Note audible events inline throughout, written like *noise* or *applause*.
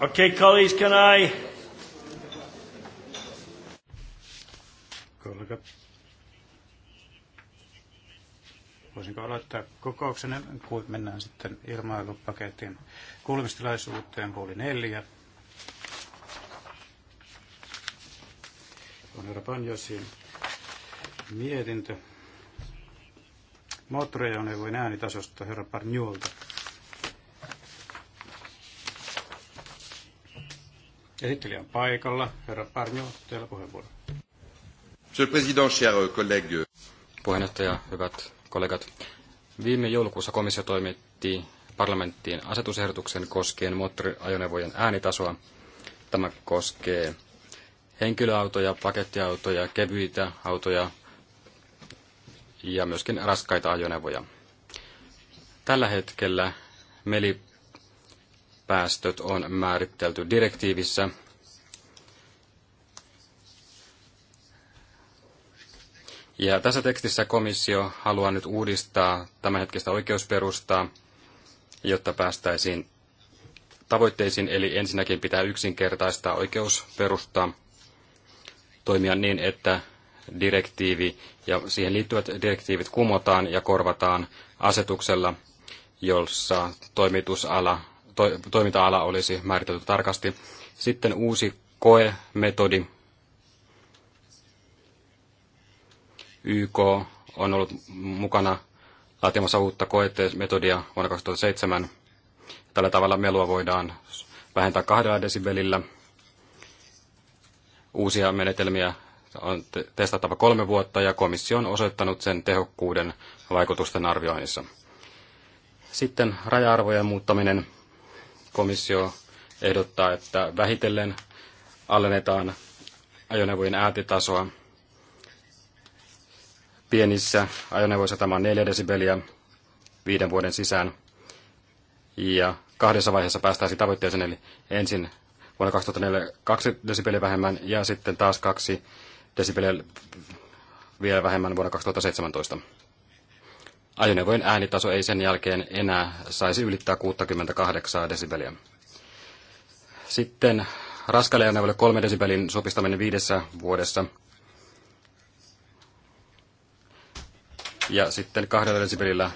Okay, colleagues, can I... Kollegat. Voisinko aloittaa kokouksen, kun mennään sitten ilmailupaketin kuulemistilaisuuteen puoli neljä. On Euroopan Josin mietintö moottoriajoneuvojen äänitasosta herra Parniolta. Esittelijä on paikalla. Herra Parnio, teillä puheenvuoro. Monsieur le Président, cher collègue. Puheenjohtaja, hyvät kollegat. Viime joulukuussa komissio toimitti parlamenttiin asetusehdotuksen koskien moottoriajoneuvojen äänitasoa. Tämä koskee henkilöautoja, pakettiautoja, kevyitä autoja ja myöskin raskaita ajoneuvoja. Tällä hetkellä päästöt on määritelty direktiivissä. Ja tässä tekstissä komissio haluaa nyt uudistaa tämänhetkistä oikeusperustaa, jotta päästäisiin tavoitteisiin, eli ensinnäkin pitää yksinkertaistaa oikeusperustaa, toimia niin, että direktiivi ja siihen liittyvät direktiivit kumotaan ja korvataan asetuksella, jossa toimitusala to- toiminta-ala olisi määritelty tarkasti. Sitten uusi koemetodi. YK on ollut mukana laatimassa uutta koe-metodia vuonna 2007. Tällä tavalla melua voidaan vähentää kahdella desibelillä. Uusia menetelmiä on testattava kolme vuotta ja komissio on osoittanut sen tehokkuuden vaikutusten arvioinnissa. Sitten raja-arvojen muuttaminen komissio ehdottaa, että vähitellen alennetaan ajoneuvojen äätitasoa Pienissä ajoneuvoissa tämä on 4 desibeliä viiden vuoden sisään. Ja kahdessa vaiheessa siihen tavoitteeseen, eli ensin vuonna 2004 kaksi desibeliä vähemmän ja sitten taas kaksi desibeliä vielä vähemmän vuonna 2017 ajoneuvojen äänitaso ei sen jälkeen enää saisi ylittää 68 desibeliä. Sitten raskaille ajoneuvoille 3 desibelin sopistaminen viidessä vuodessa. Ja sitten kahdella desibelillä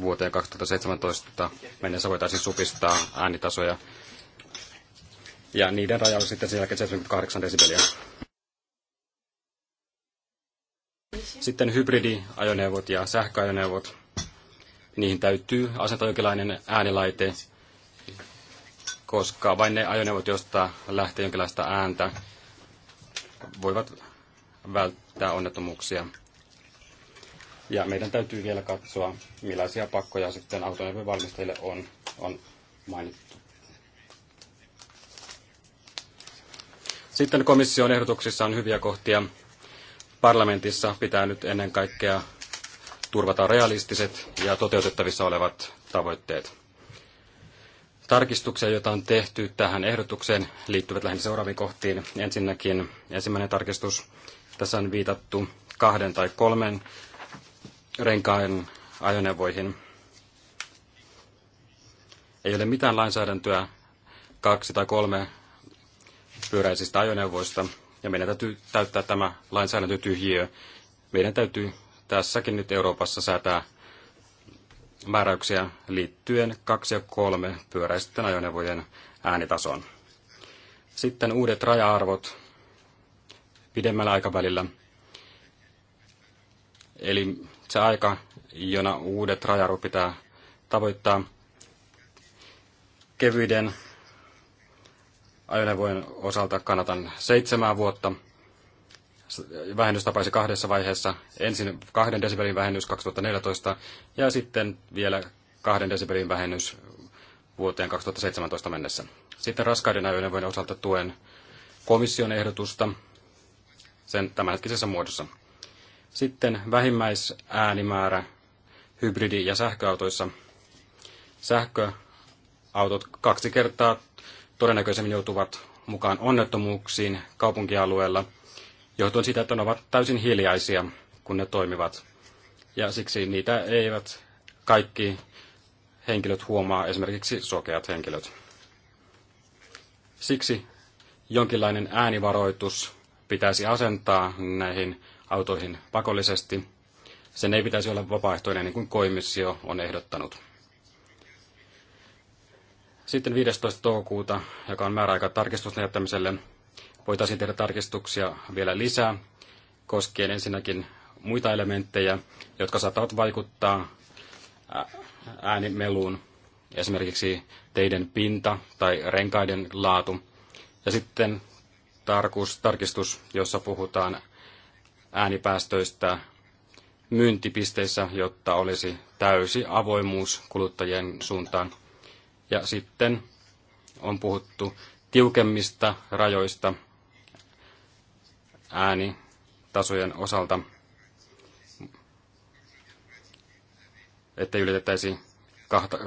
vuoteen 2017 mennessä voitaisiin supistaa äänitasoja. Ja niiden raja on sitten sen jälkeen 78 desibeliä. Sitten hybridiajoneuvot ja sähköajoneuvot. Niihin täytyy asentaa jonkinlainen äänilaite, koska vain ne ajoneuvot, joista lähtee jonkinlaista ääntä, voivat välttää onnettomuuksia. Ja meidän täytyy vielä katsoa, millaisia pakkoja sitten autoneuvon valmistajille on, on mainittu. Sitten komission ehdotuksissa on hyviä kohtia parlamentissa pitää nyt ennen kaikkea turvata realistiset ja toteutettavissa olevat tavoitteet. Tarkistuksia, joita on tehty tähän ehdotukseen, liittyvät lähinnä seuraaviin kohtiin. Ensinnäkin ensimmäinen tarkistus. Tässä on viitattu kahden tai kolmen renkaan ajoneuvoihin. Ei ole mitään lainsäädäntöä kaksi tai kolme pyöräisistä ajoneuvoista, ja meidän täytyy täyttää tämä lainsäädäntötyhjiö. Meidän täytyy tässäkin nyt Euroopassa säätää määräyksiä liittyen kaksi ja kolme pyöräisten ajoneuvojen äänitasoon. Sitten uudet raja-arvot pidemmällä aikavälillä. Eli se aika, jona uudet raja pitää tavoittaa kevyiden ajoneuvojen osalta kannatan seitsemää vuotta. Vähennys tapaisi kahdessa vaiheessa. Ensin kahden desibelin vähennys 2014 ja sitten vielä kahden desibelin vähennys vuoteen 2017 mennessä. Sitten raskaiden ajoneuvojen osalta tuen komission ehdotusta sen tämänhetkisessä muodossa. Sitten vähimmäisäänimäärä hybridi- ja sähköautoissa. Sähköautot kaksi kertaa todennäköisemmin joutuvat mukaan onnettomuuksiin kaupunkialueella, johtuen siitä, että ne ovat täysin hiljaisia, kun ne toimivat. Ja siksi niitä eivät kaikki henkilöt huomaa, esimerkiksi sokeat henkilöt. Siksi jonkinlainen äänivaroitus pitäisi asentaa näihin autoihin pakollisesti. Sen ei pitäisi olla vapaaehtoinen, niin kuin komissio on ehdottanut. Sitten 15. toukokuuta, joka on määräaika tarkistusten jättämiselle, voitaisiin tehdä tarkistuksia vielä lisää, koskien ensinnäkin muita elementtejä, jotka saattavat vaikuttaa äänimeluun, esimerkiksi teiden pinta tai renkaiden laatu. Ja sitten tarkus, tarkistus, jossa puhutaan äänipäästöistä myyntipisteissä, jotta olisi täysi avoimuus kuluttajien suuntaan. Ja sitten on puhuttu tiukemmista rajoista äänitasojen osalta, ettei ylitettäisi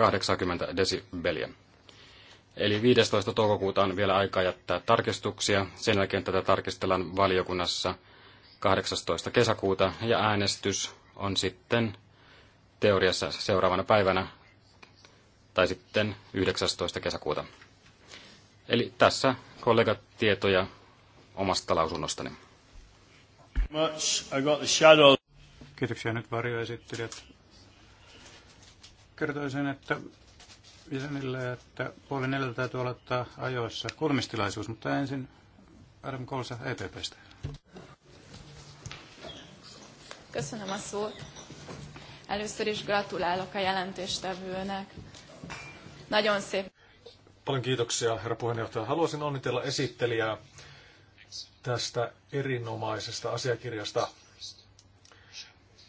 80 desibeliä. Eli 15. toukokuuta on vielä aikaa jättää tarkistuksia. Sen jälkeen tätä tarkistellaan valiokunnassa 18. kesäkuuta ja äänestys on sitten teoriassa seuraavana päivänä tai sitten 19. kesäkuuta. Eli tässä kollegat tietoja omasta lausunnostani. Kiitoksia nyt varjoesittelijät. Kertoisin, että jäsenille, että puoli neljältä täytyy aloittaa ajoissa kulmistilaisuus, mutta ensin Adam Kolsa EPPstä. Köszönöm a szót. Először is gratulálok a jelentéstevőnek. Nagyon se. Paljon kiitoksia, herra puheenjohtaja. Haluaisin onnitella esittelijää tästä erinomaisesta asiakirjasta,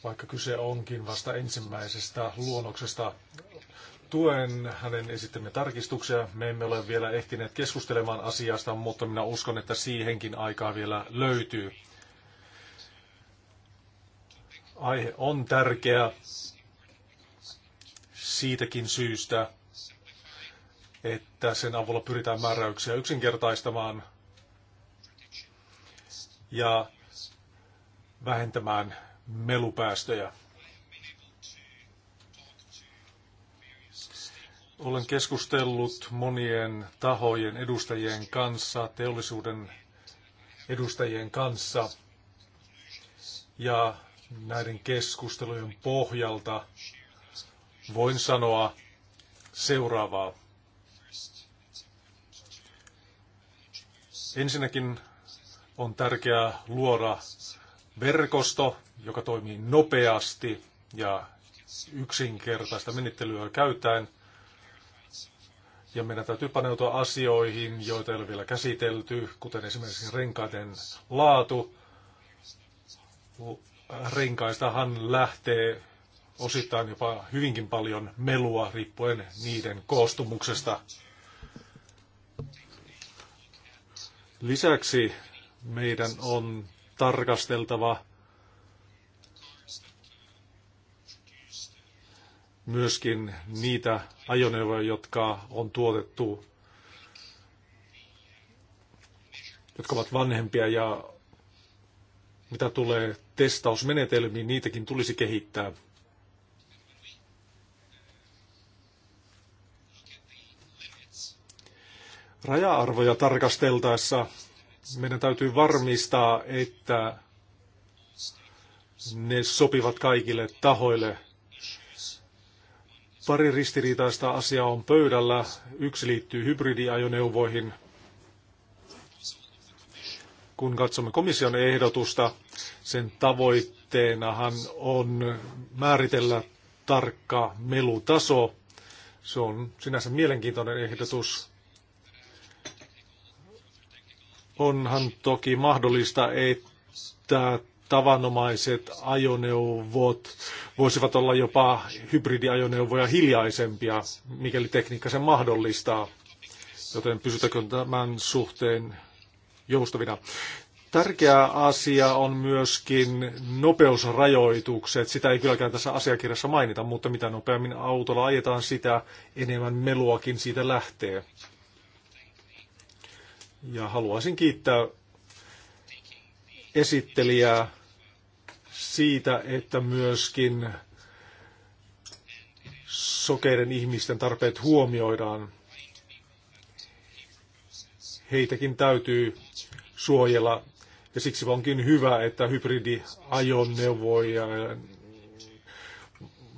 vaikka kyse onkin vasta ensimmäisestä luonnoksesta. Tuen hänen esittämiä tarkistuksia. Me emme ole vielä ehtineet keskustelemaan asiasta, mutta minä uskon, että siihenkin aikaa vielä löytyy. Aihe on tärkeä siitäkin syystä, että sen avulla pyritään määräyksiä yksinkertaistamaan ja vähentämään melupäästöjä. Olen keskustellut monien tahojen edustajien kanssa, teollisuuden edustajien kanssa. Ja näiden keskustelujen pohjalta voin sanoa seuraavaa. Ensinnäkin on tärkeää luoda verkosto, joka toimii nopeasti ja yksinkertaista menettelyä käyttäen. Ja meidän täytyy paneutua asioihin, joita ei ole vielä käsitelty, kuten esimerkiksi renkaiden laatu. Renkaistahan lähtee osittain jopa hyvinkin paljon melua riippuen niiden koostumuksesta. Lisäksi meidän on tarkasteltava myöskin niitä ajoneuvoja, jotka on tuotettu, jotka ovat vanhempia ja mitä tulee testausmenetelmiin, niitäkin tulisi kehittää. raja-arvoja tarkasteltaessa meidän täytyy varmistaa, että ne sopivat kaikille tahoille. Pari ristiriitaista asiaa on pöydällä. Yksi liittyy hybridiajoneuvoihin. Kun katsomme komission ehdotusta, sen tavoitteenahan on määritellä tarkka melutaso. Se on sinänsä mielenkiintoinen ehdotus. Onhan toki mahdollista, että tavanomaiset ajoneuvot voisivat olla jopa hybridiajoneuvoja hiljaisempia, mikäli tekniikka sen mahdollistaa. Joten pysytäkö tämän suhteen joustavina. Tärkeä asia on myöskin nopeusrajoitukset. Sitä ei kylläkään tässä asiakirjassa mainita, mutta mitä nopeammin autolla ajetaan, sitä enemmän meluakin siitä lähtee. Ja haluaisin kiittää esittelijää siitä, että myöskin sokeiden ihmisten tarpeet huomioidaan. Heitäkin täytyy suojella ja siksi onkin hyvä, että hybridiajoneuvojen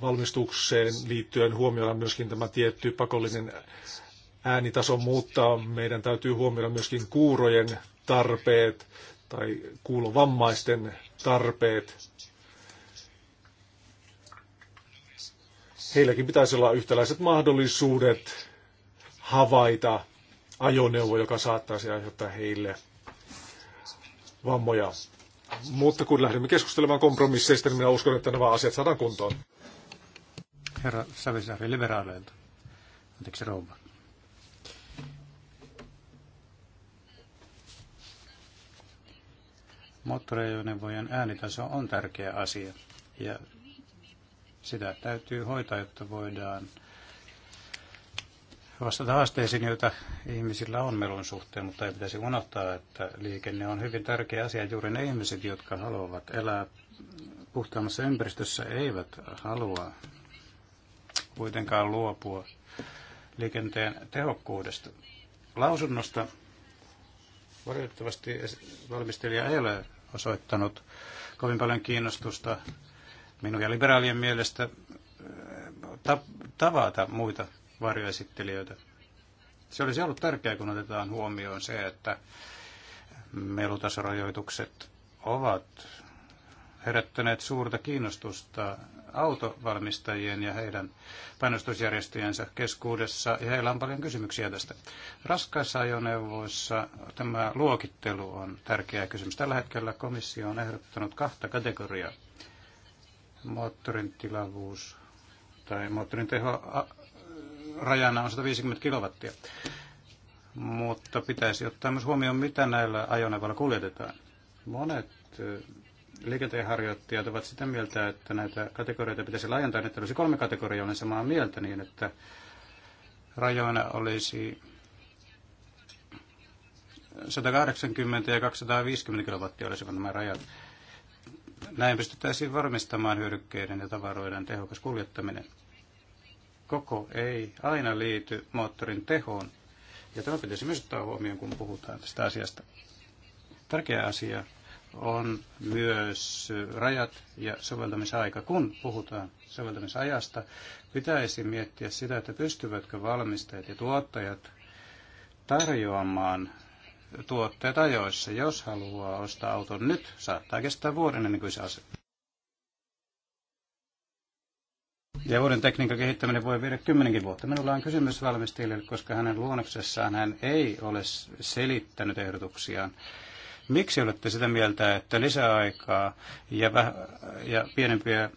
valmistukseen liittyen huomioidaan myöskin tämä tietty pakollinen äänitaso muuttaa, meidän täytyy huomioida myöskin kuurojen tarpeet tai kuulovammaisten tarpeet. Heilläkin pitäisi olla yhtäläiset mahdollisuudet havaita ajoneuvo, joka saattaisi aiheuttaa heille vammoja. Mutta kun lähdemme keskustelemaan kompromisseista, niin minä uskon, että nämä asiat saadaan kuntoon. Herra Savisaari, liberaaleilta. Anteeksi, rouva. Moottoriajoneuvojen äänitaso on tärkeä asia ja sitä täytyy hoitaa, jotta voidaan vastata haasteisiin, joita ihmisillä on melun suhteen, mutta ei pitäisi unohtaa, että liikenne on hyvin tärkeä asia. Juuri ne ihmiset, jotka haluavat elää puhtaammassa ympäristössä, eivät halua kuitenkaan luopua liikenteen tehokkuudesta. Lausunnosta valitettavasti valmistelija ei ole osoittanut kovin paljon kiinnostusta minun ja liberaalien mielestä äh, tavata muita varjoesittelijöitä. Se olisi ollut tärkeää, kun otetaan huomioon se, että melutasorajoitukset ovat herättäneet suurta kiinnostusta autovalmistajien ja heidän painostusjärjestöjensä keskuudessa, ja heillä on paljon kysymyksiä tästä. Raskaissa ajoneuvoissa tämä luokittelu on tärkeä kysymys. Tällä hetkellä komissio on ehdottanut kahta kategoriaa. Moottorin tilavuus tai moottorin teho rajana on 150 kilowattia. Mutta pitäisi ottaa myös huomioon, mitä näillä ajoneuvoilla kuljetetaan. Monet liikenteenharjoittajat ovat sitä mieltä, että näitä kategorioita pitäisi laajentaa, niin, että olisi kolme kategoriaa, olen samaa mieltä niin, että rajoina olisi 180 ja 250 kilowattia olisivat nämä rajat. Näin pystyttäisiin varmistamaan hyödykkeiden ja tavaroiden tehokas kuljettaminen. Koko ei aina liity moottorin tehoon, ja tämä pitäisi myös ottaa huomioon, kun puhutaan tästä asiasta. Tärkeä asia on myös rajat ja soveltamisaika. Kun puhutaan soveltamisajasta, pitäisi miettiä sitä, että pystyvätkö valmistajat ja tuottajat tarjoamaan tuotteet ajoissa. Jos haluaa ostaa auton nyt, saattaa kestää vuoden ennen kuin se asuu. Ja uuden tekniikan kehittäminen voi viedä kymmenenkin vuotta. Minulla on kysymys valmistajille, koska hänen luonnoksessaan hän ei ole selittänyt ehdotuksiaan Miksi olette sitä mieltä, että lisäaikaa ja, ja pienempiä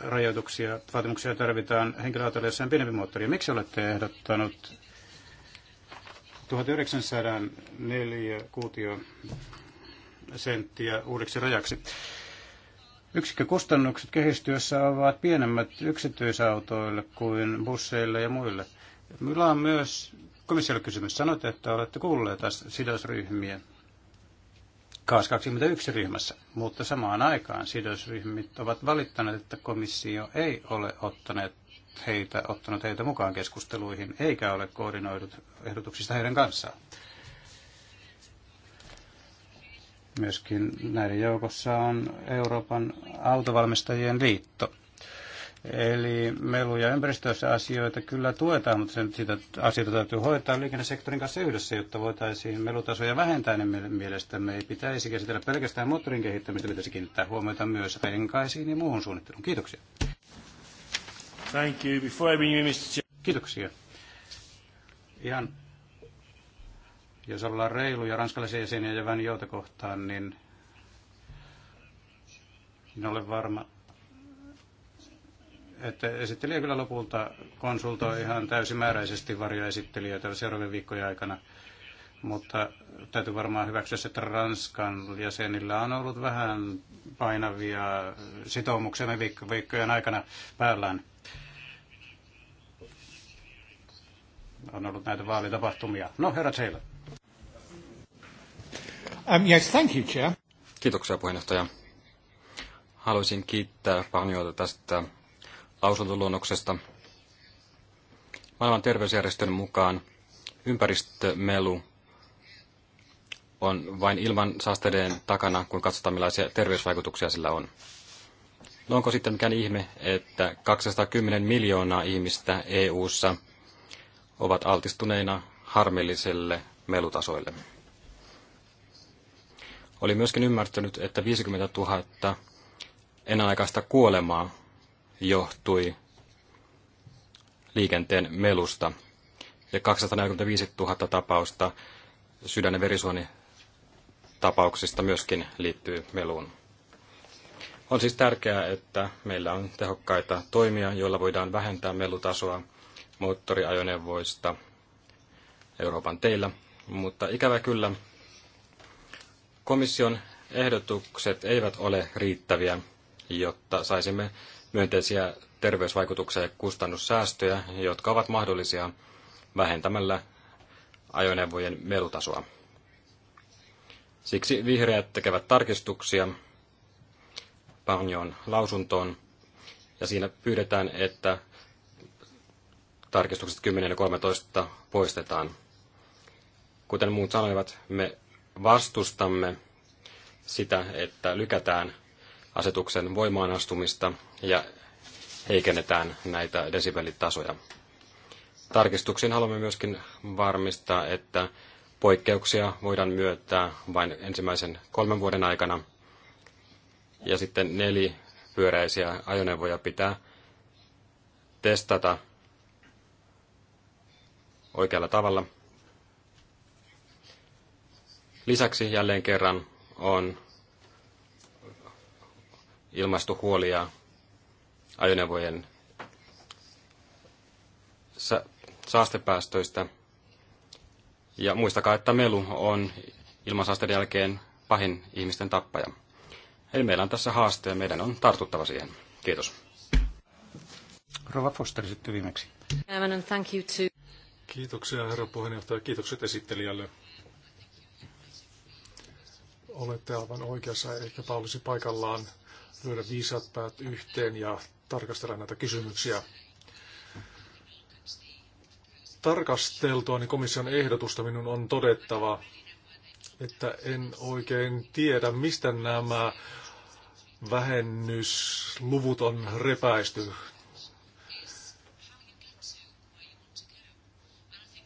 rajoituksia, vaatimuksia tarvitaan henkilöautoille, jossa on pienempi moottori? Miksi olette ehdottanut 1904 kuutio senttiä uudeksi rajaksi? Yksikkökustannukset kehistyössä ovat pienemmät yksityisautoille kuin busseille ja muille. Meillä on myös komissiolle kysymys. Sanoitte, että olette kuulleet sidosryhmiä. KAAS 21 ryhmässä, mutta samaan aikaan sidosryhmät ovat valittaneet, että komissio ei ole ottanut heitä, ottanut heitä mukaan keskusteluihin, eikä ole koordinoidut ehdotuksista heidän kanssaan. Myöskin näiden joukossa on Euroopan autovalmistajien liitto. Eli melu- ja ympäristössä asioita kyllä tuetaan, mutta sen, sitä asioita täytyy hoitaa liikennesektorin kanssa yhdessä, jotta voitaisiin melutasoja vähentää, niin mielestämme ei pitäisi käsitellä pelkästään moottorin kehittämistä, pitäisi kiinnittää huomiota myös renkaisiin ja muuhun suunnitteluun. Kiitoksia. Thank you. Before I bring you, Mr. Kiitoksia. Ihan, jos ollaan reiluja ranskalaisia jäseniä ja Vän kohtaan, niin en ole varma, että esittelijä kyllä lopulta konsultoi ihan täysimääräisesti varjoesittelijöitä seuraavien viikkojen aikana. Mutta täytyy varmaan hyväksyä, että Ranskan jäsenillä on ollut vähän painavia sitoumuksia me viik- viikkojen aikana päällään. On ollut näitä vaalitapahtumia. No, herra Taylor. Um, yes, thank you, Chair. Kiitoksia puheenjohtaja. Haluaisin kiittää Panjoita tästä lausuntoluonnoksesta. Maailman terveysjärjestön mukaan ympäristömelu on vain ilman saasteiden takana, kun katsotaan millaisia terveysvaikutuksia sillä on. No onko sitten mikään ihme, että 210 miljoonaa ihmistä EU:ssa ovat altistuneina harmilliselle melutasoille? Oli myöskin ymmärtänyt, että 50 000 ennenaikaista kuolemaa johtui liikenteen melusta. Ja 245 000 tapausta sydän- ja verisuonitapauksista myöskin liittyy meluun. On siis tärkeää, että meillä on tehokkaita toimia, joilla voidaan vähentää melutasoa moottoriajoneuvoista Euroopan teillä. Mutta ikävä kyllä, komission ehdotukset eivät ole riittäviä, jotta saisimme myönteisiä terveysvaikutuksia ja kustannussäästöjä, jotka ovat mahdollisia vähentämällä ajoneuvojen melutasoa. Siksi vihreät tekevät tarkistuksia Pagnon lausuntoon, ja siinä pyydetään, että tarkistukset 10 ja 13 poistetaan. Kuten muut sanoivat, me vastustamme sitä, että lykätään asetuksen voimaan astumista ja heikennetään näitä desibelitasoja. Tarkistuksiin haluamme myöskin varmistaa, että poikkeuksia voidaan myöntää vain ensimmäisen kolmen vuoden aikana. Ja sitten nelipyöräisiä ajoneuvoja pitää testata oikealla tavalla. Lisäksi jälleen kerran on ilmastohuolia ajoneuvojen saastepäästöistä. Ja muistakaa, että melu on ilmansaasteiden jälkeen pahin ihmisten tappaja. Eli meillä on tässä haaste ja meidän on tartuttava siihen. Kiitos. Rova Foster sitten viimeksi. Thank you to... Kiitoksia herra puheenjohtaja. Kiitokset esittelijälle. Olette aivan oikeassa. Ehkäpä olisi paikallaan lyödä viisaat päät yhteen ja tarkastella näitä kysymyksiä. Tarkasteltua niin komission ehdotusta minun on todettava, että en oikein tiedä, mistä nämä vähennysluvut on repäisty.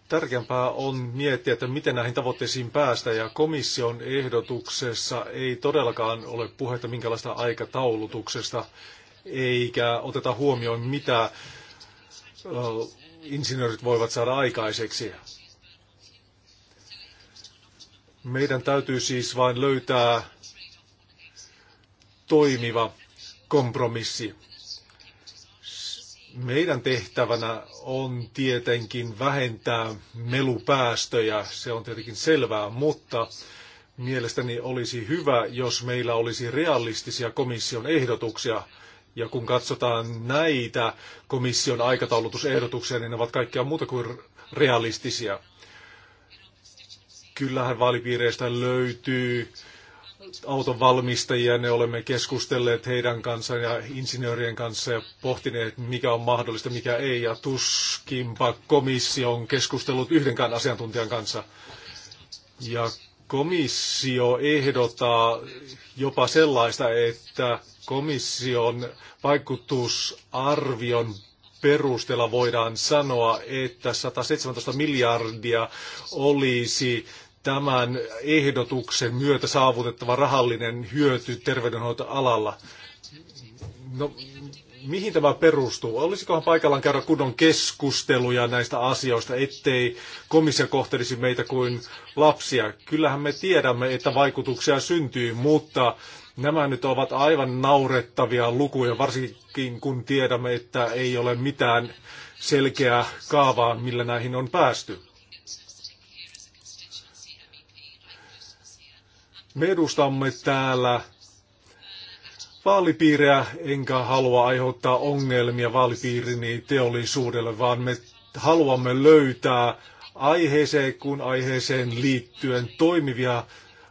Tärkeämpää on miettiä, että miten näihin tavoitteisiin päästä, ja komission ehdotuksessa ei todellakaan ole puhetta minkälaista aikataulutuksesta, eikä oteta huomioon, mitä insinöörit voivat saada aikaiseksi. Meidän täytyy siis vain löytää toimiva kompromissi. Meidän tehtävänä on tietenkin vähentää melupäästöjä, se on tietenkin selvää, mutta mielestäni olisi hyvä, jos meillä olisi realistisia komission ehdotuksia. Ja kun katsotaan näitä komission aikataulutusehdotuksia, niin ne ovat kaikkea muuta kuin realistisia. Kyllähän vaalipiireistä löytyy auton valmistajia, ne olemme keskustelleet heidän kanssaan ja insinöörien kanssa ja pohtineet, mikä on mahdollista, mikä ei, ja tuskinpa komissio on keskustellut yhdenkään asiantuntijan kanssa. Ja komissio ehdottaa jopa sellaista, että komission vaikutusarvion perusteella voidaan sanoa, että 117 miljardia olisi tämän ehdotuksen myötä saavutettava rahallinen hyöty terveydenhoitoalalla. No, mihin tämä perustuu? Olisikohan paikallaan käydä kunnon keskusteluja näistä asioista, ettei komissio kohtelisi meitä kuin lapsia? Kyllähän me tiedämme, että vaikutuksia syntyy, mutta nämä nyt ovat aivan naurettavia lukuja, varsinkin kun tiedämme, että ei ole mitään selkeää kaavaa, millä näihin on päästy. Me edustamme täällä vaalipiirejä, enkä halua aiheuttaa ongelmia vaalipiirini teollisuudelle, vaan me haluamme löytää aiheeseen kuin aiheeseen liittyen toimivia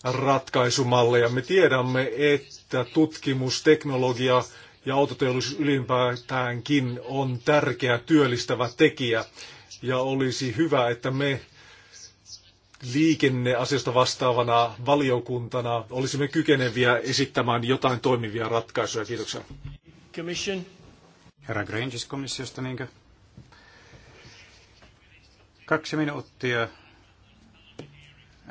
ratkaisumalleja. Me tiedämme, että tutkimus, teknologia ja autoteollisuus ylipäätäänkin on tärkeä työllistävä tekijä. Ja olisi hyvä, että me liikenneasioista vastaavana valiokuntana olisimme kykeneviä esittämään jotain toimivia ratkaisuja. Kiitoksia. Commission. Herra Granges komissiosta, niinkö? Kaksi minuuttia.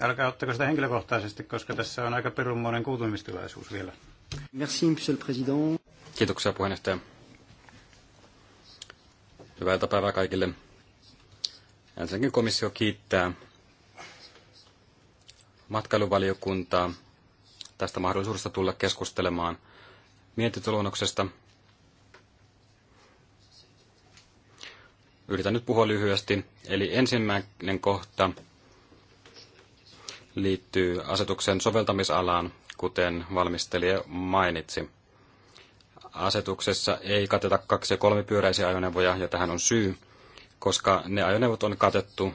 Älkää ottako sitä henkilökohtaisesti, koska tässä on aika perunmoinen kuutumistilaisuus vielä. Merci, monsieur le président. Kiitoksia puheenjohtaja. Hyvää iltapäivää kaikille. Ensinnäkin komissio kiittää matkailuvaliokuntaa tästä mahdollisuudesta tulla keskustelemaan mietintöluonnoksesta. Yritän nyt puhua lyhyesti. Eli ensimmäinen kohta liittyy asetuksen soveltamisalaan, kuten valmistelija mainitsi. Asetuksessa ei kateta kaksi- ja kolmipyöräisiä ajoneuvoja, ja tähän on syy, koska ne ajoneuvot on katettu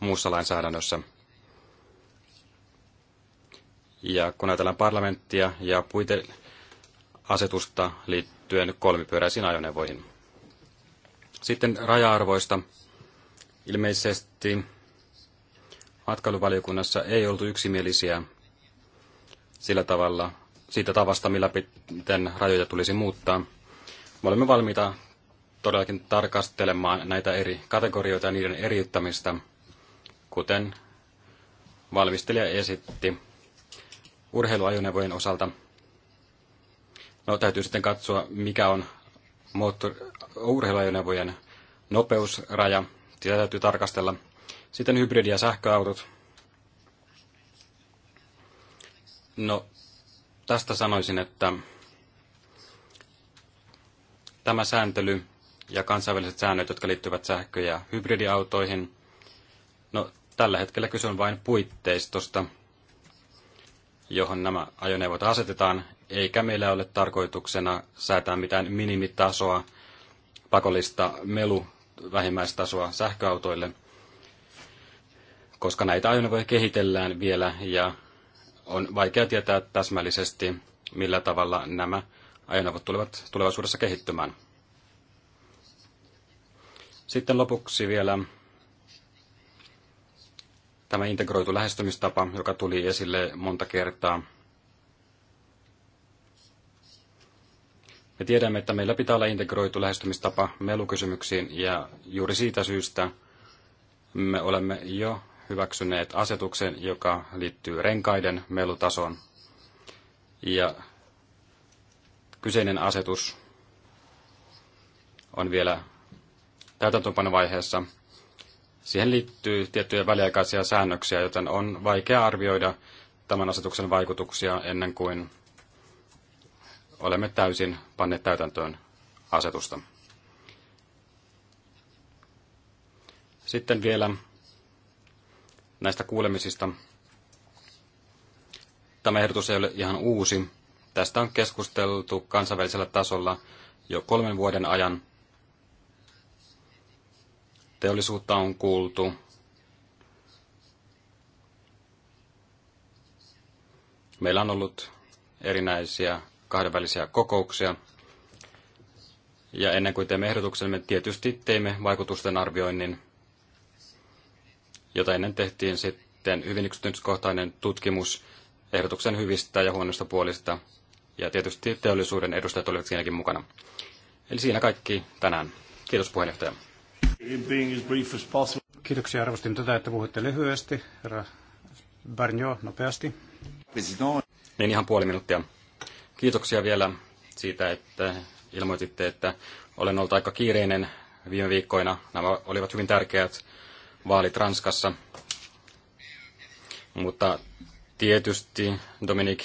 muussa lainsäädännössä – ja kun ajatellaan parlamenttia ja puiteasetusta liittyen kolmipyöräisiin ajoneuvoihin. Sitten raja-arvoista. Ilmeisesti matkailuvaliokunnassa ei oltu yksimielisiä sillä tavalla, siitä tavasta, millä miten rajoja tulisi muuttaa. Me olemme valmiita todellakin tarkastelemaan näitä eri kategorioita ja niiden eriyttämistä, kuten valmistelija esitti urheiluajoneuvojen osalta. No, täytyy sitten katsoa, mikä on moottori- urheiluajoneuvojen nopeusraja. Sitä täytyy tarkastella. Sitten hybridi- ja sähköautot. No, tästä sanoisin, että tämä sääntely ja kansainväliset säännöt, jotka liittyvät sähkö- ja hybridiautoihin, no tällä hetkellä kyse on vain puitteistosta, johon nämä ajoneuvot asetetaan, eikä meillä ole tarkoituksena säätää mitään minimitasoa, pakollista melu vähimmäistasoa sähköautoille, koska näitä ajoneuvoja kehitellään vielä ja on vaikea tietää täsmällisesti, millä tavalla nämä ajoneuvot tulevat tulevaisuudessa kehittymään. Sitten lopuksi vielä Tämä integroitu lähestymistapa, joka tuli esille monta kertaa. Me tiedämme, että meillä pitää olla integroitu lähestymistapa melukysymyksiin ja juuri siitä syystä me olemme jo hyväksyneet asetuksen, joka liittyy renkaiden melutasoon. Ja kyseinen asetus on vielä täytäntöpanovaiheessa vaiheessa Siihen liittyy tiettyjä väliaikaisia säännöksiä, joten on vaikea arvioida tämän asetuksen vaikutuksia ennen kuin olemme täysin panneet täytäntöön asetusta. Sitten vielä näistä kuulemisista. Tämä ehdotus ei ole ihan uusi. Tästä on keskusteltu kansainvälisellä tasolla jo kolmen vuoden ajan teollisuutta on kuultu. Meillä on ollut erinäisiä kahdenvälisiä kokouksia. Ja ennen kuin teemme ehdotuksen, me tietysti teimme vaikutusten arvioinnin, jota ennen tehtiin sitten hyvin yksityiskohtainen tutkimus ehdotuksen hyvistä ja huonoista puolista. Ja tietysti teollisuuden edustajat olivat siinäkin mukana. Eli siinä kaikki tänään. Kiitos puheenjohtaja. Kiitoksia, arvostin tätä, että puhutte lyhyesti. Herra Barnio, nopeasti. Niin ihan puoli minuuttia. Kiitoksia vielä siitä, että ilmoititte, että olen ollut aika kiireinen viime viikkoina. Nämä olivat hyvin tärkeät vaalit Ranskassa. Mutta tietysti, Dominik,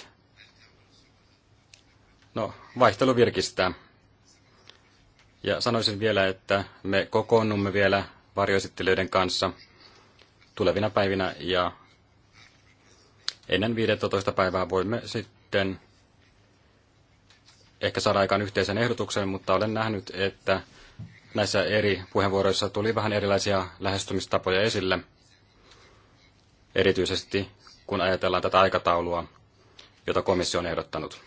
no vaihtelu virkistää. Ja sanoisin vielä, että me kokoonnumme vielä varjoesittelijöiden kanssa tulevina päivinä ja ennen 15. päivää voimme sitten ehkä saada aikaan yhteisen ehdotuksen, mutta olen nähnyt, että näissä eri puheenvuoroissa tuli vähän erilaisia lähestymistapoja esille, erityisesti kun ajatellaan tätä aikataulua, jota komissio on ehdottanut.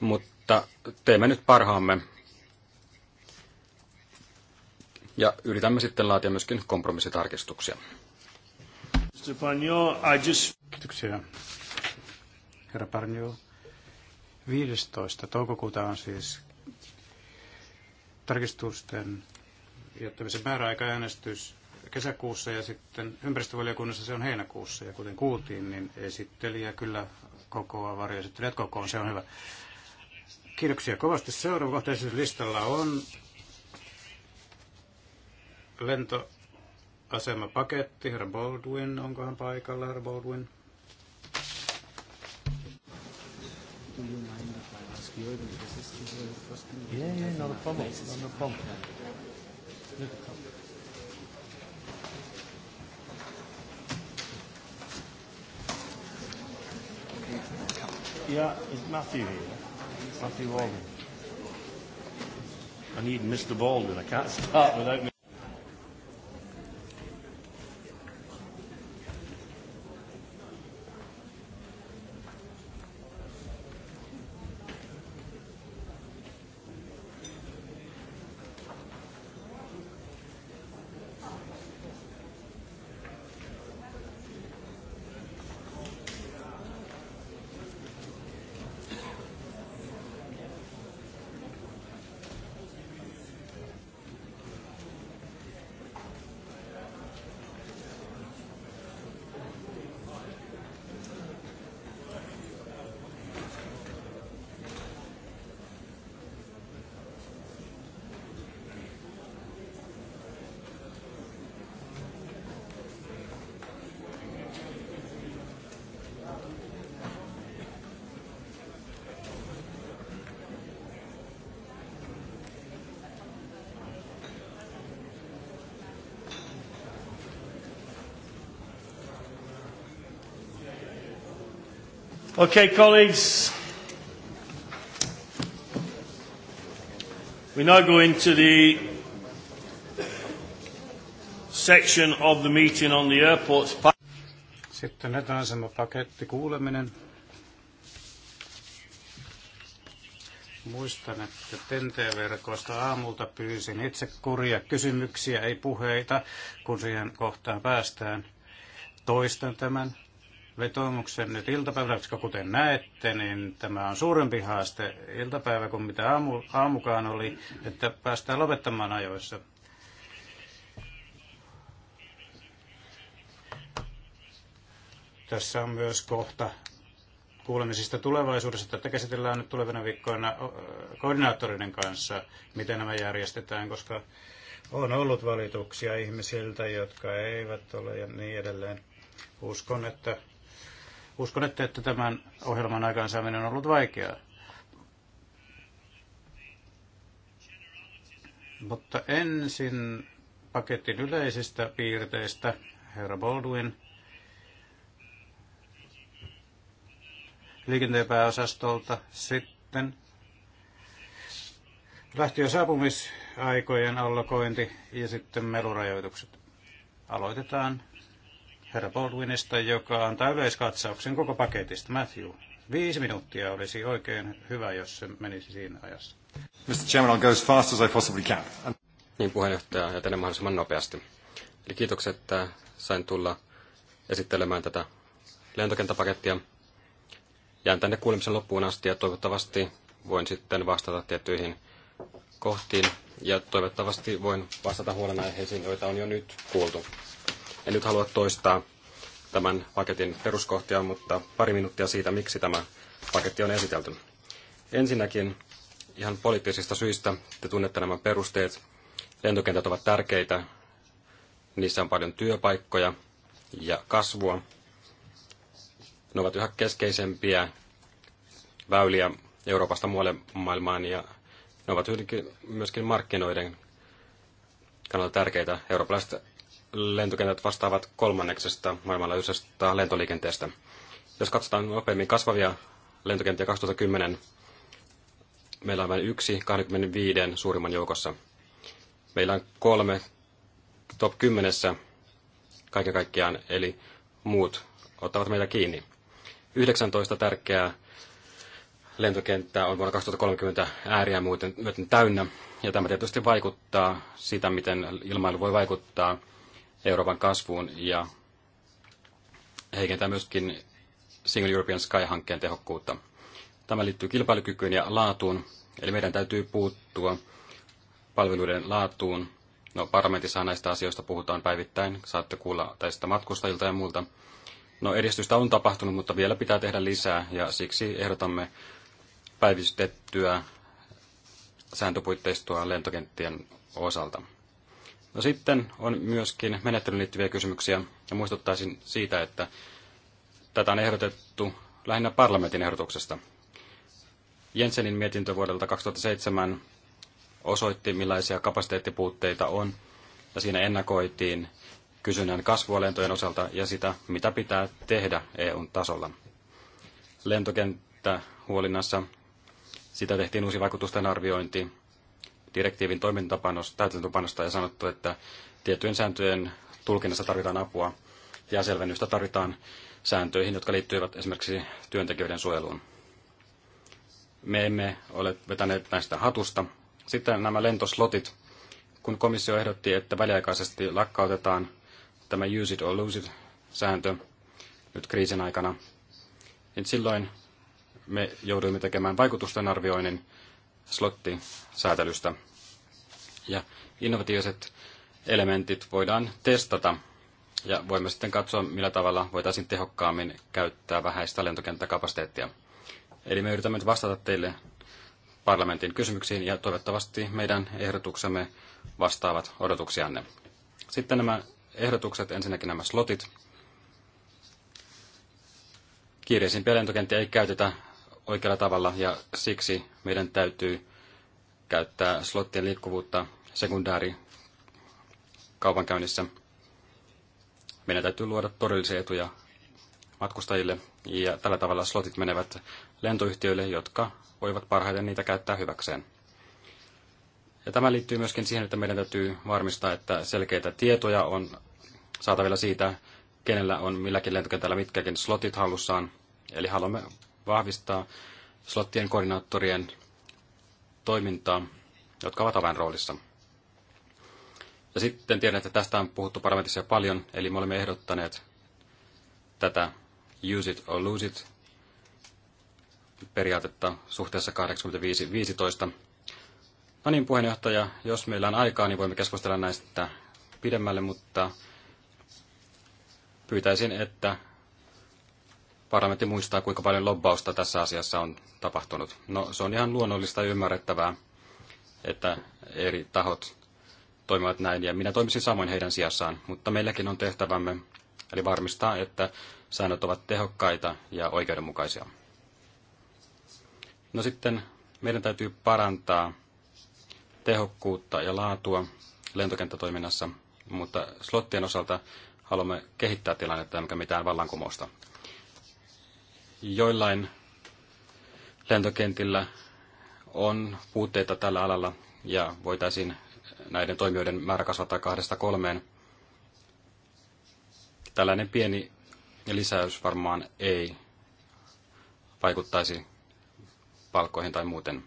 Mutta teemme nyt parhaamme ja yritämme sitten laatia myöskin kompromissitarkistuksia. Kiitoksia. Herra Parnio, 15. toukokuuta on siis tarkistusten jättämisen määräaikaäänestys kesäkuussa ja sitten ympäristövaliokunnassa se on heinäkuussa. Ja kuten kuultiin, niin esittelijä kyllä kokoa varjoesittelijät kokoon, se on hyvä. Kiitoksia kovasti. Seuraava kohta listalla on lentoasemapaketti. Herra Baldwin, onkohan paikalla, herra Baldwin? Yeah, yeah, not a problem. Not a problem. Yeah, is Matthew here? Matthew Walden. I need Mr. Baldwin. I can't start without me. Okay, colleagues. We now go into the section of the meeting on the airports. Sitten lentoasemapaketti kuuleminen. Muistan, että TNT-verkosta aamulta pyysin itse kuria kysymyksiä, ei puheita, kun siihen kohtaan päästään. Toistan tämän vetoomuksen nyt iltapäivällä, koska kuten näette, niin tämä on suurempi haaste iltapäivä kuin mitä aamu, aamukaan oli, että päästään lopettamaan ajoissa. Tässä on myös kohta kuulemisista tulevaisuudessa. Tätä käsitellään nyt tulevina viikkoina koordinaattorinen kanssa, miten nämä järjestetään, koska on ollut valituksia ihmisiltä, jotka eivät ole ja niin edelleen. Uskon, että Uskon, että, että tämän ohjelman aikaansaaminen on ollut vaikeaa. Mutta ensin paketin yleisistä piirteistä, herra Baldwin. Liikenteen pääosastolta sitten lähtiö saapumisaikojen allokointi ja sitten melurajoitukset. Aloitetaan herra Baldwinista, joka antaa yleiskatsauksen koko paketista. Matthew, viisi minuuttia olisi oikein hyvä, jos se menisi siinä ajassa. Mr. Chairman, I'll go as fast as I possibly can. Niin puheenjohtaja, ja tänne mahdollisimman nopeasti. Eli kiitokset, että sain tulla esittelemään tätä lentokenttäpakettia. Jään tänne kuulemisen loppuun asti ja toivottavasti voin sitten vastata tiettyihin kohtiin ja toivottavasti voin vastata huolenaiheisiin, joita on jo nyt kuultu. En nyt halua toistaa tämän paketin peruskohtia, mutta pari minuuttia siitä, miksi tämä paketti on esitelty. Ensinnäkin ihan poliittisista syistä te tunnette nämä perusteet. Lentokentät ovat tärkeitä, niissä on paljon työpaikkoja ja kasvua. Ne ovat yhä keskeisempiä väyliä Euroopasta muualle maailmaan ja ne ovat myöskin markkinoiden kannalta tärkeitä. Eurooppalaiset lentokentät vastaavat kolmanneksesta maailmanlaajuisesta lentoliikenteestä. Jos katsotaan nopeammin kasvavia lentokenttiä 2010, meillä on vain yksi 25 suurimman joukossa. Meillä on kolme top 10 kaiken kaikkiaan, eli muut ottavat meitä kiinni. 19 tärkeää lentokenttää on vuonna 2030 ääriä muuten myöten täynnä, ja tämä tietysti vaikuttaa sitä, miten ilmailu voi vaikuttaa Euroopan kasvuun ja heikentää myöskin Single European Sky-hankkeen tehokkuutta. Tämä liittyy kilpailukykyyn ja laatuun, eli meidän täytyy puuttua palveluiden laatuun. No, parlamentissa näistä asioista puhutaan päivittäin, saatte kuulla tästä matkustajilta ja muilta. No, edistystä on tapahtunut, mutta vielä pitää tehdä lisää, ja siksi ehdotamme päivistettyä sääntöpuitteistoa lentokenttien osalta. No sitten on myöskin menettelyyn liittyviä kysymyksiä, ja muistuttaisin siitä, että tätä on ehdotettu lähinnä parlamentin ehdotuksesta. Jensenin mietintö vuodelta 2007 osoitti, millaisia kapasiteettipuutteita on, ja siinä ennakoitiin kysynnän kasvua lentojen osalta ja sitä, mitä pitää tehdä EUn tasolla. Lentokenttä huolinnassa sitä tehtiin uusi vaikutusten arviointi direktiivin täytäntöpanosta ja sanottu, että tiettyjen sääntöjen tulkinnassa tarvitaan apua ja selvennystä tarvitaan sääntöihin, jotka liittyvät esimerkiksi työntekijöiden suojeluun. Me emme ole vetäneet näistä hatusta. Sitten nämä lentoslotit, kun komissio ehdotti, että väliaikaisesti lakkautetaan tämä use it or lose it sääntö nyt kriisin aikana, niin silloin me jouduimme tekemään vaikutusten arvioinnin slottisäätelystä. Ja innovatiiviset elementit voidaan testata ja voimme sitten katsoa, millä tavalla voitaisiin tehokkaammin käyttää vähäistä lentokenttäkapasiteettia. Eli me yritämme nyt vastata teille parlamentin kysymyksiin ja toivottavasti meidän ehdotuksemme vastaavat odotuksianne. Sitten nämä ehdotukset, ensinnäkin nämä slotit. Kiireisimpiä lentokenttiä ei käytetä oikealla tavalla ja siksi meidän täytyy käyttää slottien liikkuvuutta sekundaari kaupankäynnissä. Meidän täytyy luoda todellisia etuja matkustajille ja tällä tavalla slotit menevät lentoyhtiöille, jotka voivat parhaiten niitä käyttää hyväkseen. Ja tämä liittyy myöskin siihen, että meidän täytyy varmistaa, että selkeitä tietoja on saatavilla siitä, kenellä on milläkin lentokentällä mitkäkin slotit hallussaan. Eli haluamme vahvistaa slottien koordinaattorien toimintaa, jotka ovat avainroolissa. Ja sitten tiedän, että tästä on puhuttu parlamentissa jo paljon, eli me olemme ehdottaneet tätä use it or lose it periaatetta suhteessa 85-15. No niin, puheenjohtaja, jos meillä on aikaa, niin voimme keskustella näistä pidemmälle, mutta pyytäisin, että parlamentti muistaa, kuinka paljon lobbausta tässä asiassa on tapahtunut. No, se on ihan luonnollista ja ymmärrettävää, että eri tahot toimivat näin, ja minä toimisin samoin heidän sijassaan, mutta meilläkin on tehtävämme, eli varmistaa, että säännöt ovat tehokkaita ja oikeudenmukaisia. No sitten meidän täytyy parantaa tehokkuutta ja laatua lentokenttätoiminnassa, mutta slottien osalta haluamme kehittää tilannetta, mikä mitään vallankumousta joillain lentokentillä on puutteita tällä alalla ja voitaisiin näiden toimijoiden määrä kasvattaa kahdesta kolmeen. Tällainen pieni lisäys varmaan ei vaikuttaisi palkkoihin tai muuten.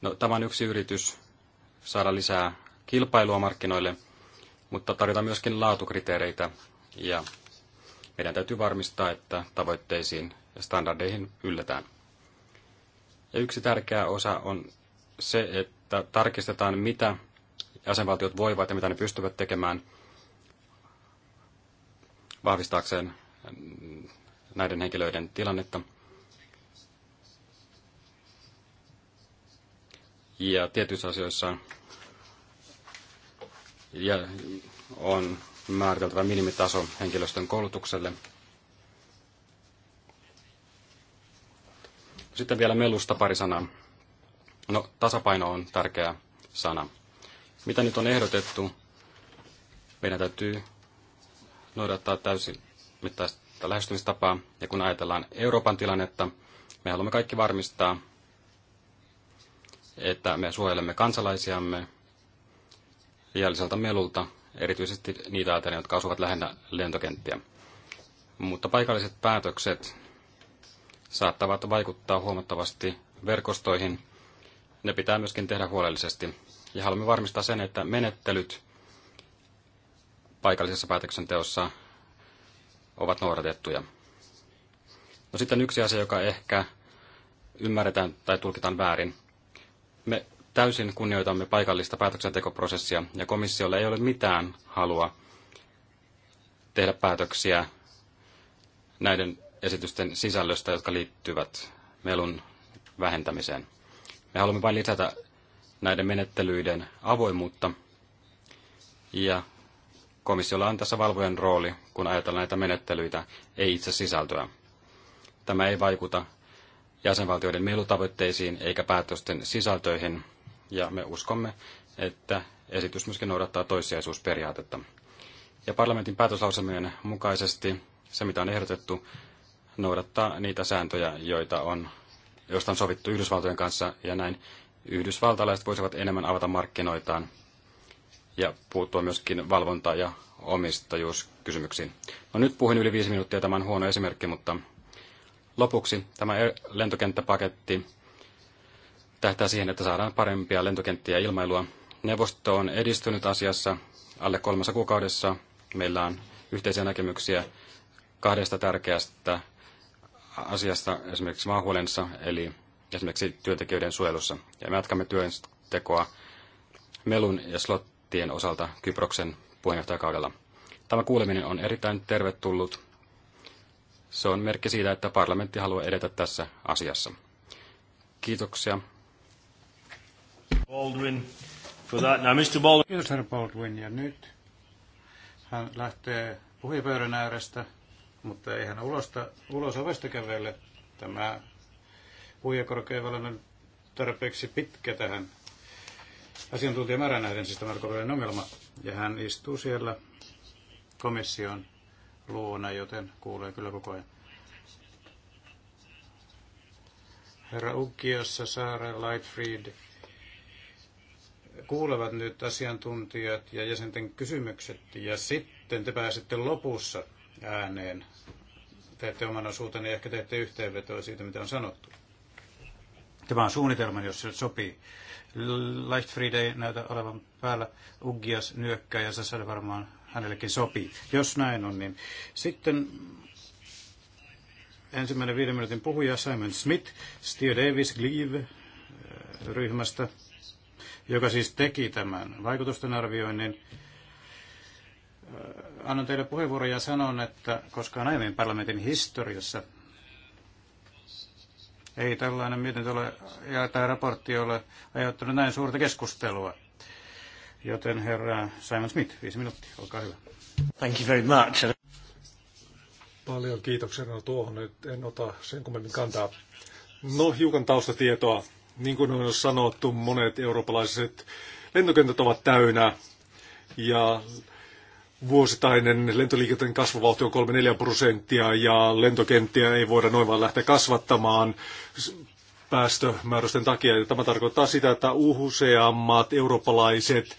No, tämä on yksi yritys saada lisää kilpailua markkinoille, mutta tarvitaan myöskin laatukriteereitä ja meidän täytyy varmistaa, että tavoitteisiin ja standardeihin yllätään. Ja yksi tärkeä osa on se, että tarkistetaan, mitä jäsenvaltiot voivat ja mitä ne pystyvät tekemään vahvistaakseen näiden henkilöiden tilannetta. Ja tietyissä asioissa ja on määriteltävä minimitaso henkilöstön koulutukselle. Sitten vielä melusta pari sanaa. No, tasapaino on tärkeä sana. Mitä nyt on ehdotettu? Meidän täytyy noudattaa täysin mittaista lähestymistapaa. Ja kun ajatellaan Euroopan tilannetta, me haluamme kaikki varmistaa, että me suojelemme kansalaisiamme liialliselta melulta erityisesti niitä ajatellen, jotka asuvat lähinnä lentokenttiä. Mutta paikalliset päätökset saattavat vaikuttaa huomattavasti verkostoihin. Ne pitää myöskin tehdä huolellisesti. Ja haluamme varmistaa sen, että menettelyt paikallisessa päätöksenteossa ovat noudatettuja. No sitten yksi asia, joka ehkä ymmärretään tai tulkitaan väärin. Me täysin kunnioitamme paikallista päätöksentekoprosessia ja komissiolla ei ole mitään halua tehdä päätöksiä näiden esitysten sisällöstä, jotka liittyvät melun vähentämiseen. Me haluamme vain lisätä näiden menettelyiden avoimuutta ja komissiolla on tässä valvojen rooli, kun ajatellaan näitä menettelyitä, ei itse sisältöä. Tämä ei vaikuta jäsenvaltioiden mielutavoitteisiin eikä päätösten sisältöihin, ja me uskomme, että esitys myöskin noudattaa toissijaisuusperiaatetta. Ja parlamentin päätöslauselmien mukaisesti se, mitä on ehdotettu, noudattaa niitä sääntöjä, joita on, joista on sovittu Yhdysvaltojen kanssa, ja näin yhdysvaltalaiset voisivat enemmän avata markkinoitaan ja puuttua myöskin valvonta- ja omistajuuskysymyksiin. No nyt puhuin yli viisi minuuttia, tämän huono esimerkki, mutta lopuksi tämä e- lentokenttäpaketti tähtää siihen, että saadaan parempia lentokenttiä ja ilmailua. Neuvosto on edistynyt asiassa alle kolmessa kuukaudessa. Meillä on yhteisiä näkemyksiä kahdesta tärkeästä asiasta esimerkiksi maahuolensa, eli esimerkiksi työntekijöiden suojelussa. Ja me jatkamme työntekoa melun ja slottien osalta Kyproksen puheenjohtajakaudella. Tämä kuuleminen on erittäin tervetullut. Se on merkki siitä, että parlamentti haluaa edetä tässä asiassa. Kiitoksia. Baldwin for that. Now, Mr. Baldwin. Kiitos, herra Baldwin. Ja nyt hän lähtee puhujapöydän äärestä, mutta ei hän ulosta, ulos ovesta kävele. Tämä puhujakorkea ei tarpeeksi pitkä tähän asiantuntijamäärän nähden, siis tämä on ongelma. Ja hän istuu siellä komission luona, joten kuulee kyllä koko ajan. Herra Ukkiossa, Saare Lightfried, kuulevat nyt asiantuntijat ja jäsenten kysymykset ja sitten te pääsette lopussa ääneen. Teette oman osuutenne ja ehkä teette yhteenvetoa siitä, mitä on sanottu. Tämä on suunnitelma, jos se sopii. Light Friday näytä olevan päällä. Uggias nyökkää ja se varmaan hänellekin sopii. Jos näin on, niin sitten ensimmäinen viiden minuutin puhuja Simon Smith, Steve Davis, Gleave eh, ryhmästä joka siis teki tämän vaikutusten arvioinnin. Äh, annan teille puheenvuoron ja sanon, että koska aiemmin parlamentin historiassa ei tällainen mietintö ole, ja tämä raportti ole aiheuttanut näin suurta keskustelua. Joten herra Simon Smith, viisi minuuttia, olkaa hyvä. Thank you very much. Paljon kiitoksena tuohon, nyt en ota sen kummemmin kantaa. No, hiukan taustatietoa. Niin kuin on sanottu, monet eurooppalaiset lentokentät ovat täynnä ja vuosittainen lentoliikenteen kasvuvauhti on 3-4 prosenttia ja lentokenttiä ei voida noin vaan lähteä kasvattamaan päästömääräysten takia. Ja tämä tarkoittaa sitä, että useammat eurooppalaiset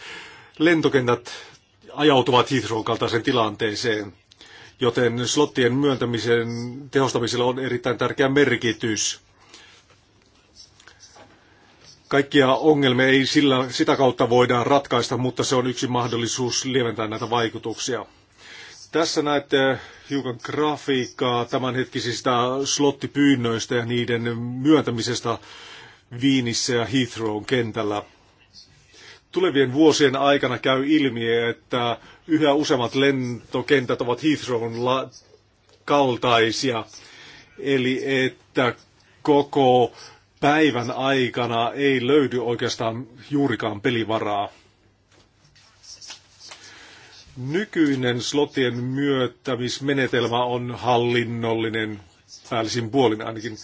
lentokentät ajautuvat Heathrown kaltaiseen tilanteeseen, joten slottien myöntämisen tehostamisella on erittäin tärkeä merkitys. Kaikkia ongelmia ei sillä, sitä kautta voida ratkaista, mutta se on yksi mahdollisuus lieventää näitä vaikutuksia. Tässä näette hiukan grafiikkaa tämänhetkisistä slottipyynnöistä ja niiden myöntämisestä Viinissä ja Heathrown kentällä. Tulevien vuosien aikana käy ilmi, että yhä useammat lentokentät ovat Heathrown kaltaisia, eli että koko päivän aikana ei löydy oikeastaan juurikaan pelivaraa. Nykyinen slotien myöttämismenetelmä on hallinnollinen, päällisin puolin ainakin.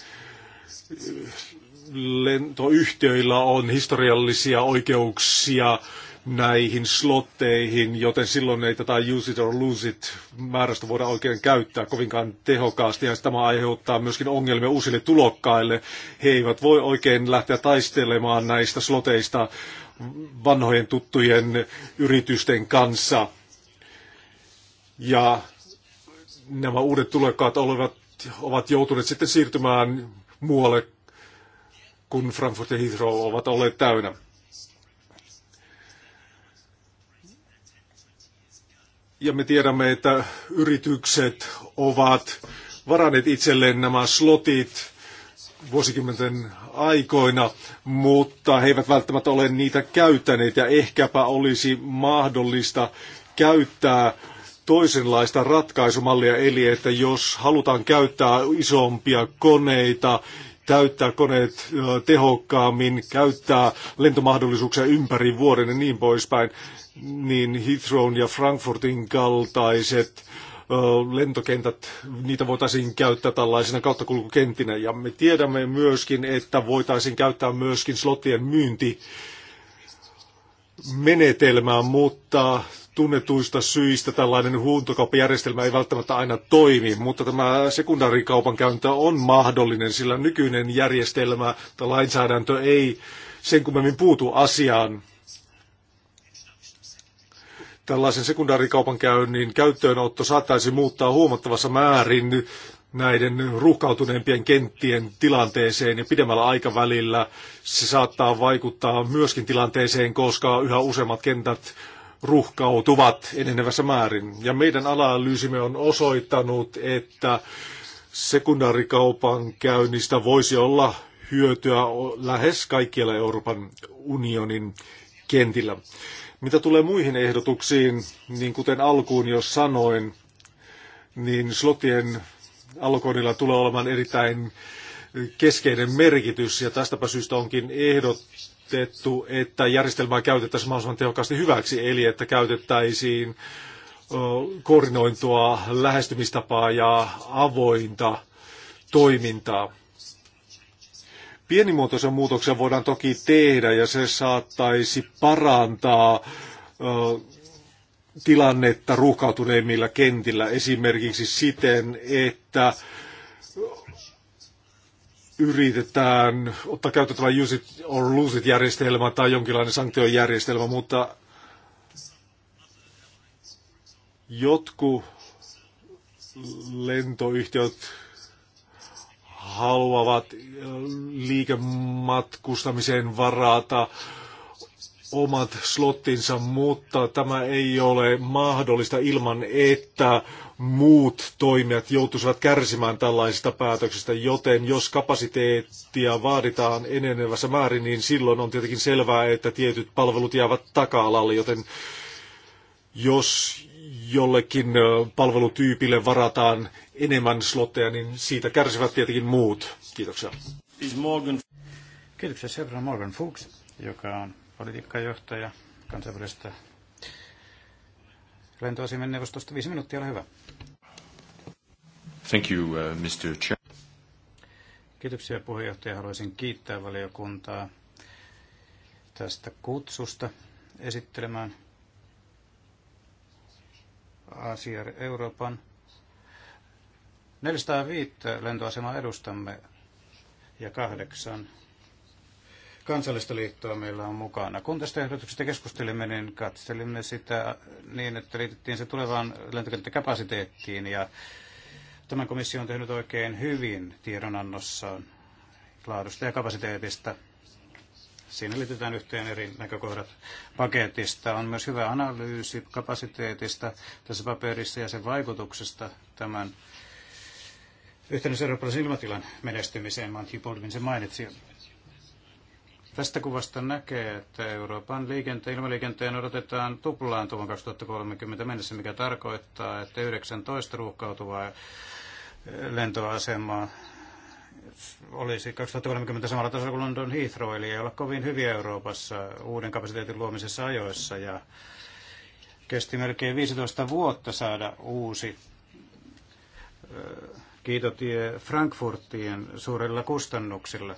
Lentoyhtiöillä on historiallisia oikeuksia näihin slotteihin, joten silloin ei tätä use it or lose it määrästä voida oikein käyttää kovinkaan tehokkaasti. Ja tämä aiheuttaa myöskin ongelmia uusille tulokkaille. He eivät voi oikein lähteä taistelemaan näistä sloteista vanhojen tuttujen yritysten kanssa. Ja nämä uudet tulokkaat olivat, ovat joutuneet sitten siirtymään muualle, kun Frankfurt ja Heathrow ovat olleet täynnä. Ja me tiedämme, että yritykset ovat varanneet itselleen nämä slotit vuosikymmenten aikoina, mutta he eivät välttämättä ole niitä käyttäneet ja ehkäpä olisi mahdollista käyttää toisenlaista ratkaisumallia, eli että jos halutaan käyttää isompia koneita, täyttää koneet tehokkaammin, käyttää lentomahdollisuuksia ympäri vuoden ja niin poispäin, niin Heathrown ja Frankfurtin kaltaiset lentokentät, niitä voitaisiin käyttää tällaisena kauttakulkukenttinä. Ja me tiedämme myöskin, että voitaisiin käyttää myöskin slottien myynti menetelmää, mutta tunnetuista syistä tällainen huuntokauppajärjestelmä ei välttämättä aina toimi, mutta tämä sekundaarikaupan käynti on mahdollinen, sillä nykyinen järjestelmä tai lainsäädäntö ei sen kummemmin puutu asiaan tällaisen käynnin käyttöönotto saattaisi muuttaa huomattavassa määrin näiden ruuhkautuneempien kenttien tilanteeseen ja pidemmällä aikavälillä se saattaa vaikuttaa myöskin tilanteeseen, koska yhä useammat kentät ruuhkautuvat enenevässä määrin. Ja meidän analyysimme on osoittanut, että sekundaarikaupan käynnistä voisi olla hyötyä lähes kaikkialla Euroopan unionin kentillä. Mitä tulee muihin ehdotuksiin, niin kuten alkuun jo sanoin, niin slotien allokoinnilla tulee olemaan erittäin keskeinen merkitys, ja tästäpä syystä onkin ehdotettu, että järjestelmää käytettäisiin mahdollisimman tehokkaasti hyväksi, eli että käytettäisiin koordinointua, lähestymistapaa ja avointa toimintaa. Pienimuotoisia muutoksia voidaan toki tehdä ja se saattaisi parantaa ö, tilannetta ruuhkautuneimmilla kentillä esimerkiksi siten, että yritetään ottaa käytettävä use it or lose it järjestelmä tai jonkinlainen sanktiojärjestelmä, mutta jotkut lentoyhtiöt haluavat liikematkustamiseen varata omat slottinsa, mutta tämä ei ole mahdollista ilman, että muut toimijat joutuisivat kärsimään tällaisista päätöksistä, joten jos kapasiteettia vaaditaan enenevässä määrin, niin silloin on tietenkin selvää, että tietyt palvelut jäävät taka-alalle, joten jos jollekin palvelutyypille varataan enemmän slotteja, niin siitä kärsivät tietenkin muut. Kiitoksia. Kiitoksia seuraava Morgan Fuchs, joka on politiikkajohtaja kansainvälisestä lentoasemien neuvostosta. Viisi minuuttia, ole hyvä. Thank you, uh, Mr. Chair. Kiitoksia puheenjohtaja. Haluaisin kiittää valiokuntaa tästä kutsusta esittelemään asia Euroopan 405 lentoasemaa edustamme ja kahdeksan kansallista liittoa meillä on mukana. Kun tästä ehdotuksesta keskustelimme, niin katselimme sitä niin, että liitettiin se tulevaan lentokenttäkapasiteettiin ja tämän komissio on tehnyt oikein hyvin tiedonannossaan laadusta ja kapasiteetista. Siinä liitetään yhteen eri näkökohdat paketista. On myös hyvä analyysi kapasiteetista tässä paperissa ja sen vaikutuksesta tämän yhteydessä eurooppalaisen ilmatilan menestymiseen. Mantti Baldwin se mainitsi. Tästä kuvasta näkee, että Euroopan liikenteen, ilmaliikenteen odotetaan tuplaantuvan 2030 mennessä, mikä tarkoittaa, että 19 ruuhkautuvaa lentoasemaa olisi 2030 samalla tasolla kuin London Heathrow, eli ei olla kovin hyviä Euroopassa uuden kapasiteetin luomisessa ajoissa. Ja kesti melkein 15 vuotta saada uusi kiitotie Frankfurtien suurilla kustannuksilla.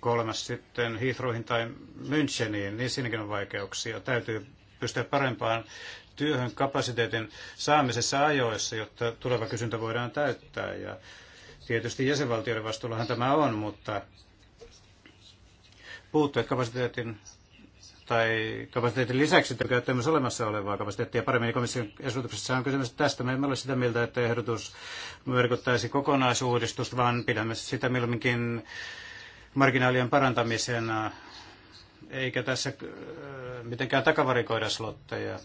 Kolmas sitten Heathrowin tai Müncheniin, niin siinäkin on vaikeuksia. Täytyy pystyä parempaan työhön kapasiteetin saamisessa ajoissa, jotta tuleva kysyntä voidaan täyttää. Ja Tietysti jäsenvaltioiden vastuullahan tämä on, mutta puutteet kapasiteetin tai kapasiteetin lisäksi käyttää myös olemassa olevaa kapasiteettia paremmin. Komission esityksessä on kysymys tästä. Me emme ole sitä mieltä, että ehdotus merkittäisi kokonaisuudistusta, vaan pidämme sitä milloinkin marginaalien parantamisena, eikä tässä äh, mitenkään takavarikoida slotteja.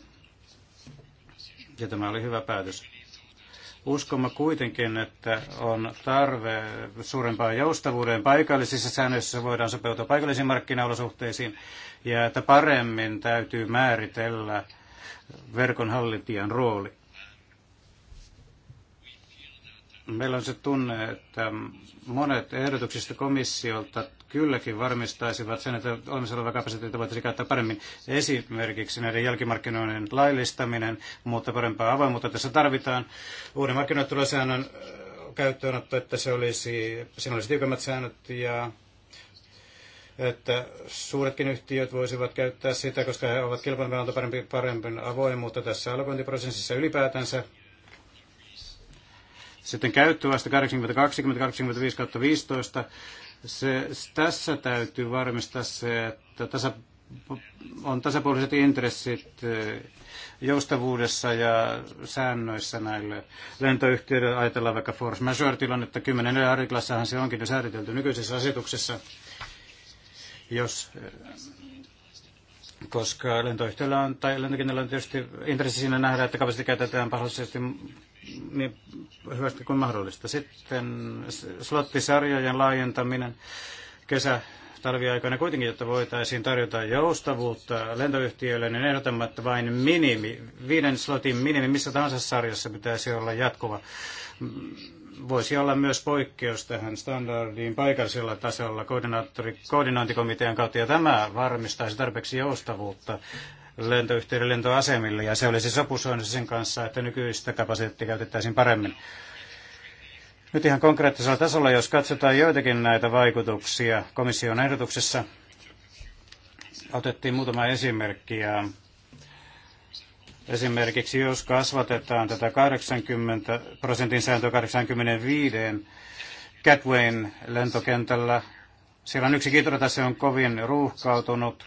Ja tämä oli hyvä päätös. Uskomme kuitenkin, että on tarve suurempaan joustavuuteen paikallisissa säännöissä, voidaan sopeutua paikallisiin markkinaolosuhteisiin ja että paremmin täytyy määritellä verkon rooli. Meillä on se tunne, että monet ehdotuksista komissiolta kylläkin varmistaisivat sen, että olemassa oleva kapasiteetti voitaisiin käyttää paremmin. Esimerkiksi näiden jälkimarkkinoiden laillistaminen, mutta parempaa avoimuutta tässä tarvitaan. Uuden markkinoitulosäännön äh, käyttöönotto, että se olisi, siinä olisi tiukemmat säännöt ja että suuretkin yhtiöt voisivat käyttää sitä, koska he ovat kilpailun parempi, parempin avoimuutta tässä alkointiprosessissa ylipäätänsä. Sitten käyttövasta 80-20, 25 15 se, tässä täytyy varmistaa se, että tasa, on tasapuoliset intressit joustavuudessa ja säännöissä näille lentoyhtiöille. Ajatellaan vaikka force majeure-tilannetta. 10. artiklassahan se onkin jo säädetelty nykyisessä asetuksessa. Jos koska lentoyhtiöllä on, tai lentokentällä on tietysti intressi siinä nähdä, että kapasiteetti käytetään pahallisesti niin hyvästi kuin mahdollista. Sitten slottisarjojen laajentaminen kesä talviaikana kuitenkin, jotta voitaisiin tarjota joustavuutta lentoyhtiöille, niin ehdotamme, että vain minimi, viiden slotin minimi missä tahansa sarjassa pitäisi olla jatkuva. Voisi olla myös poikkeus tähän standardiin paikallisella tasolla koordinaattori, koordinointikomitean kautta, ja tämä varmistaisi tarpeeksi joustavuutta lentoyhtiöiden lentoasemille, ja se olisi sopusoinnissa sen kanssa, että nykyistä kapasiteettia käytettäisiin paremmin. Nyt ihan konkreettisella tasolla, jos katsotaan joitakin näitä vaikutuksia komission ehdotuksessa, otettiin muutama esimerkki. Ja esimerkiksi jos kasvatetaan tätä 80 prosentin sääntöä 85 Catwayn lentokentällä, siellä on yksi kitrata, se on kovin ruuhkautunut,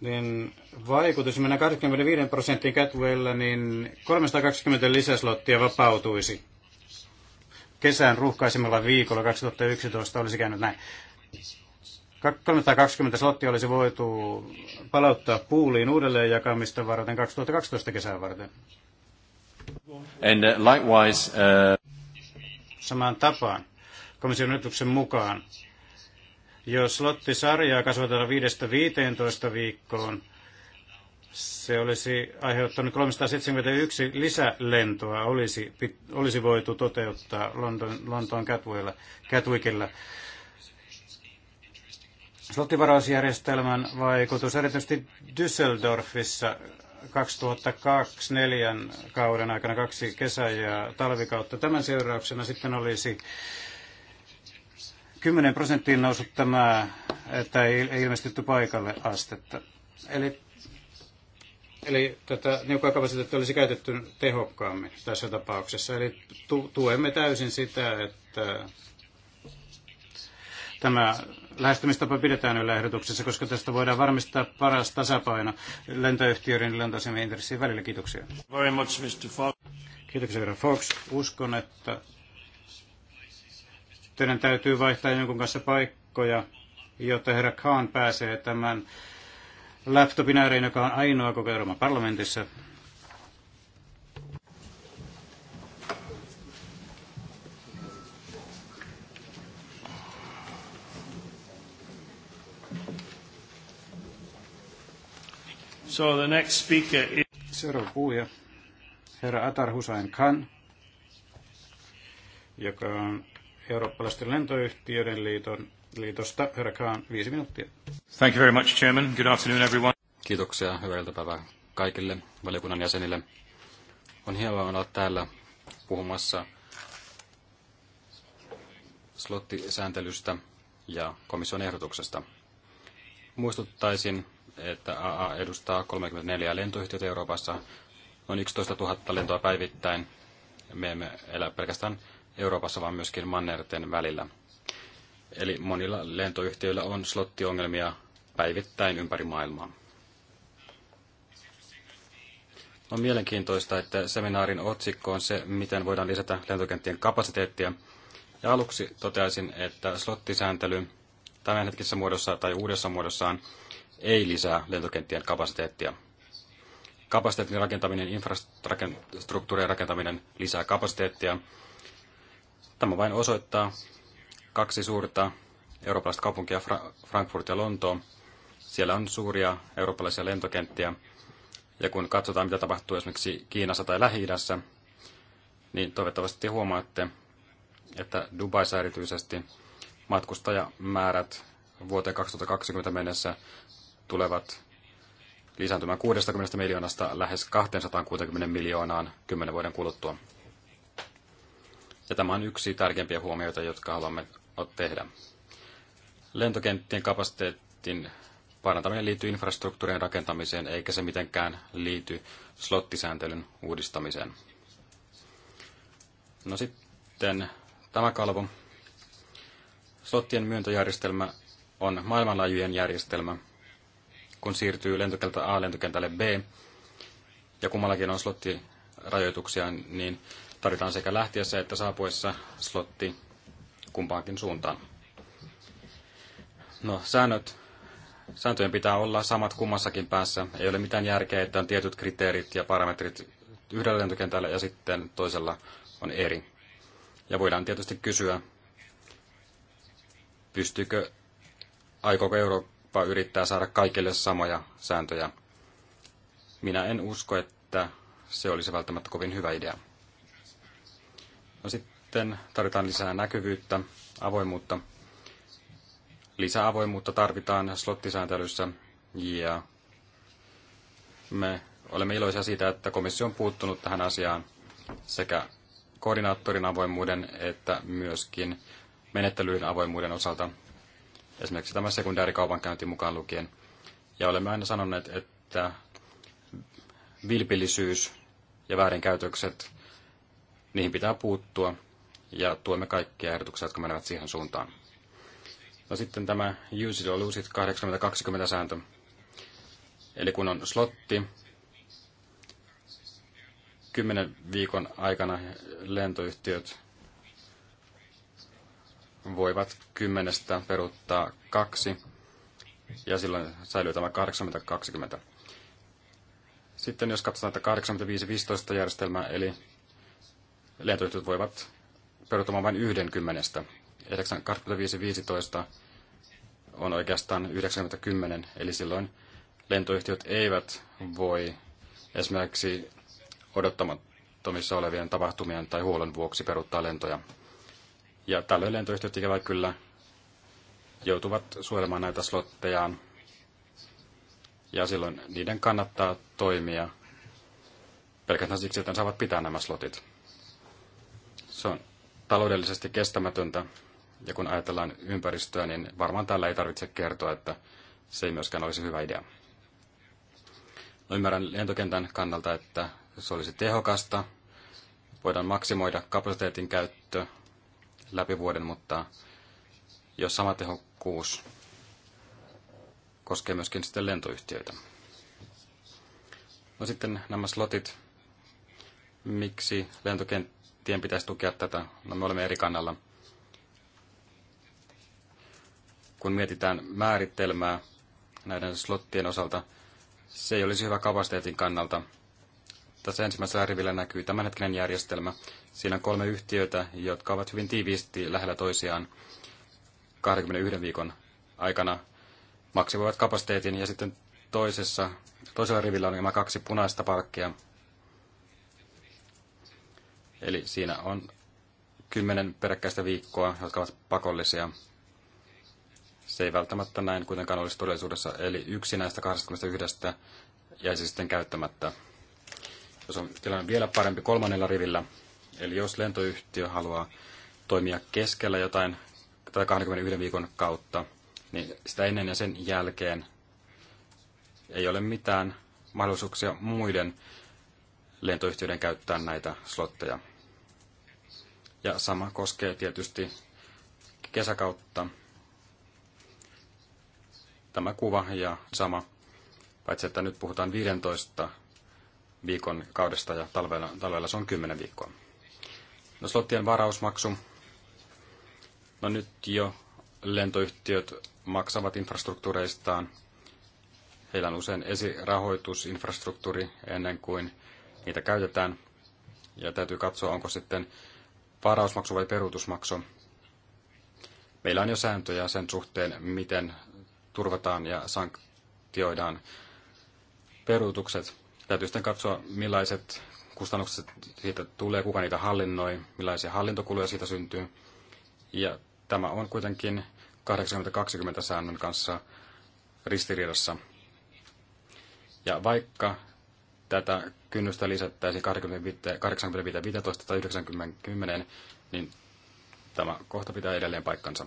niin vaikutus mennään 25 prosentin Catwellilla, niin 320 lisäslottia vapautuisi. Kesän ruuhkaisemalla viikolla 2011 olisi käynyt näin. 320 slottia olisi voitu palauttaa puuliin uudelleen jakamista varten 2012 kesää varten. And uh, likewise, uh... Samaan tapaan komission yrityksen mukaan jos sarjaa kasvatetaan 5-15 viikkoon, se olisi aiheuttanut 371 lisälentoa olisi, olisi voitu toteuttaa London, Lontoon Catwilla, Slottivarausjärjestelmän vaikutus erityisesti Düsseldorfissa 2002 kauden aikana kaksi kesä- ja talvikautta. Tämän seurauksena sitten olisi 10 prosenttiin noussut tämä, että ei, ei ilmestytty paikalle astetta. Eli, eli tätä niukkaa kapasiteettia olisi käytetty tehokkaammin tässä tapauksessa. Eli tu, tuemme täysin sitä, että tämä lähestymistapa pidetään yllä ehdotuksessa, koska tästä voidaan varmistaa paras tasapaino lentoyhtiöiden ja lentoasemien intressien välillä. Kiitoksia. Very much, Mr. Fox. Kiitoksia, herra Fox. Uskon, että teidän täytyy vaihtaa jonkun kanssa paikkoja, jotta herra Khan pääsee tämän laptopin ääreen, joka on ainoa koko Euroopan parlamentissa. So the next speaker is... Seuraava puhuja, herra Atar Hussain Khan, joka on eurooppalaisten lentoyhtiöiden liiton, liitosta. Herra Kahn, viisi minuuttia. Thank you very much, Chairman. Good afternoon, everyone. Kiitoksia. Hyvää iltapäivää kaikille valiokunnan jäsenille. On hienoa olla täällä puhumassa slottisääntelystä ja komission ehdotuksesta. Muistuttaisin, että AA edustaa 34 lentoyhtiötä Euroopassa, noin 11 000 lentoa päivittäin. Me emme elä pelkästään Euroopassa, vaan myöskin mannerten välillä. Eli monilla lentoyhtiöillä on slottiongelmia päivittäin ympäri maailmaa. On mielenkiintoista, että seminaarin otsikko on se, miten voidaan lisätä lentokenttien kapasiteettia. Ja aluksi toteaisin, että slottisääntely tämänhetkisessä muodossa tai uudessa muodossaan ei lisää lentokenttien kapasiteettia. Kapasiteetin rakentaminen, infrastruktuurien rakentaminen lisää kapasiteettia, Tämä vain osoittaa kaksi suurta eurooppalaista kaupunkia, Frankfurt ja Lontoo. Siellä on suuria eurooppalaisia lentokenttiä. Ja kun katsotaan, mitä tapahtuu esimerkiksi Kiinassa tai Lähi-idässä, niin toivottavasti huomaatte, että Dubaissa erityisesti matkustajamäärät vuoteen 2020 mennessä tulevat lisääntymään 60 miljoonasta lähes 260 miljoonaan 10 vuoden kuluttua. Ja tämä on yksi tärkeimpiä huomioita, jotka haluamme tehdä. Lentokenttien kapasiteetin parantaminen liittyy infrastruktuurien rakentamiseen, eikä se mitenkään liity slottisääntelyn uudistamiseen. No sitten tämä kalvo. Slottien myöntöjärjestelmä on maailmanlaajuinen järjestelmä, kun siirtyy lentokentältä A lentokentälle B, ja kummallakin on slottirajoituksia, niin Tarvitaan sekä lähtiessä että saapuessa slotti kumpaankin suuntaan. No, säännöt, sääntöjen pitää olla samat kummassakin päässä. Ei ole mitään järkeä, että on tietyt kriteerit ja parametrit yhdellä lentokentällä ja sitten toisella on eri. Ja voidaan tietysti kysyä, pystyykö, aikooko Eurooppa yrittää saada kaikille samoja sääntöjä. Minä en usko, että se olisi välttämättä kovin hyvä idea. No sitten tarvitaan lisää näkyvyyttä, avoimuutta. Lisää avoimuutta tarvitaan slottisääntelyssä ja me olemme iloisia siitä, että komissio on puuttunut tähän asiaan sekä koordinaattorin avoimuuden että myöskin menettelyyn avoimuuden osalta, esimerkiksi tämä sekundäärikaupankäynti mukaan lukien. Ja olemme aina sanoneet, että vilpillisyys ja väärinkäytökset niihin pitää puuttua ja tuemme kaikkia ehdotuksia, jotka menevät siihen suuntaan. No sitten tämä use it or lose it 80-20 sääntö. Eli kun on slotti, 10 viikon aikana lentoyhtiöt voivat kymmenestä peruuttaa kaksi, ja silloin säilyy tämä 80-20. Sitten jos katsotaan tätä 85-15 järjestelmää, eli lentoyhtiöt voivat peruuttamaan vain yhden kymmenestä. 85-15 on oikeastaan 90-10, eli silloin lentoyhtiöt eivät voi esimerkiksi odottamattomissa olevien tapahtumien tai huolen vuoksi peruuttaa lentoja. Ja tällöin lentoyhtiöt ikävä kyllä joutuvat suojelemaan näitä slottejaan, ja silloin niiden kannattaa toimia pelkästään siksi, että ne saavat pitää nämä slotit. Se on taloudellisesti kestämätöntä, ja kun ajatellaan ympäristöä, niin varmaan täällä ei tarvitse kertoa, että se ei myöskään olisi hyvä idea. No, ymmärrän lentokentän kannalta, että se olisi tehokasta, voidaan maksimoida kapasiteetin käyttö läpi vuoden, mutta jos sama tehokkuus koskee myöskin sitten lentoyhtiöitä. No sitten nämä slotit. Miksi lentokenttä brittien pitäisi tukea tätä. No me olemme eri kannalla. Kun mietitään määritelmää näiden slottien osalta, se ei olisi hyvä kapasiteetin kannalta. Tässä ensimmäisellä rivillä näkyy tämänhetkinen järjestelmä. Siinä on kolme yhtiötä, jotka ovat hyvin tiiviisti lähellä toisiaan 21 viikon aikana Maksivoivat kapasiteetin ja sitten toisessa, toisella rivillä on nämä kaksi punaista palkkia, Eli siinä on kymmenen peräkkäistä viikkoa, jotka ovat pakollisia. Se ei välttämättä näin kuitenkaan olisi todellisuudessa. Eli yksi näistä 21 jäisi sitten käyttämättä. Jos on tilanne vielä parempi kolmannella rivillä, eli jos lentoyhtiö haluaa toimia keskellä jotain tai 21 viikon kautta, niin sitä ennen ja sen jälkeen ei ole mitään mahdollisuuksia muiden lentoyhtiöiden käyttää näitä slotteja. Ja sama koskee tietysti kesäkautta. Tämä kuva ja sama, paitsi että nyt puhutaan 15 viikon kaudesta ja talvella, talvella se on 10 viikkoa. No slottien varausmaksu. No nyt jo lentoyhtiöt maksavat infrastruktuureistaan. Heillä on usein esirahoitusinfrastruktuuri ennen kuin niitä käytetään. Ja täytyy katsoa, onko sitten varausmaksu vai peruutusmaksu. Meillä on jo sääntöjä sen suhteen, miten turvataan ja sanktioidaan peruutukset. Täytyy sitten katsoa, millaiset kustannukset siitä tulee, kuka niitä hallinnoi, millaisia hallintokuluja siitä syntyy. Ja tämä on kuitenkin 80-20 säännön kanssa ristiriidassa. Ja vaikka tätä kynnystä lisättäisiin 85 tai 90, niin tämä kohta pitää edelleen paikkansa.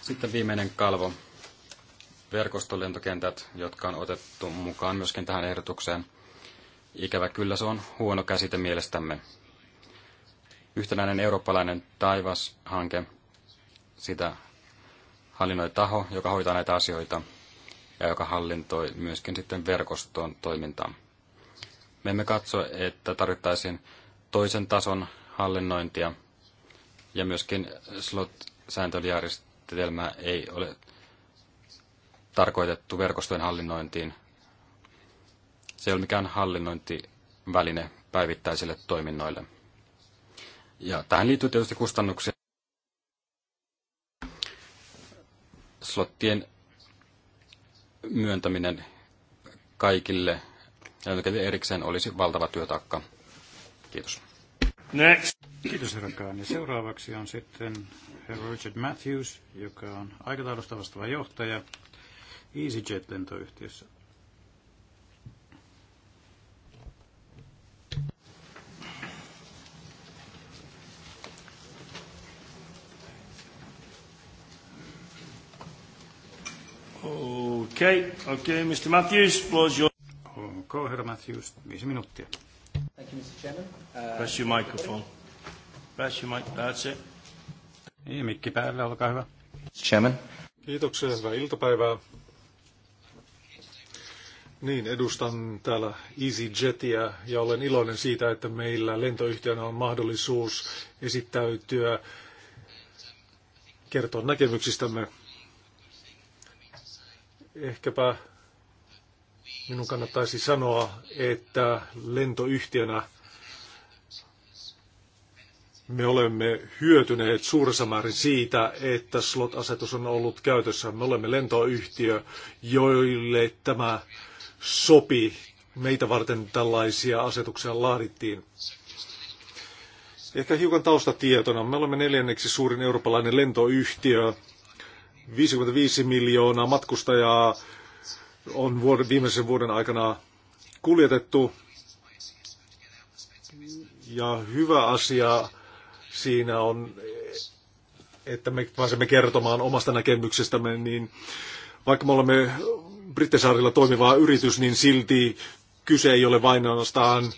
Sitten viimeinen kalvo, verkostolentokentät, jotka on otettu mukaan myöskin tähän ehdotukseen. Ikävä kyllä se on huono käsite mielestämme. Yhtenäinen eurooppalainen taivashanke, sitä hallinnoi taho, joka hoitaa näitä asioita, ja joka hallintoi myöskin sitten verkoston toimintaa. Me emme katso, että tarvittaisiin toisen tason hallinnointia ja myöskin slot sääntöjärjestelmä ei ole tarkoitettu verkostojen hallinnointiin. Se ei ole mikään hallinnointiväline päivittäisille toiminnoille. Ja tähän liittyy tietysti kustannuksia. Slottien myöntäminen kaikille etukäteen erikseen olisi valtava työtaakka. Kiitos. Next. Kiitos herra ja Seuraavaksi on sitten herra Richard Matthews, joka on aikataulusta vastaava johtaja EasyJet-lentoyhtiössä Okay, okay, Mr. Matthews, floor's your... OK, herra Matthews, viisi minuuttia. Thank you, Mr. Chairman. Uh, Press your microphone. Press your mic, that's it. Niin, mikki päälle, olkaa hyvä. Chairman. Kiitoksia, hyvää iltapäivää. Niin, edustan täällä EasyJetia ja olen iloinen siitä, että meillä lentoyhtiönä on mahdollisuus esittäytyä kertoa näkemyksistämme Ehkäpä minun kannattaisi sanoa, että lentoyhtiönä me olemme hyötyneet suuressa määrin siitä, että slot-asetus on ollut käytössä. Me olemme lentoyhtiö, joille tämä sopi. Meitä varten tällaisia asetuksia laadittiin. Ehkä hiukan taustatietona. Me olemme neljänneksi suurin eurooppalainen lentoyhtiö 55 miljoonaa matkustajaa on vuoden, viimeisen vuoden aikana kuljetettu. Ja hyvä asia siinä on, että me pääsemme kertomaan omasta näkemyksestämme, niin vaikka me olemme Brittisaarilla toimiva yritys, niin silti kyse ei ole vain ainoastaan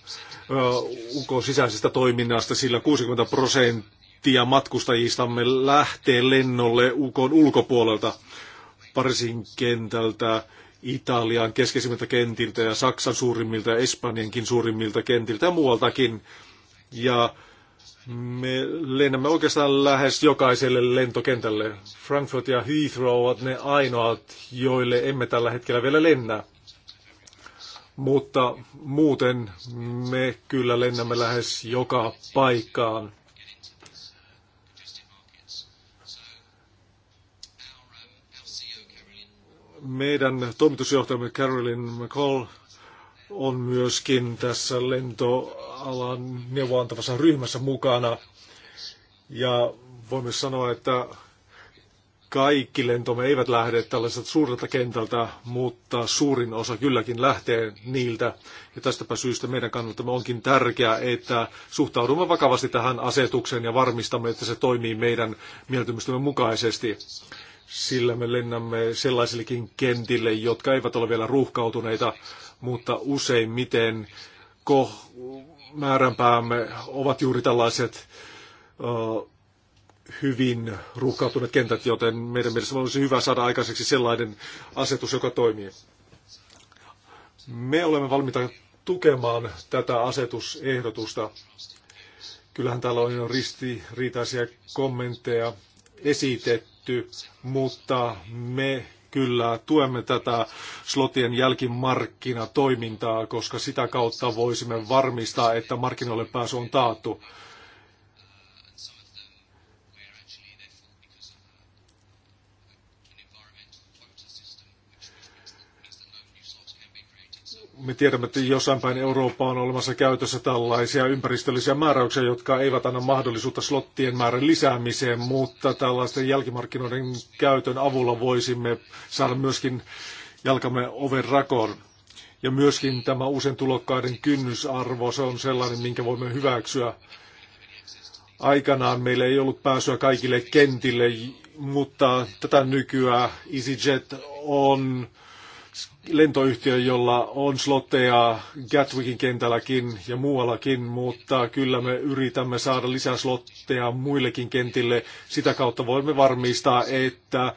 UK sisäisestä toiminnasta, sillä 60 prosenttia prosenttia matkustajistamme lähtee lennolle UKon ulkopuolelta, Pariisin kentältä, Italian keskeisimmiltä kentiltä ja Saksan suurimmilta ja Espanjankin suurimmilta kentiltä ja muualtakin. Ja me lennämme oikeastaan lähes jokaiselle lentokentälle. Frankfurt ja Heathrow ovat ne ainoat, joille emme tällä hetkellä vielä lennä. Mutta muuten me kyllä lennämme lähes joka paikkaan. meidän toimitusjohtajamme Carolyn McCall on myöskin tässä lentoalan neuvoantavassa ryhmässä mukana. Ja voimme sanoa, että kaikki lentomme eivät lähde tällaiselta suurelta kentältä, mutta suurin osa kylläkin lähtee niiltä. Ja tästäpä syystä meidän kannaltamme onkin tärkeää, että suhtaudumme vakavasti tähän asetukseen ja varmistamme, että se toimii meidän mieltymystämme mukaisesti sillä me lennämme sellaisillekin kentille, jotka eivät ole vielä ruuhkautuneita, mutta useimmiten ko- määränpäämme ovat juuri tällaiset uh, hyvin ruuhkautuneet kentät, joten meidän mielestä olisi hyvä saada aikaiseksi sellainen asetus, joka toimii. Me olemme valmiita tukemaan tätä asetusehdotusta. Kyllähän täällä on jo ristiriitaisia kommentteja esitetty tehty, mutta me kyllä tuemme tätä slotien jälkimarkkinatoimintaa, koska sitä kautta voisimme varmistaa, että markkinoille pääsy on taattu. Me tiedämme, että jossain päin Eurooppaa on olemassa käytössä tällaisia ympäristöllisiä määräyksiä, jotka eivät anna mahdollisuutta slottien määrän lisäämiseen, mutta tällaisten jälkimarkkinoiden käytön avulla voisimme saada myöskin jalkamme oven rakoon. Ja myöskin tämä uusien tulokkaiden kynnysarvo, se on sellainen, minkä voimme hyväksyä. Aikanaan meillä ei ollut pääsyä kaikille kentille, mutta tätä nykyään EasyJet on lentoyhtiö, jolla on slotteja Gatwickin kentälläkin ja muuallakin, mutta kyllä me yritämme saada lisää slotteja muillekin kentille. Sitä kautta voimme varmistaa, että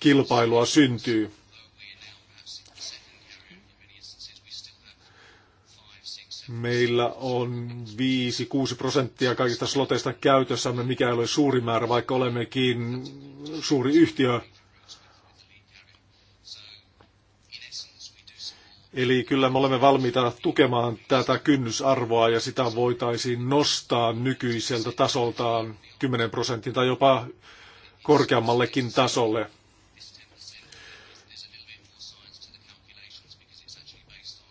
kilpailua syntyy. Meillä on 5-6 prosenttia kaikista sloteista käytössämme, mikä ei ole suuri määrä, vaikka olemmekin suuri yhtiö Eli kyllä me olemme valmiita tukemaan tätä kynnysarvoa ja sitä voitaisiin nostaa nykyiseltä tasoltaan 10 prosentin tai jopa korkeammallekin tasolle.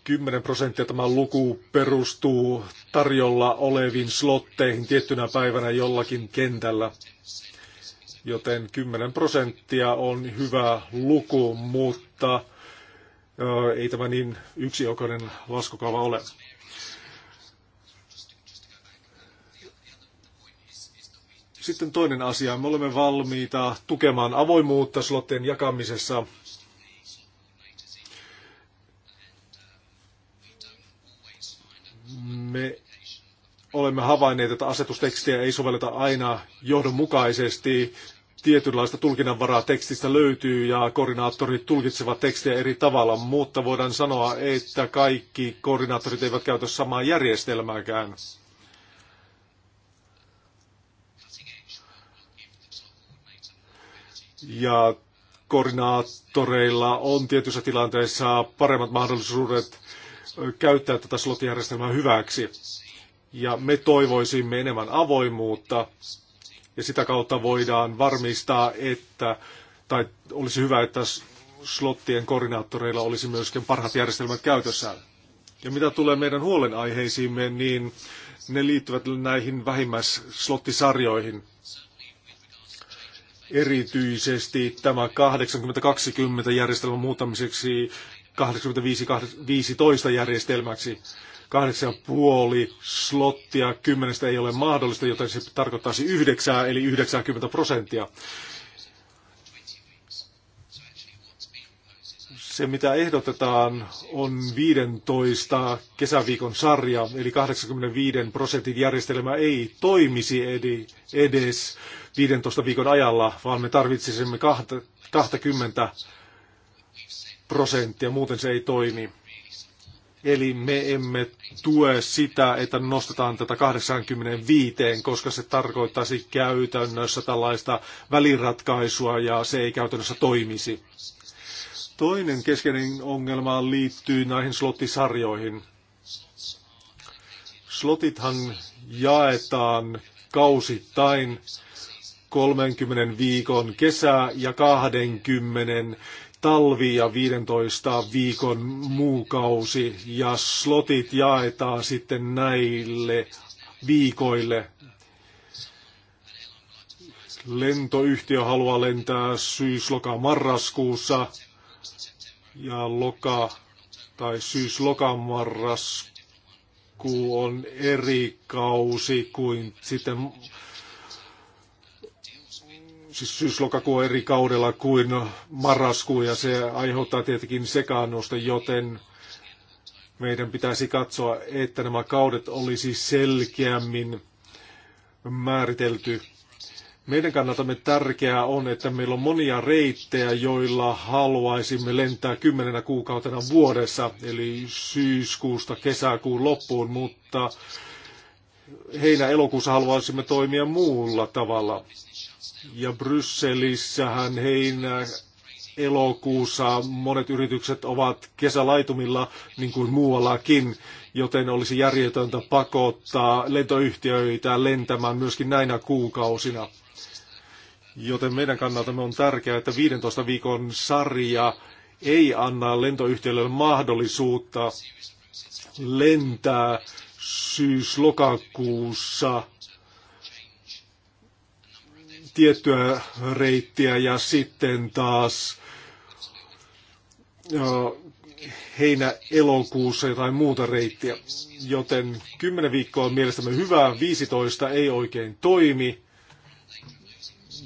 Kymmenen prosenttia tämä luku perustuu tarjolla oleviin slotteihin tiettynä päivänä jollakin kentällä. Joten kymmenen prosenttia on hyvä luku, mutta ei tämä niin yksioikoinen laskukaava ole. Sitten toinen asia. Me olemme valmiita tukemaan avoimuutta slotten jakamisessa. Me olemme havainneet, että asetustekstiä ei sovelleta aina johdonmukaisesti tietynlaista tulkinnanvaraa tekstistä löytyy ja koordinaattorit tulkitsevat tekstiä eri tavalla, mutta voidaan sanoa, että kaikki koordinaattorit eivät käytä samaa järjestelmääkään. Ja koordinaattoreilla on tietyissä tilanteissa paremmat mahdollisuudet käyttää tätä slotijärjestelmää hyväksi. Ja me toivoisimme enemmän avoimuutta ja sitä kautta voidaan varmistaa, että, tai olisi hyvä, että slottien koordinaattoreilla olisi myöskin parhaat järjestelmät käytössään. Ja mitä tulee meidän huolenaiheisiimme, niin ne liittyvät näihin vähimmäisslottisarjoihin. Erityisesti tämä 80-20 järjestelmän muuttamiseksi 85-15 järjestelmäksi kahdeksan puoli slottia kymmenestä ei ole mahdollista, joten se tarkoittaisi yhdeksää, eli 90 prosenttia. Se, mitä ehdotetaan, on 15 kesäviikon sarja, eli 85 prosentin järjestelmä ei toimisi edes 15 viikon ajalla, vaan me tarvitsisimme 20 prosenttia, muuten se ei toimi. Eli me emme tue sitä, että nostetaan tätä 85, koska se tarkoittaisi käytännössä tällaista väliratkaisua ja se ei käytännössä toimisi. Toinen keskeinen ongelma liittyy näihin slottisarjoihin. Slotithan jaetaan kausittain 30 viikon kesä- ja 20 talvi ja 15 viikon muu kausi ja slotit jaetaan sitten näille viikoille. Lentoyhtiö haluaa lentää syysloka marraskuussa ja loka tai syysloka marraskuu on eri kausi kuin sitten siis syyslokakuu eri kaudella kuin marraskuu ja se aiheuttaa tietenkin sekaannusta, joten meidän pitäisi katsoa, että nämä kaudet olisi selkeämmin määritelty. Meidän kannaltamme tärkeää on, että meillä on monia reittejä, joilla haluaisimme lentää kymmenenä kuukautena vuodessa, eli syyskuusta kesäkuun loppuun, mutta heinä-elokuussa haluaisimme toimia muulla tavalla. Ja Brysselissähän heinä elokuussa monet yritykset ovat kesälaitumilla niin kuin muuallakin, joten olisi järjetöntä pakottaa lentoyhtiöitä lentämään myöskin näinä kuukausina. Joten meidän kannaltamme on tärkeää, että 15 viikon sarja ei anna lentoyhtiöille mahdollisuutta lentää syys-lokakuussa – tiettyä reittiä ja sitten taas heinä-elokuussa jotain muuta reittiä. Joten 10 viikkoa on mielestämme hyvää, 15 ei oikein toimi.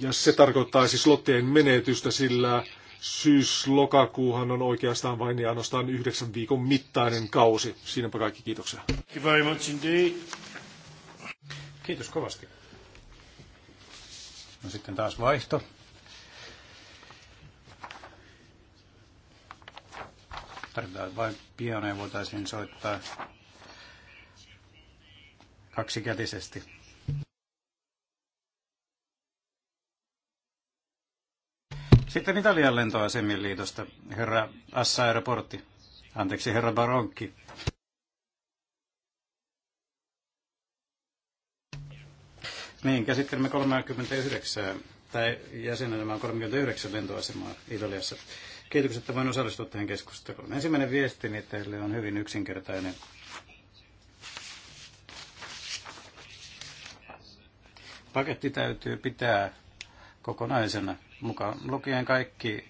Ja se tarkoittaa siis lottien menetystä, sillä syys-lokakuuhan on oikeastaan vain ja ainoastaan yhdeksän viikon mittainen kausi. Siinäpä kaikki, kiitoksia. Kiitos kovasti. No sitten taas vaihto. Tarvitaan vain pianoja, voitaisiin soittaa kaksikätisesti. Sitten Italian lentoasemien liitosta, herra Assa Aeroportti, anteeksi herra Baronki. Niin, käsittelemme 39, tai jäsenenä on 39 lentoasemaa Italiassa. Kiitokset, että voin osallistua tähän keskusteluun. Ensimmäinen viestini teille on hyvin yksinkertainen. Paketti täytyy pitää kokonaisena, mukaan lukien kaikki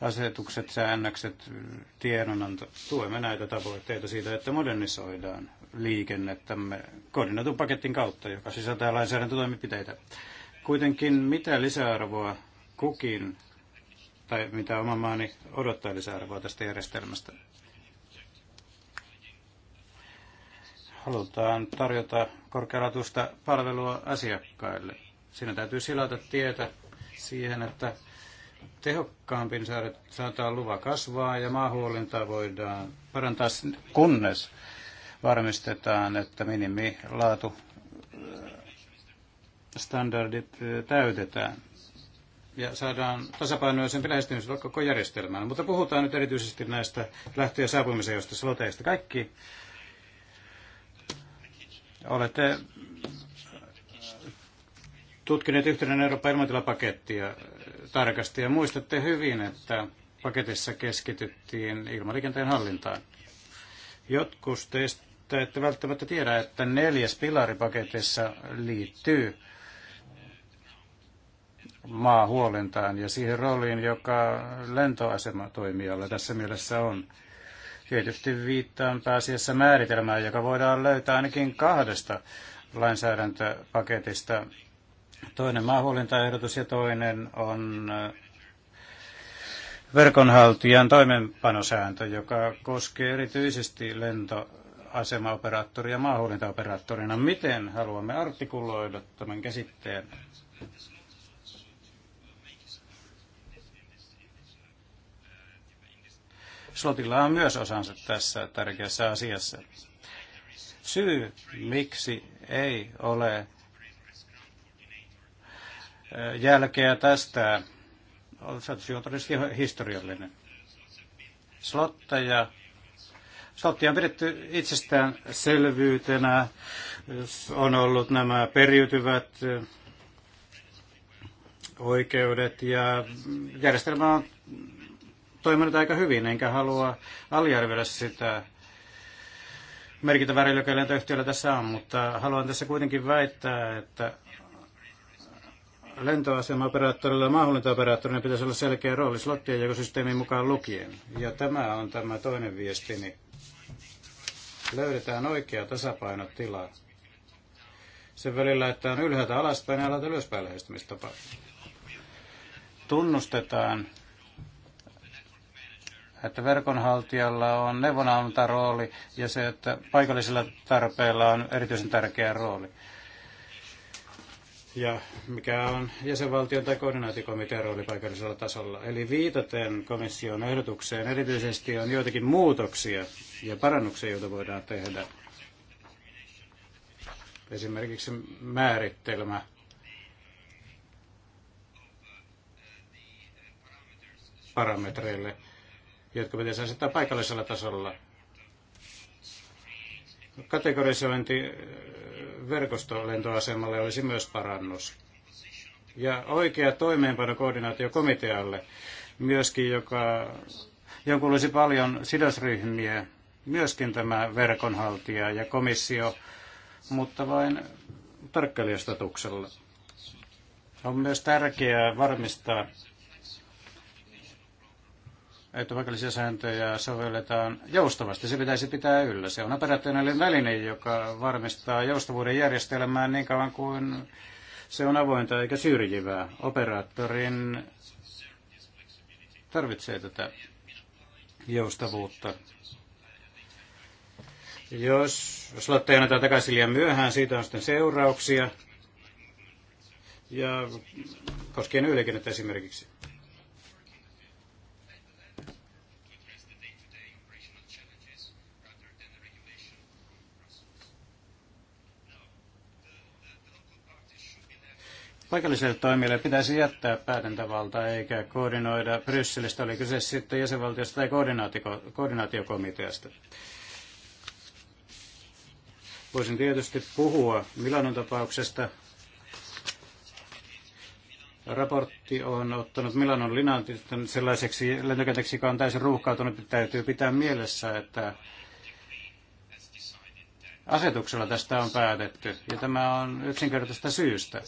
asetukset, säännökset, tiedonanto. Tuemme näitä tavoitteita siitä, että modernisoidaan liikennettämme koordinoitun paketin kautta, joka sisältää lainsäädäntötoimenpiteitä. Kuitenkin mitä lisäarvoa kukin tai mitä oma maani odottaa lisäarvoa tästä järjestelmästä? Halutaan tarjota korkealaatuista palvelua asiakkaille. Siinä täytyy silata tietä siihen, että tehokkaampiin niin saadaan luva kasvaa ja maahuolinta voidaan parantaa, kunnes varmistetaan, että minimilaatu äh, standardit äh, täytetään ja saadaan tasapainoisempi lähestymistapa koko järjestelmään. Mutta puhutaan nyt erityisesti näistä lähtö- ja saapumisen joista sloteista. Kaikki olette äh, tutkineet yhtenäinen Euroopan ilmatilapakettia tarkasti ja muistatte hyvin, että paketissa keskityttiin ilmaliikenteen hallintaan. Jotkut teistä te ette välttämättä tiedä, että neljäs pilaripaketissa liittyy maahuolentaan ja siihen rooliin, joka lentoasematoimijalla tässä mielessä on. Tietysti viittaan pääasiassa määritelmään, joka voidaan löytää ainakin kahdesta lainsäädäntöpaketista. Toinen maahuolintaehdotus ja toinen on äh, verkonhaltijan toimenpanosääntö, joka koskee erityisesti lento- asemaoperaattori ja maahuolintaoperaattorina. Miten haluamme artikuloida tämän käsitteen? Slotilla on myös osansa tässä tärkeässä asiassa. Syy, miksi ei ole eh, jälkeä tästä, on historiallinen. Slotteja Sottia on pidetty selvyytenä. On ollut nämä periytyvät eh, oikeudet ja järjestelmä on toiminut aika hyvin, enkä halua aliarvioida sitä merkitä värilykälentoyhtiöllä tässä on, mutta haluan tässä kuitenkin väittää, että lentoasemaoperaattorilla ja maahanlentooperaattorilla pitäisi olla selkeä rooli slottien ekosysteemin mukaan lukien. Ja tämä on tämä toinen viestini löydetään oikea tasapainotila sen välillä, että on ylhäältä alaspäin ja alalta ylöspäin lähestymistapa. Tunnustetaan, että verkonhaltijalla on neuvonantarooli ja se, että paikallisilla tarpeilla on erityisen tärkeä rooli ja mikä on jäsenvaltion tai koordinaatikomitean rooli paikallisella tasolla. Eli viitaten komission ehdotukseen erityisesti on joitakin muutoksia ja parannuksia, joita voidaan tehdä. Esimerkiksi määrittelmä parametreille, jotka pitäisi asettaa paikallisella tasolla. Kategorisointi verkostolentoasemalle olisi myös parannus. Ja oikea komitealle myöskin, joka, jonkun olisi paljon sidosryhmiä, myöskin tämä verkonhaltija ja komissio, mutta vain tarkkailijastatuksella. On myös tärkeää varmistaa, että paikallisia sääntöjä sovelletaan joustavasti. Se pitäisi pitää yllä. Se on operatiivinen väline, joka varmistaa joustavuuden järjestelmään niin kauan kuin se on avointa eikä syrjivää. Operaattorin tarvitsee tätä joustavuutta. Jos slotteja annetaan takaisin liian myöhään, siitä on sitten seurauksia. Ja koskien yliikennettä esimerkiksi. Paikallisille toimijoille pitäisi jättää päätäntävalta eikä koordinoida Brysselistä, oli kyse sitten jäsenvaltiosta tai koordinaatiokomiteasta. Voisin tietysti puhua Milanon tapauksesta. Raportti on ottanut Milanon linan sellaiseksi lentokentäksi, joka on täysin ruuhkautunut. Täytyy pitää mielessä, että asetuksella tästä on päätetty, ja tämä on yksinkertaista syystä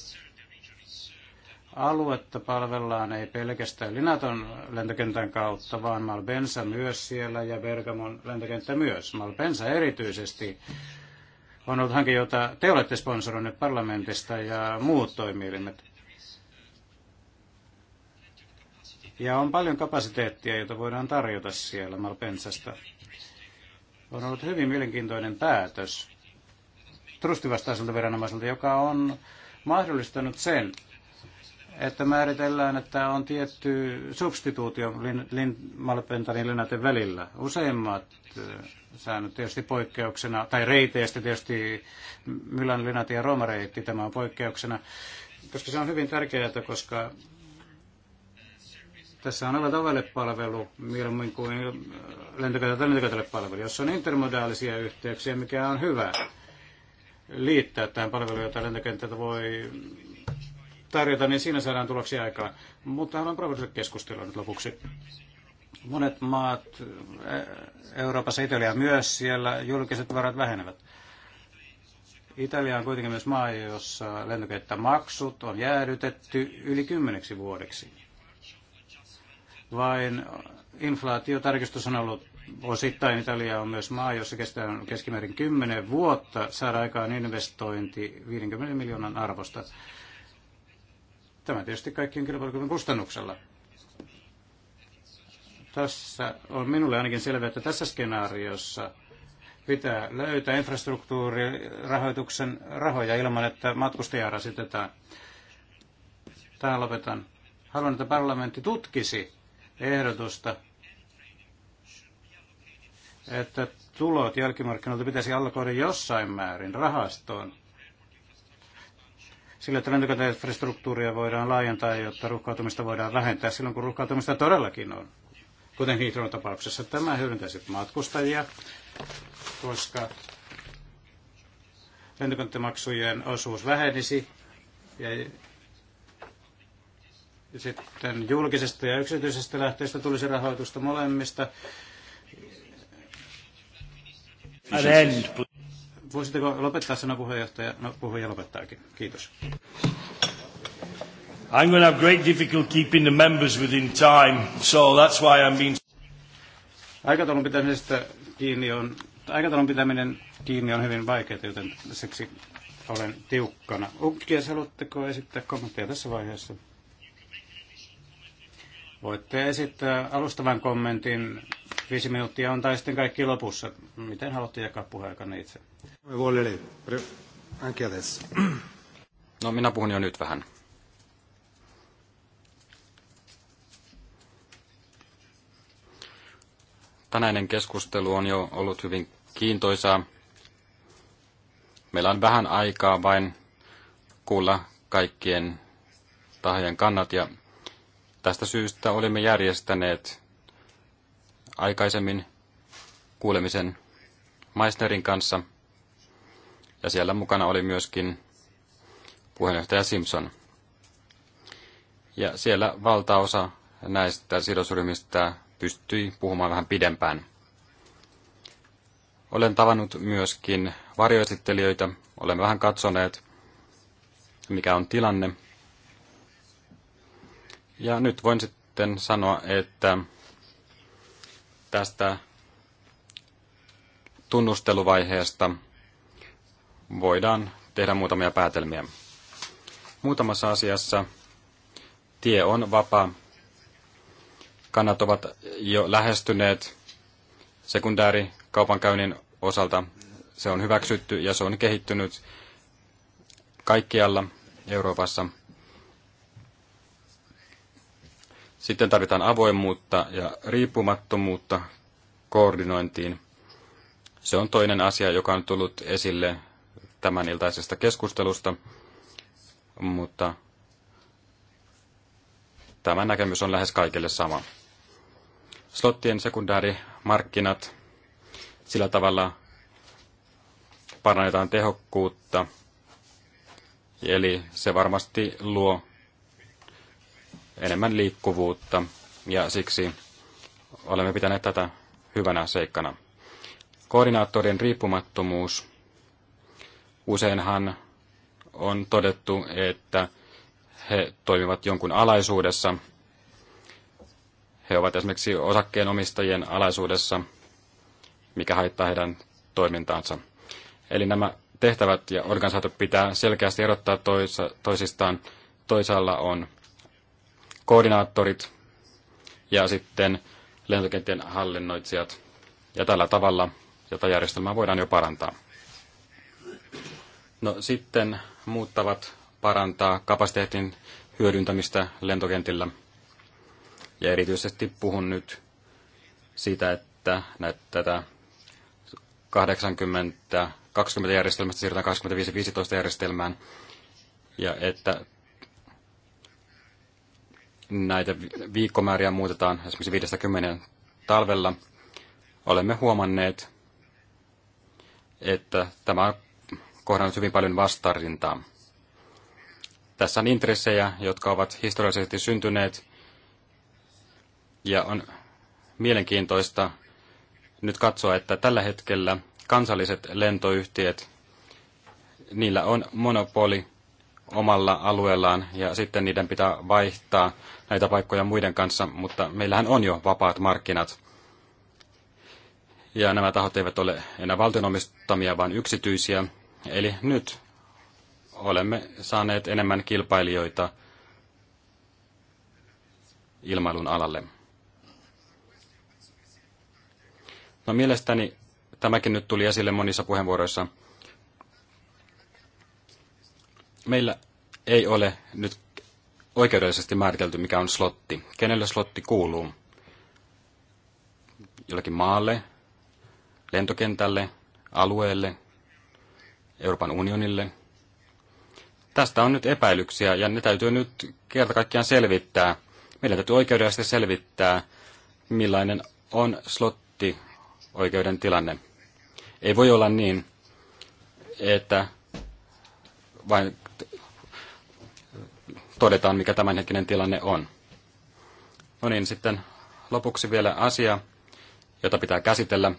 aluetta palvellaan ei pelkästään Linaton lentokentän kautta, vaan Malpensa myös siellä ja Bergamon lentokenttä myös. Malpensa erityisesti on ollut hanke, jota te olette sponsoroineet parlamentista ja muut toimielimet. Ja on paljon kapasiteettia, jota voidaan tarjota siellä Malpensasta. On ollut hyvin mielenkiintoinen päätös trustivastaiselta viranomaiselta, joka on mahdollistanut sen, että määritellään, että on tietty substituutio lin, malpentan ja välillä. Useimmat eh, säännöt tietysti poikkeuksena, tai reiteistä tietysti Mylän linati ja reitti, tämä on poikkeuksena, koska se on hyvin tärkeää, koska tässä on oltava palvelu mieluummin kuin lentokentältä eh, lentokentälle palvelu, jossa on intermodaalisia yhteyksiä, mikä on hyvä liittää tähän palveluun, jota lentokentältä voi tarjota, niin siinä saadaan tuloksia aikaan. Mutta haluan provosoida keskustelua nyt lopuksi. Monet maat, e, Euroopassa Italia myös, siellä julkiset varat vähenevät. Italia on kuitenkin myös maa, jossa lentokenttämaksut on jäädytetty yli kymmeneksi vuodeksi. Vain inflaatiotarkistus on ollut osittain. Italia on myös maa, jossa kestää keskimäärin 10 vuotta saada aikaan investointi 50 miljoonan arvosta. Tämä tietysti kaikkien kilpailukyvyn kustannuksella. Tässä on minulle ainakin selvää, että tässä skenaariossa pitää löytää infrastruktuurirahoituksen rahoja ilman, että matkustajaa rasitetaan. Tähän lopetan. Haluan, että parlamentti tutkisi ehdotusta, että tulot jälkimarkkinoilta pitäisi allokoida jossain määrin rahastoon, sillä, että lentokoneinfrastruktuuria voidaan laajentaa, jotta ruuhkautumista voidaan vähentää silloin, kun ruuhkautumista todellakin on. Kuten Heathrown tapauksessa, tämä hyödyntäisi matkustajia, koska lentokonemaksujen osuus vähenisi ja sitten julkisesta ja yksityisestä lähteestä tulisi rahoitusta molemmista. Voisitteko lopettaa sana puheenjohtaja? No, puhuja lopettaakin. Kiitos. I'm going to have great difficulty keeping the members within time, so that's why I'm being... Aikataulun pitämisestä kiinni on, aikataulun pitäminen kiinni on hyvin vaikeaa, joten seksi olen tiukkana. Ukkies, haluatteko esittää kommentteja tässä vaiheessa? Voitte esittää alustavan kommentin Viisi minuuttia on tai sitten kaikki lopussa. Miten haluatte jakaa puheaikanne itse? No minä puhun jo nyt vähän. Tänäinen keskustelu on jo ollut hyvin kiintoisaa. Meillä on vähän aikaa vain kuulla kaikkien tahojen kannat ja tästä syystä olimme järjestäneet aikaisemmin kuulemisen Meissnerin kanssa. Ja siellä mukana oli myöskin puheenjohtaja Simpson. Ja siellä valtaosa näistä sidosryhmistä pystyi puhumaan vähän pidempään. Olen tavannut myöskin varjoesittelijöitä. Olemme vähän katsoneet, mikä on tilanne. Ja nyt voin sitten sanoa, että tästä tunnusteluvaiheesta voidaan tehdä muutamia päätelmiä. Muutamassa asiassa tie on vapaa. Kannat ovat jo lähestyneet sekundäärikaupankäynnin osalta. Se on hyväksytty ja se on kehittynyt kaikkialla Euroopassa. Sitten tarvitaan avoimuutta ja riippumattomuutta koordinointiin. Se on toinen asia, joka on tullut esille tämän iltaisesta keskustelusta, mutta tämä näkemys on lähes kaikille sama. Slottien sekundäärimarkkinat, sillä tavalla parannetaan tehokkuutta, eli se varmasti luo enemmän liikkuvuutta ja siksi olemme pitäneet tätä hyvänä seikkana. Koordinaattorien riippumattomuus. Useinhan on todettu, että he toimivat jonkun alaisuudessa. He ovat esimerkiksi osakkeenomistajien alaisuudessa, mikä haittaa heidän toimintaansa. Eli nämä tehtävät ja organisaatiot pitää selkeästi erottaa toisa, toisistaan. Toisaalla on koordinaattorit ja sitten lentokenttien hallinnoitsijat. Ja tällä tavalla jota järjestelmää voidaan jo parantaa. No sitten muuttavat parantaa kapasiteetin hyödyntämistä lentokentillä. Ja erityisesti puhun nyt siitä, että näitä tätä 80-20 järjestelmästä siirrytään 25-15 järjestelmään ja että näitä viikkomääriä muutetaan esimerkiksi 50 talvella, olemme huomanneet, että tämä on kohdannut hyvin paljon vastarintaa. Tässä on intressejä, jotka ovat historiallisesti syntyneet, ja on mielenkiintoista nyt katsoa, että tällä hetkellä kansalliset lentoyhtiöt, niillä on monopoli omalla alueellaan ja sitten niiden pitää vaihtaa näitä paikkoja muiden kanssa, mutta meillähän on jo vapaat markkinat. Ja nämä tahot eivät ole enää valtionomistamia, vaan yksityisiä. Eli nyt olemme saaneet enemmän kilpailijoita ilmailun alalle. No mielestäni tämäkin nyt tuli esille monissa puheenvuoroissa – Meillä ei ole nyt oikeudellisesti määritelty, mikä on slotti. Kenelle slotti kuuluu? Jollekin maalle, lentokentälle, alueelle, Euroopan unionille. Tästä on nyt epäilyksiä ja ne täytyy nyt kerta kaikkiaan selvittää. Meidän täytyy oikeudellisesti selvittää, millainen on slotti oikeuden tilanne. Ei voi olla niin, että vain todetaan, mikä tämänhetkinen tilanne on. No niin, sitten lopuksi vielä asia, jota pitää käsitellä.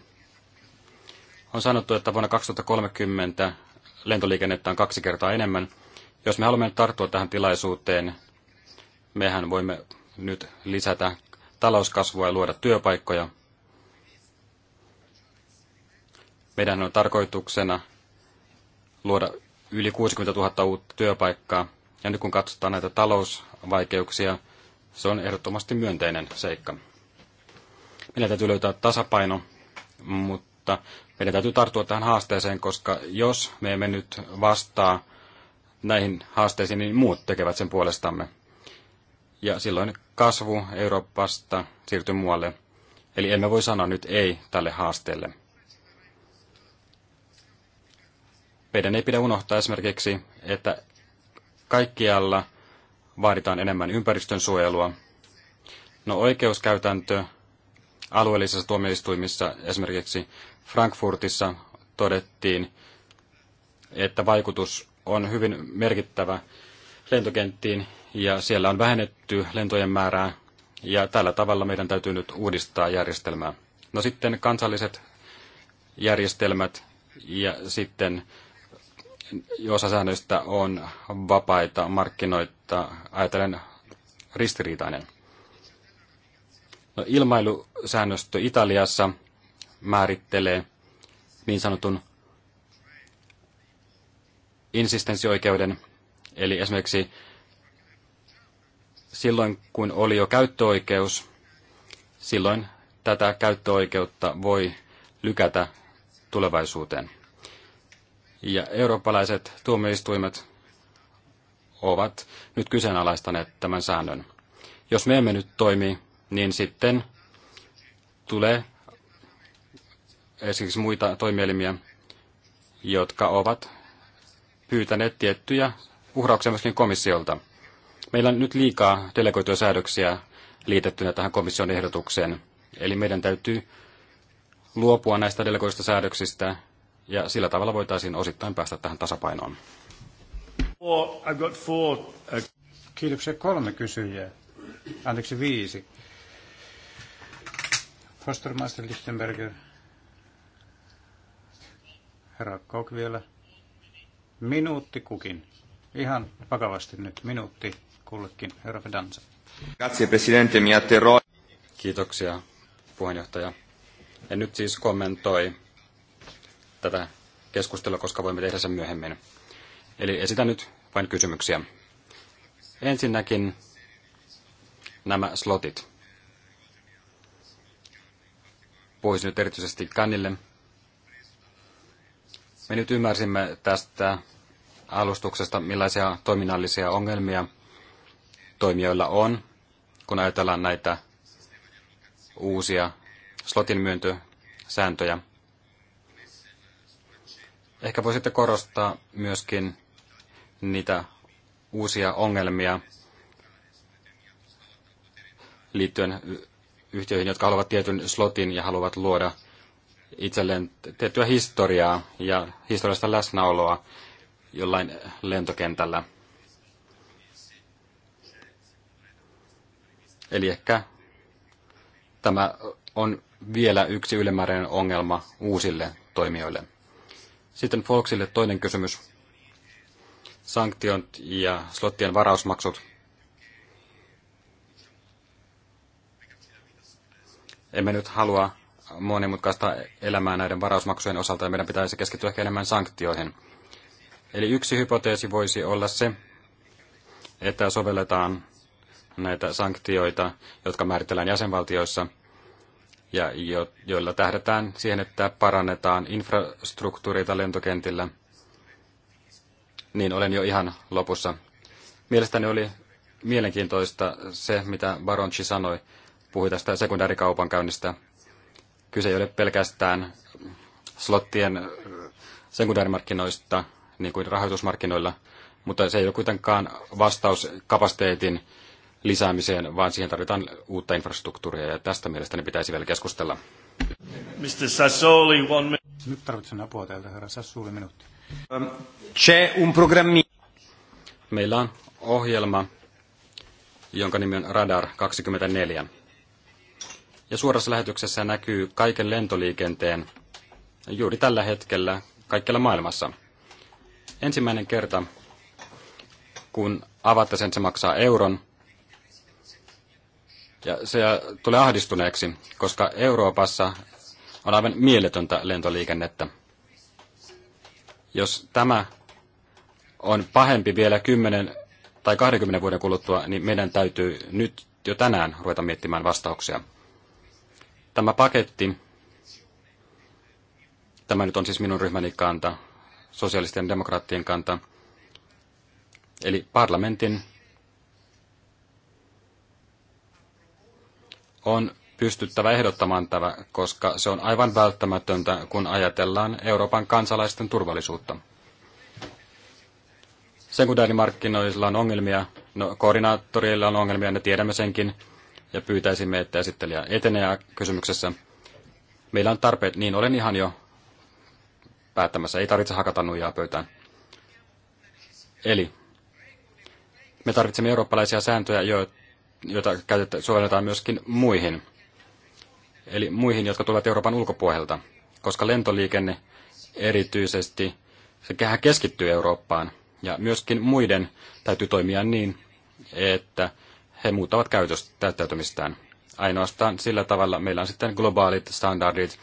On sanottu, että vuonna 2030 lentoliikennettä on kaksi kertaa enemmän. Jos me haluamme tarttua tähän tilaisuuteen, mehän voimme nyt lisätä talouskasvua ja luoda työpaikkoja. Meidän on tarkoituksena luoda yli 60 000 uutta työpaikkaa – ja nyt kun katsotaan näitä talousvaikeuksia, se on ehdottomasti myönteinen seikka. Meidän täytyy löytää tasapaino, mutta meidän täytyy tarttua tähän haasteeseen, koska jos me emme nyt vastaa näihin haasteisiin, niin muut tekevät sen puolestamme. Ja silloin kasvu Euroopasta siirtyy muualle. Eli emme voi sanoa nyt ei tälle haasteelle. Meidän ei pidä unohtaa esimerkiksi, että kaikkialla vaaditaan enemmän ympäristön suojelua. No oikeuskäytäntö alueellisissa tuomioistuimissa, esimerkiksi Frankfurtissa todettiin, että vaikutus on hyvin merkittävä lentokenttiin ja siellä on vähennetty lentojen määrää ja tällä tavalla meidän täytyy nyt uudistaa järjestelmää. No sitten kansalliset järjestelmät ja sitten osa säännöistä on vapaita markkinoita, ajatellen ristiriitainen. No, ilmailusäännöstö Italiassa määrittelee niin sanotun insistenssioikeuden, eli esimerkiksi silloin kun oli jo käyttöoikeus, silloin tätä käyttöoikeutta voi lykätä tulevaisuuteen. Ja eurooppalaiset tuomioistuimet ovat nyt kyseenalaistaneet tämän säännön. Jos me emme nyt toimi, niin sitten tulee esimerkiksi muita toimielimiä, jotka ovat pyytäneet tiettyjä uhrauksia myöskin komissiolta. Meillä on nyt liikaa delegoituja säädöksiä liitettynä tähän komission ehdotukseen. Eli meidän täytyy luopua näistä delegoista säädöksistä ja sillä tavalla voitaisiin osittain päästä tähän tasapainoon. Kiitoksia kolme kysyjää. Anteeksi viisi. Fostermaster Lichtenberger. Herra Kok vielä. Minuutti kukin. Ihan vakavasti nyt minuutti kullekin. Herra Fedanza. Grazie presidente, mi Kiitoksia puheenjohtaja. En nyt siis kommentoi tätä keskustelua, koska voimme tehdä sen myöhemmin. Eli esitän nyt vain kysymyksiä. Ensinnäkin nämä slotit. Puhuisin nyt erityisesti Kannille. Me nyt ymmärsimme tästä alustuksesta, millaisia toiminnallisia ongelmia toimijoilla on, kun ajatellaan näitä uusia slotin myöntösääntöjä. Ehkä voisitte korostaa myöskin niitä uusia ongelmia liittyen yhtiöihin, jotka haluavat tietyn slotin ja haluavat luoda itselleen tiettyä historiaa ja historiallista läsnäoloa jollain lentokentällä. Eli ehkä tämä on vielä yksi ylimääräinen ongelma uusille toimijoille. Sitten Foxille toinen kysymys. Sanktiot ja slottien varausmaksut. Emme nyt halua monimutkaista elämää näiden varausmaksujen osalta ja meidän pitäisi keskittyä ehkä enemmän sanktioihin. Eli yksi hypoteesi voisi olla se, että sovelletaan näitä sanktioita, jotka määritellään jäsenvaltioissa – ja jo, joilla tähdätään siihen, että parannetaan infrastruktuurita lentokentillä. Niin olen jo ihan lopussa. Mielestäni oli mielenkiintoista se, mitä Baronchi sanoi, puhui tästä sekundäärikaupankäynnistä. Kyse ei ole pelkästään slottien äh, sekundäärimarkkinoista, niin kuin rahoitusmarkkinoilla, mutta se ei ole kuitenkaan vastaus kapasiteetin lisäämiseen, vaan siihen tarvitaan uutta infrastruktuuria, ja tästä mielestäni pitäisi vielä keskustella. Mr. Sassoli, one Nyt tarvitsen apua täältä? herra Sassoli, minuutti. Um, c'è un programmi. Meillä on ohjelma, jonka nimi on Radar 24. Ja suorassa lähetyksessä näkyy kaiken lentoliikenteen juuri tällä hetkellä kaikkialla maailmassa. Ensimmäinen kerta, kun avaatte sen, se maksaa euron, ja se tulee ahdistuneeksi, koska Euroopassa on aivan mieletöntä lentoliikennettä. Jos tämä on pahempi vielä 10 tai 20 vuoden kuluttua, niin meidän täytyy nyt jo tänään ruveta miettimään vastauksia. Tämä paketti, tämä nyt on siis minun ryhmäni kanta, sosialistien demokraattien kanta, eli parlamentin on pystyttävä ehdottamaan tämä, koska se on aivan välttämätöntä, kun ajatellaan Euroopan kansalaisten turvallisuutta. Sekundaarimarkkinoilla on ongelmia, no koordinaattoreilla on ongelmia, ne tiedämme senkin, ja pyytäisimme, että esittelijä etenee kysymyksessä. Meillä on tarpeet, niin olen ihan jo päättämässä, ei tarvitse hakata nuijaa pöytään. Eli me tarvitsemme eurooppalaisia sääntöjä, joita jota sovelletaan myöskin muihin, eli muihin, jotka tulevat Euroopan ulkopuolelta, koska lentoliikenne erityisesti, se keskittyy Eurooppaan, ja myöskin muiden täytyy toimia niin, että he muuttavat käytöstä täyttäytymistään. Ainoastaan sillä tavalla meillä on sitten globaalit standardit,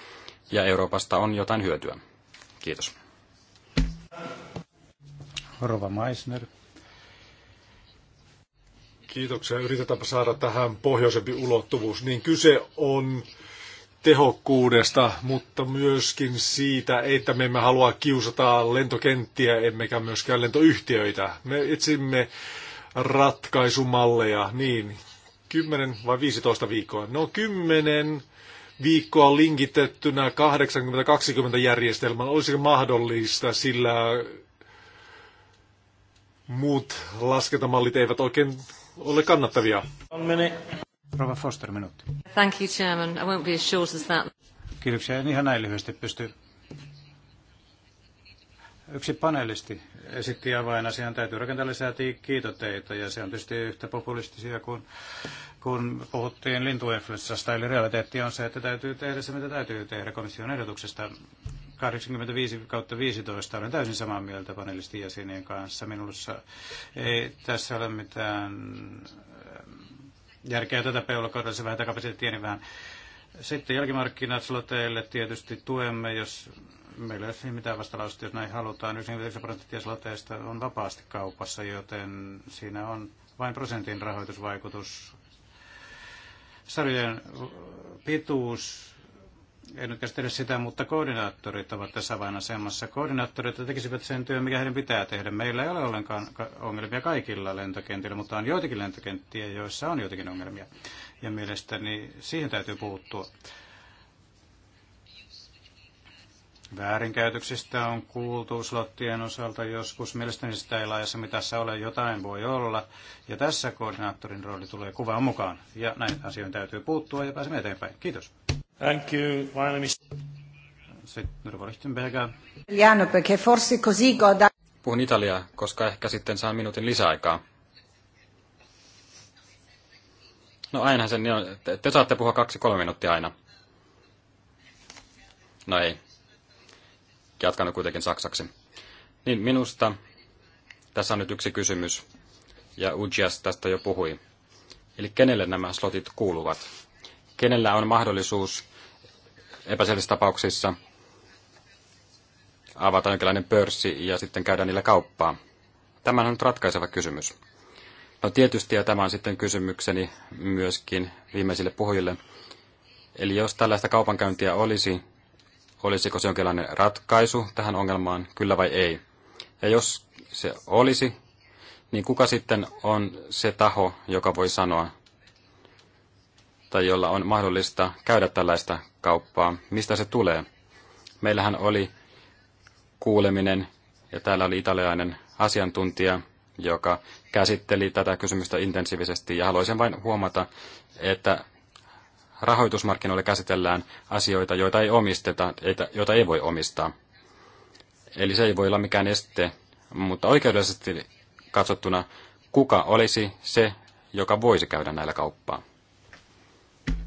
ja Euroopasta on jotain hyötyä. Kiitos. Rova Meisner. Kiitoksia. Yritetäänpä saada tähän pohjoisempi ulottuvuus. Niin kyse on tehokkuudesta, mutta myöskin siitä, että me emme halua kiusata lentokenttiä emmekä myöskään lentoyhtiöitä. Me etsimme ratkaisumalleja, niin 10 vai 15 viikkoa? No 10 viikkoa linkitettynä 80-20 järjestelmän. olisi mahdollista, sillä muut laskentamallit eivät oikein ole kannattavia. Rova Foster, minuutti. Thank you, Chairman. I won't be as short as that. Kiitoksia. En ihan näin lyhyesti pysty. Yksi panelisti esitti avainasian, täytyy rakentaa lisää kiitoteita, ja se on tietysti yhtä populistisia kuin kun puhuttiin lintuinfluenssasta, eli realiteetti on se, että täytyy tehdä se, mitä täytyy tehdä komission ehdotuksesta. 85 kautta 15 olen täysin samaa mieltä panelistin jäsenien kanssa. Minussa ei tässä ole mitään eh, järkeä tätä peulakohdalla, se vähän kapasiteettia, niin vähän. Sitten jälkimarkkinat sloteille tietysti tuemme, jos meillä ei ole mitään vastalausta, jos näin halutaan. 99 prosenttia sloteista on vapaasti kaupassa, joten siinä on vain prosentin rahoitusvaikutus. Sarjojen pituus en nyt käsitellä sitä, mutta koordinaattorit ovat tässä vain asemassa. Koordinaattorit tekisivät sen työn, mikä heidän pitää tehdä. Meillä ei ole ollenkaan ongelmia kaikilla lentokentillä, mutta on joitakin lentokenttiä, joissa on joitakin ongelmia. Ja mielestäni siihen täytyy puuttua. Väärinkäytöksistä on kuultu slottien osalta joskus. Mielestäni sitä ei laajassa mitassa ole. Jotain voi olla. Ja tässä koordinaattorin rooli tulee kuvan mukaan. Ja näihin asioihin täytyy puuttua ja pääsemme eteenpäin. Kiitos. Thank you. Puhun italiaa, koska ehkä sitten saan minuutin lisäaikaa. No ainahan sen niin on. Te, te saatte puhua kaksi-kolme minuuttia aina. No ei. Jatkan kuitenkin saksaksi. Niin minusta tässä on nyt yksi kysymys, ja Ujias tästä jo puhui. Eli kenelle nämä slotit kuuluvat? kenellä on mahdollisuus epäselvissä tapauksissa avata jonkinlainen pörssi ja sitten käydä niillä kauppaa. Tämä on nyt ratkaiseva kysymys. No tietysti, ja tämä on sitten kysymykseni myöskin viimeisille puhujille. Eli jos tällaista kaupankäyntiä olisi, olisiko se jonkinlainen ratkaisu tähän ongelmaan, kyllä vai ei? Ja jos se olisi, niin kuka sitten on se taho, joka voi sanoa, tai jolla on mahdollista käydä tällaista kauppaa. Mistä se tulee? Meillähän oli kuuleminen ja täällä oli italialainen asiantuntija, joka käsitteli tätä kysymystä intensiivisesti ja haluaisin vain huomata, että rahoitusmarkkinoilla käsitellään asioita, joita ei omisteta, joita ei voi omistaa. Eli se ei voi olla mikään este, mutta oikeudellisesti katsottuna, kuka olisi se, joka voisi käydä näillä kauppaa?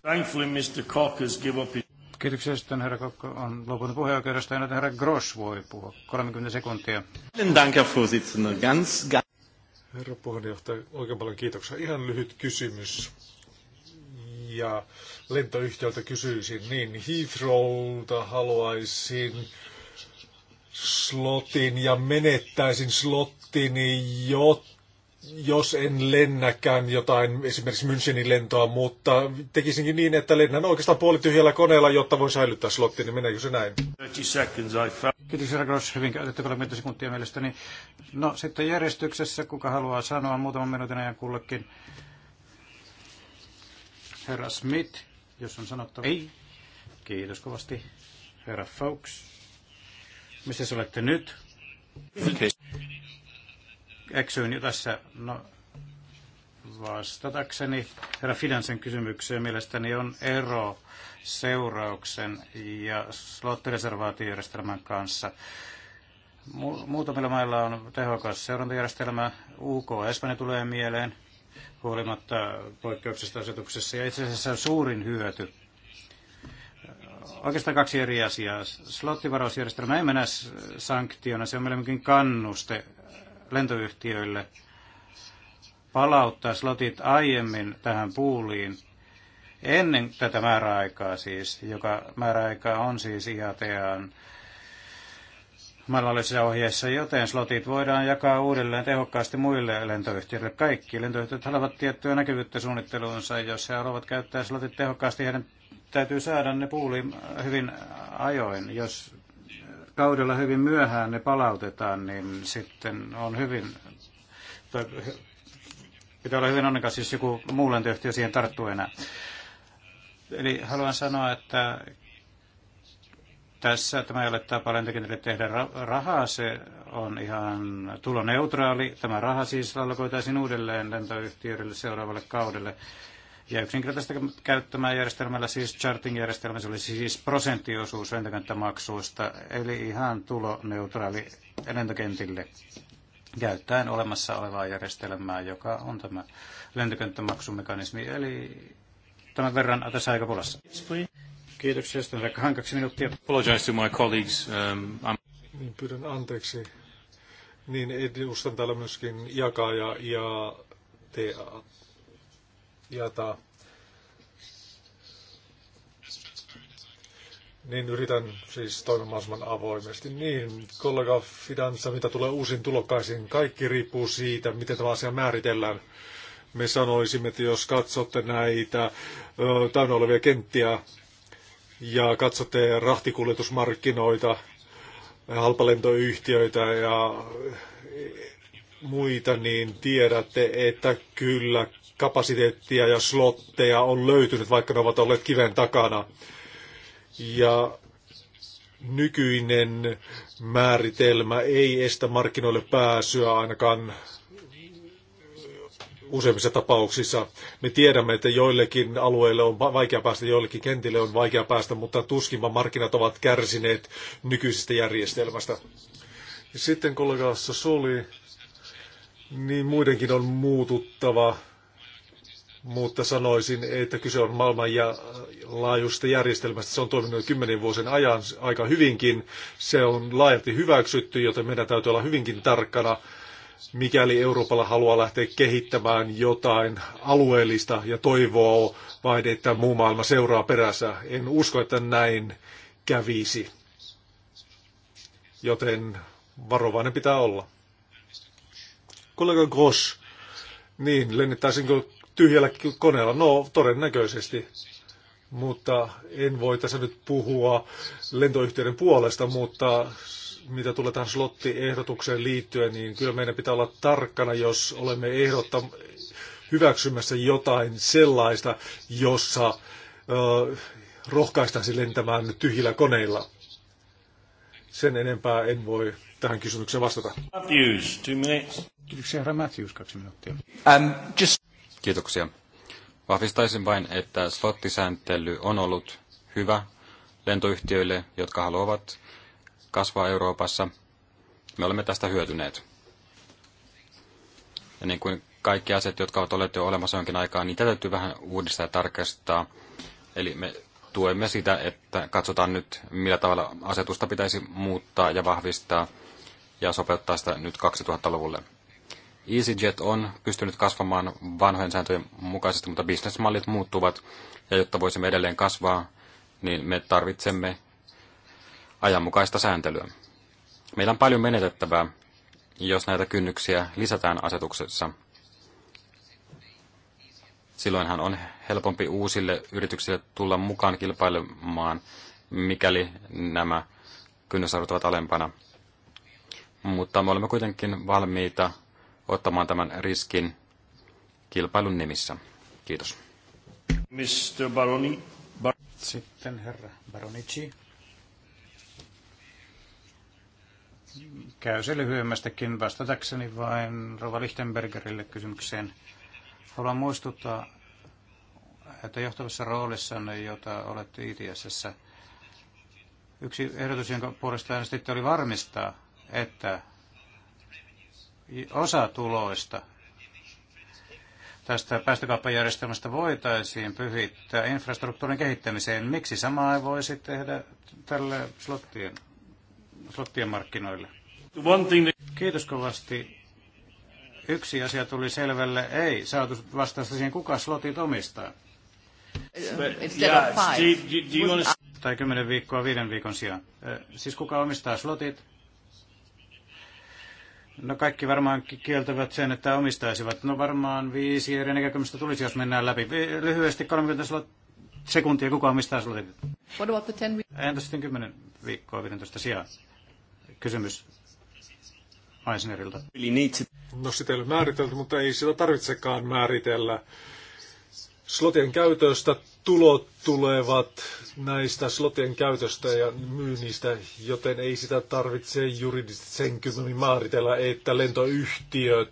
Thankfully Mr. Cock has up his... Kiitoksia sitten herra Kokko on lopunut puheenjohtajasta, ennen herra Gross voi puhua 30 sekuntia. Herra puheenjohtaja, oikein paljon kiitoksia. Ihan lyhyt kysymys. Ja lentoyhtiöltä kysyisin, niin Heathrowlta haluaisin slotin ja menettäisin slottini, jotta jos en lennäkään jotain, esimerkiksi Münchenin lentoa, mutta tekisinkin niin, että lennän oikeastaan puolityhjällä koneella, jotta voin säilyttää slottin, niin meneekö se näin? Kiitos, Ragos. Hyvin käytetty 30 sekuntia mielestäni. No sitten järjestyksessä, kuka haluaa sanoa muutaman minuutin ajan kullekin. Herra Smith, jos on sanottava. Ei. Kiitos kovasti. Herra Fox, Missä olette nyt? Okay eksyin jo tässä no, vastatakseni herra Fidansen kysymykseen. Mielestäni on ero seurauksen ja slottireservaatiojärjestelmän kanssa. Muutamilla mailla on tehokas seurantajärjestelmä. UK Espanja tulee mieleen huolimatta poikkeuksista asetuksessa. Ja itse asiassa suurin hyöty oikeastaan kaksi eri asiaa. Slottivarausjärjestelmä ei mennä sanktiona, se on meillä kannuste lentoyhtiöille palauttaa slotit aiemmin tähän puuliin ennen tätä määräaikaa siis, joka määräaika on siis IATAan maailmallisissa ohjeessa, joten slotit voidaan jakaa uudelleen tehokkaasti muille lentoyhtiöille. Kaikki lentoyhtiöt haluavat tiettyä näkyvyyttä suunnitteluunsa, jos he haluavat käyttää slotit tehokkaasti, heidän täytyy saada ne puuliin hyvin ajoin. Jos kaudella hyvin myöhään ne palautetaan, niin sitten on hyvin, tai pitää olla hyvin onnekas, jos joku muu lentoyhtiö siihen tarttuu enää. Eli haluan sanoa, että tässä tämä ei ole tapa lentokentälle tehdä rahaa, se on ihan tuloneutraali. Tämä raha siis alkoitaisiin uudelleen lentoyhtiöille seuraavalle kaudelle ja yksinkertaista käyttämään järjestelmällä, siis charting järjestelmä, se oli siis prosenttiosuus lentokenttämaksuista, eli ihan tuloneutraali lentokentille käyttäen olemassa olevaa järjestelmää, joka on tämä lentokenttämaksumekanismi, eli tämän verran tässä aikapulassa. Kiitoksia, sitten Rekkahan kaksi minuuttia. Apologize to my colleagues. Um, niin pyydän anteeksi. Niin edustan täällä myöskin jakaa ja teaa jata. niin yritän siis toimia mahdollisimman avoimesti. Niin, kollega Fidanza, mitä tulee uusiin tulokkaisiin, kaikki riippuu siitä, miten tämä asia määritellään. Me sanoisimme, että jos katsotte näitä ö, täynnä olevia kenttiä ja katsotte rahtikuljetusmarkkinoita, halpalentoyhtiöitä ja muita, niin tiedätte, että kyllä kapasiteettia ja slotteja on löytynyt, vaikka ne ovat olleet kiven takana. Ja nykyinen määritelmä ei estä markkinoille pääsyä ainakaan useimmissa tapauksissa. Me tiedämme, että joillekin alueille on vaikea päästä, joillekin kentille on vaikea päästä, mutta tuskinpa markkinat ovat kärsineet nykyisestä järjestelmästä. Sitten kollegaassa Soli, niin muidenkin on muututtava mutta sanoisin, että kyse on maailman ja laajuisesta järjestelmästä. Se on toiminut kymmenen vuosien ajan aika hyvinkin. Se on laajalti hyväksytty, joten meidän täytyy olla hyvinkin tarkkana, mikäli Euroopalla haluaa lähteä kehittämään jotain alueellista ja toivoo vain, että muu maailma seuraa perässä. En usko, että näin kävisi. Joten varovainen pitää olla. Kollega Gros, niin lennettäisinkö tyhjällä koneella? No, todennäköisesti. Mutta en voi tässä nyt puhua lentoyhtiöiden puolesta, mutta mitä tulee tähän slottiehdotukseen liittyen, niin kyllä meidän pitää olla tarkkana, jos olemme ehdotta, hyväksymässä jotain sellaista, jossa ö, rohkaistaisiin lentämään tyhjillä koneilla. Sen enempää en voi tähän kysymykseen vastata. Matthews, two minutes. Kiitoksia, herra Matthews, kaksi minuuttia. Um, just... Kiitoksia. Vahvistaisin vain, että slottisääntely on ollut hyvä lentoyhtiöille, jotka haluavat kasvaa Euroopassa. Me olemme tästä hyötyneet. Ja niin kuin kaikki asiat, jotka ovat olleet jo olemassa jonkin aikaa, niitä täytyy vähän uudistaa ja tarkastaa. Eli me tuemme sitä, että katsotaan nyt, millä tavalla asetusta pitäisi muuttaa ja vahvistaa ja sopeuttaa sitä nyt 2000-luvulle. EasyJet on pystynyt kasvamaan vanhojen sääntöjen mukaisesti, mutta bisnesmallit muuttuvat, ja jotta voisimme edelleen kasvaa, niin me tarvitsemme ajanmukaista sääntelyä. Meillä on paljon menetettävää, jos näitä kynnyksiä lisätään asetuksessa. Silloinhan on helpompi uusille yrityksille tulla mukaan kilpailemaan, mikäli nämä kynnysarvot ovat alempana. Mutta me olemme kuitenkin valmiita ottamaan tämän riskin kilpailun nimissä. Kiitos. Mr. Baroni. Bar- Sitten herra Baronici. Käy se lyhyemmästäkin vastatakseni vain Rova Lichtenbergerille kysymykseen. Haluan muistuttaa, että johtavassa roolissanne, jota olette ITSssä, yksi ehdotus, jonka puolesta äänestitte, oli varmistaa, että osa tuloista tästä päästökauppajärjestelmästä voitaisiin pyhittää infrastruktuurin kehittämiseen. Miksi samaa ei voisi tehdä tälle slottien, slottien markkinoille? Kiitos kovasti. Yksi asia tuli selvälle. Ei saatu vastausta siihen, kuka slotit omistaa. Tai kymmenen viikkoa viiden viikon sijaan. Siis kuka omistaa slotit? No kaikki varmaan kieltävät sen, että omistaisivat. No varmaan viisi eri näkökulmasta tulisi, jos mennään läpi. Lyhyesti 30 sekuntia, kuka omistaa slotit? Entä sitten 10 viikkoa 15 sijaan? Kysymys Eisnerilta. No sitä ei ole määritelty, mutta ei sitä tarvitsekaan määritellä. Slotien käytöstä tulot tulevat näistä slotien käytöstä ja myynnistä, joten ei sitä tarvitse juridisesti sen kymmenin määritellä, että lentoyhtiöt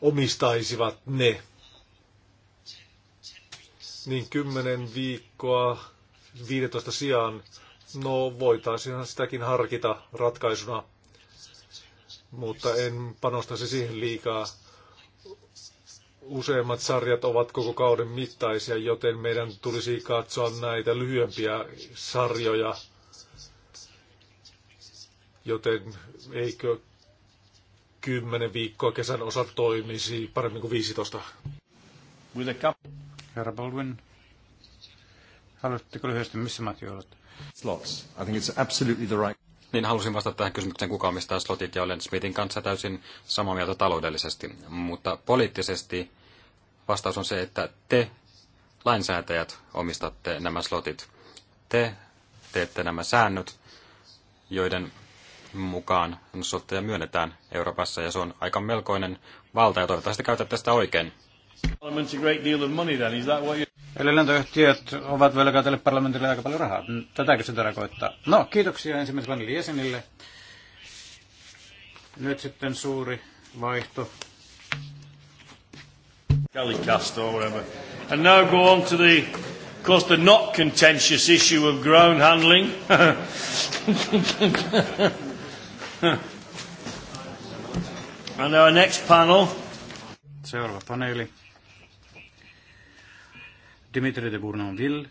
omistaisivat ne. Niin kymmenen viikkoa 15 sijaan, no voitaisiinhan sitäkin harkita ratkaisuna, mutta en panostaisi siihen liikaa useimmat sarjat ovat koko kauden mittaisia, joten meidän tulisi katsoa näitä lyhyempiä sarjoja. Joten eikö kymmenen viikkoa kesän osa toimisi paremmin kuin 15? Herra Baldwin, haluatteko lyhyesti, missä Matti olet? Slots. I think it's absolutely the right... Niin halusin vastata tähän kysymykseen, kuka omistaa slotit, ja olen Smithin kanssa täysin samaa mieltä taloudellisesti. Mutta poliittisesti vastaus on se, että te lainsäätäjät omistatte nämä slotit. Te teette nämä säännöt, joiden mukaan slotteja myönnetään Euroopassa, ja se on aika melkoinen valta, ja toivottavasti käytätte sitä oikein. Eli lentoyhtiöt ovat velkaa tälle parlamentille aika paljon rahaa. Tätäkö se tarkoittaa? No, kiitoksia ensimmäisen jäsenille. Nyt sitten suuri vaihto Telecast or whatever. And now go on to the, of course, the not contentious issue of ground handling. *laughs* and our next panel. Seuraava paneeli. Dimitri de Bournonville,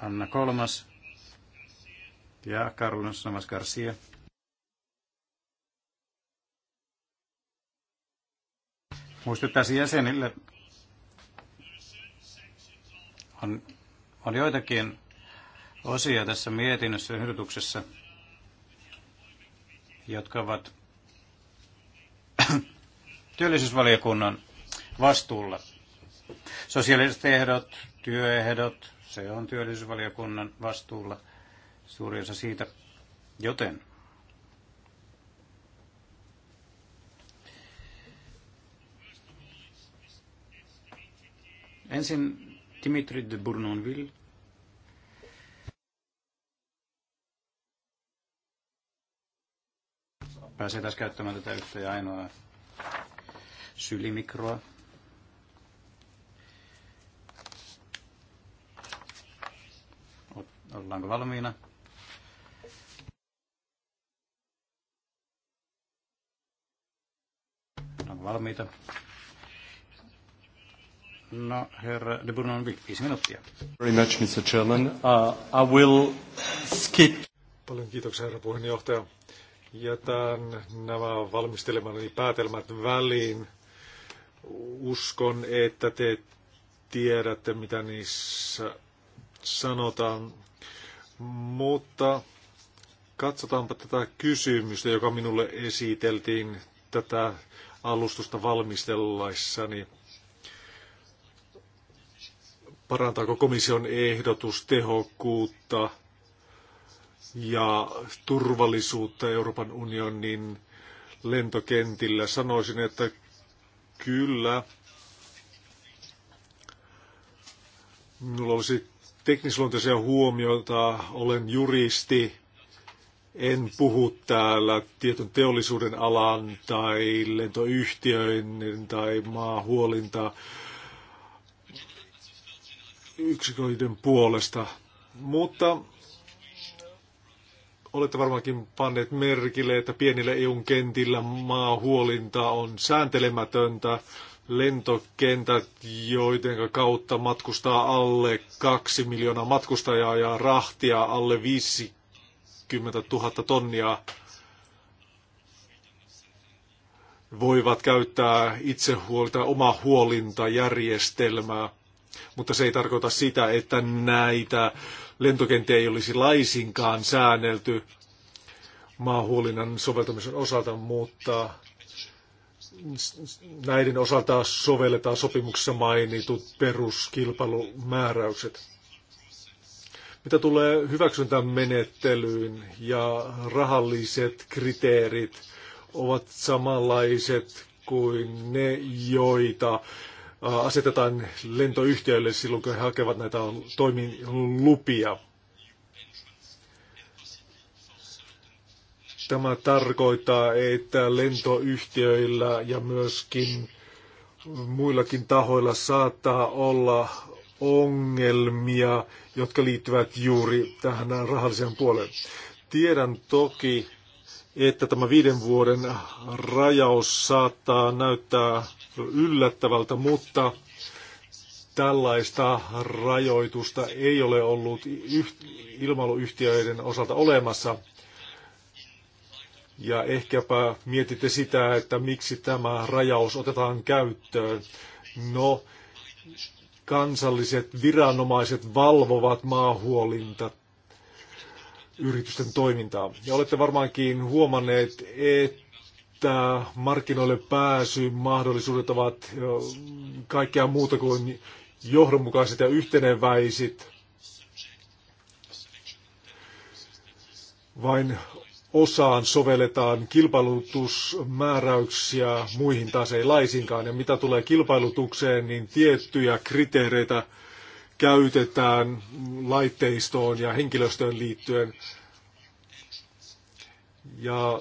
Anna Kolmas ja Carlos Samas Garcia. Muistuttaisin jäsenille, on, on joitakin osia tässä mietinnössä ja ehdotuksessa, jotka ovat *coughs* työllisyysvaliokunnan vastuulla. Sosiaaliset ehdot, työehdot, se on työllisyysvaliokunnan vastuulla suuri osa siitä. Joten ensin Dimitri de Bournonville. Pääsee taas käyttämään tätä yhtä ja ainoa sylimikroa. Ollaanko valmiina? Ollaanko valmiita? No, herra de viisi minuuttia. Very much, Mr. Chairman. Uh, I will skip. Paljon kiitoksia, herra puheenjohtaja. Jätän nämä valmistelemani päätelmät väliin. Uskon, että te tiedätte, mitä niissä sanotaan. Mutta katsotaanpa tätä kysymystä, joka minulle esiteltiin tätä alustusta valmistellaissani parantaako komission ehdotus tehokkuutta ja turvallisuutta Euroopan unionin lentokentillä. Sanoisin, että kyllä. Minulla olisi teknisluonteisia huomioita. Olen juristi. En puhu täällä tietyn teollisuuden alan tai lentoyhtiöiden tai maahuolinta yksiköiden puolesta. Mutta olette varmaankin panneet merkille, että pienillä EUn kentillä maahuolinta on sääntelemätöntä. Lentokentät, joiden kautta matkustaa alle 2 miljoonaa matkustajaa ja rahtia alle 50 000 tonnia voivat käyttää itsehuolta, oma huolintajärjestelmää. Mutta se ei tarkoita sitä, että näitä lentokenttiä ei olisi laisinkaan säännelty maahuolinnan soveltamisen osalta, mutta näiden osalta sovelletaan sopimuksessa mainitut peruskilpailumääräykset. Mitä tulee hyväksyntämenettelyyn ja rahalliset kriteerit ovat samanlaiset kuin ne, joita Äh, asetetaan lentoyhtiöille silloin, kun he hakevat näitä toimilupia. Tämä tarkoittaa, että lentoyhtiöillä ja myöskin muillakin tahoilla saattaa olla ongelmia, jotka liittyvät juuri tähän rahalliseen puoleen. Tiedän toki, että tämä viiden vuoden rajaus saattaa näyttää yllättävältä, mutta tällaista rajoitusta ei ole ollut ilmailuyhtiöiden osalta olemassa. Ja ehkäpä mietitte sitä, että miksi tämä rajaus otetaan käyttöön. No, kansalliset viranomaiset valvovat maahuolinta yritysten toimintaa. Ja olette varmaankin huomanneet, että että markkinoille pääsyn mahdollisuudet ovat kaikkea muuta kuin johdonmukaiset ja yhteneväiset. Vain osaan sovelletaan kilpailutusmääräyksiä, muihin taas ei laisinkaan. Ja mitä tulee kilpailutukseen, niin tiettyjä kriteereitä käytetään laitteistoon ja henkilöstöön liittyen. Ja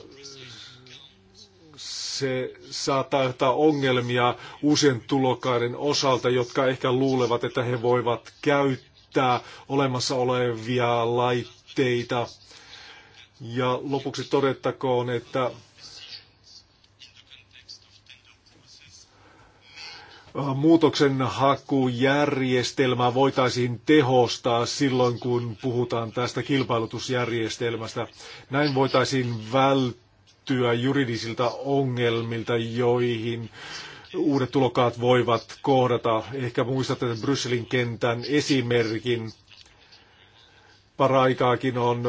se saattaa aiheuttaa ongelmia uusien tulokkaiden osalta, jotka ehkä luulevat, että he voivat käyttää olemassa olevia laitteita. Ja lopuksi todettakoon, että muutoksenhakujärjestelmää voitaisiin tehostaa silloin, kun puhutaan tästä kilpailutusjärjestelmästä. Näin voitaisiin välttää välttyä juridisilta ongelmilta, joihin uudet tulokkaat voivat kohdata. Ehkä muistatte Brysselin kentän esimerkin. Paraikaakin on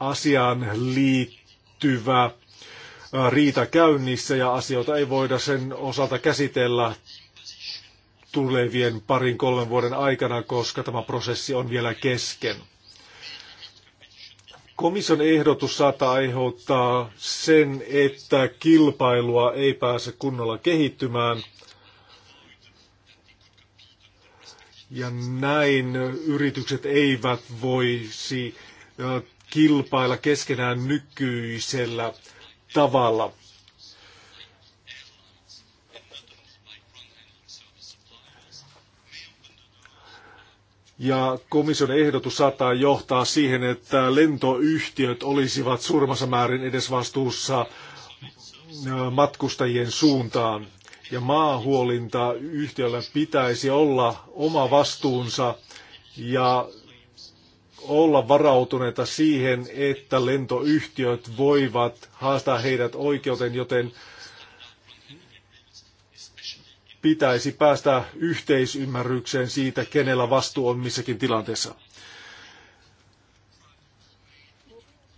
asiaan liittyvä riita käynnissä ja asioita ei voida sen osalta käsitellä tulevien parin kolmen vuoden aikana, koska tämä prosessi on vielä kesken. Komission ehdotus saattaa aiheuttaa sen, että kilpailua ei pääse kunnolla kehittymään. Ja näin yritykset eivät voisi äh, kilpailla keskenään nykyisellä tavalla. Ja komission ehdotus saattaa johtaa siihen, että lentoyhtiöt olisivat surmassa määrin edes vastuussa matkustajien suuntaan. Ja maahuolinta yhtiöllä pitäisi olla oma vastuunsa ja olla varautuneita siihen, että lentoyhtiöt voivat haastaa heidät oikeuteen, joten pitäisi päästä yhteisymmärrykseen siitä, kenellä vastuu on missäkin tilanteessa.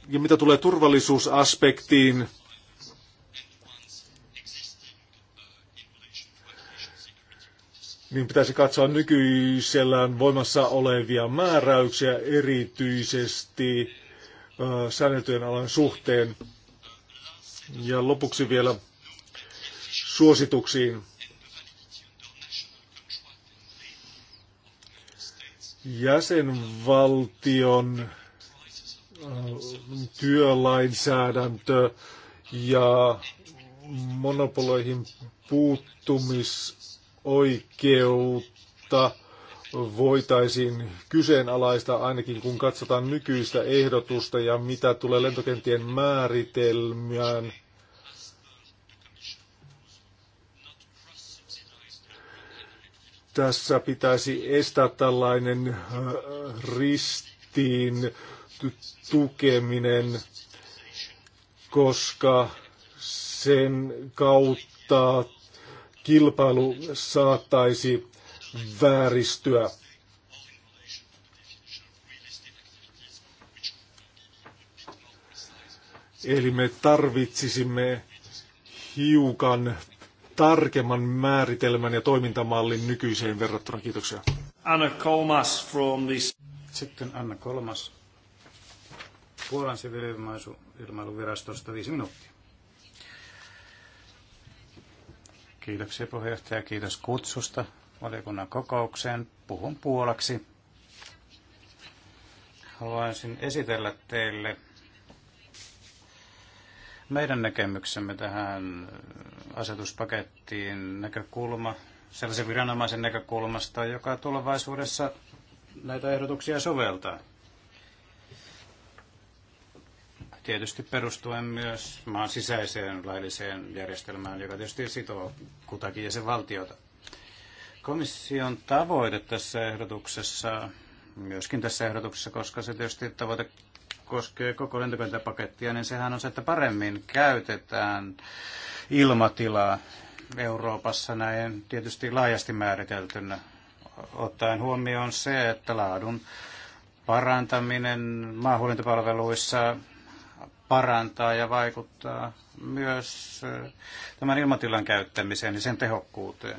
Ja mitä tulee turvallisuusaspektiin, niin pitäisi katsoa nykyisellään voimassa olevia määräyksiä erityisesti säänneltyjen alan suhteen. Ja lopuksi vielä suosituksiin. jäsenvaltion äh, työlainsäädäntö ja monopoloihin puuttumisoikeutta voitaisiin kyseenalaista ainakin kun katsotaan nykyistä ehdotusta ja mitä tulee lentokenttien määritelmään – tässä pitäisi estää tällainen äh, ristiin tukeminen, koska sen kautta kilpailu saattaisi vääristyä. Eli me tarvitsisimme hiukan tarkemman määritelmän ja toimintamallin nykyiseen verrattuna. Kiitoksia. Anna Kolmas from this. Sitten Anna Kolmas Puolan siviiliilmailuvirastosta viisi minuuttia. Kiitoksia puheenjohtaja, kiitos kutsusta valiokunnan kokoukseen. Puhun puolaksi. Haluaisin esitellä teille meidän näkemyksemme tähän asetuspakettiin näkökulma sellaisen viranomaisen näkökulmasta, joka tulevaisuudessa näitä ehdotuksia soveltaa. Tietysti perustuen myös maan sisäiseen lailliseen järjestelmään, joka tietysti sitoo kutakin jäsenvaltiota. Komission tavoite tässä ehdotuksessa, myöskin tässä ehdotuksessa, koska se tietysti tavoite koskee koko lentokenttäpakettia, niin sehän on se, että paremmin käytetään ilmatilaa Euroopassa näin tietysti laajasti määriteltynä, ottaen huomioon se, että laadun parantaminen maahuolintopalveluissa parantaa ja vaikuttaa myös eh, tämän ilmatilan käyttämiseen ja sen tehokkuuteen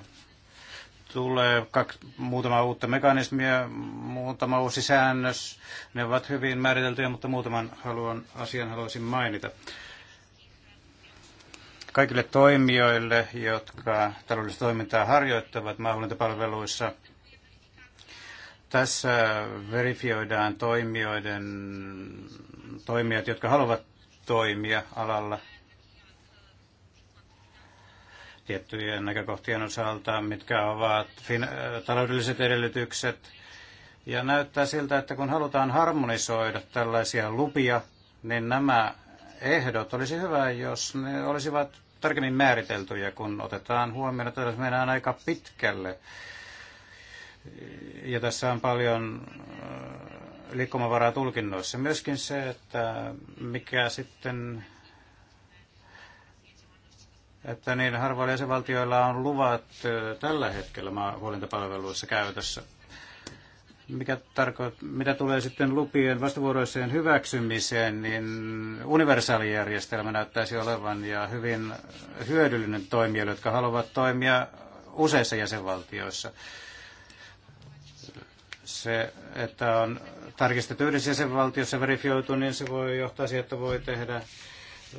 tulee kaksi, muutama uutta mekanismia, muutama uusi säännös. Ne ovat hyvin määriteltyjä, mutta muutaman haluan, asian haluaisin mainita. Kaikille toimijoille, jotka taloudellista toimintaa harjoittavat maahanmuuttopalveluissa, tässä verifioidaan toimijoiden, toimijat, jotka haluavat toimia alalla – tiettyjen näkökohtien osalta, mitkä ovat äh, taloudelliset edellytykset. Ja näyttää siltä, että kun halutaan harmonisoida tällaisia lupia, niin nämä ehdot olisi hyvä, jos ne olisivat tarkemmin määriteltyjä, kun otetaan huomioon, että tässä mennään aika pitkälle. Ja tässä on paljon äh, liikkumavaraa tulkinnoissa. Myöskin se, että mikä sitten että niin harvoilla jäsenvaltioilla on luvat tällä hetkellä maahuolintapalveluissa käytössä. Mikä tarkoit, mitä tulee sitten lupien vastavuoroiseen hyväksymiseen, niin universaalijärjestelmä näyttäisi olevan ja hyvin hyödyllinen toimija, jotka haluavat toimia useissa jäsenvaltioissa se, että on tarkistettu yhdessä jäsenvaltiossa verifioitu, niin se voi johtaa siihen, että voi tehdä,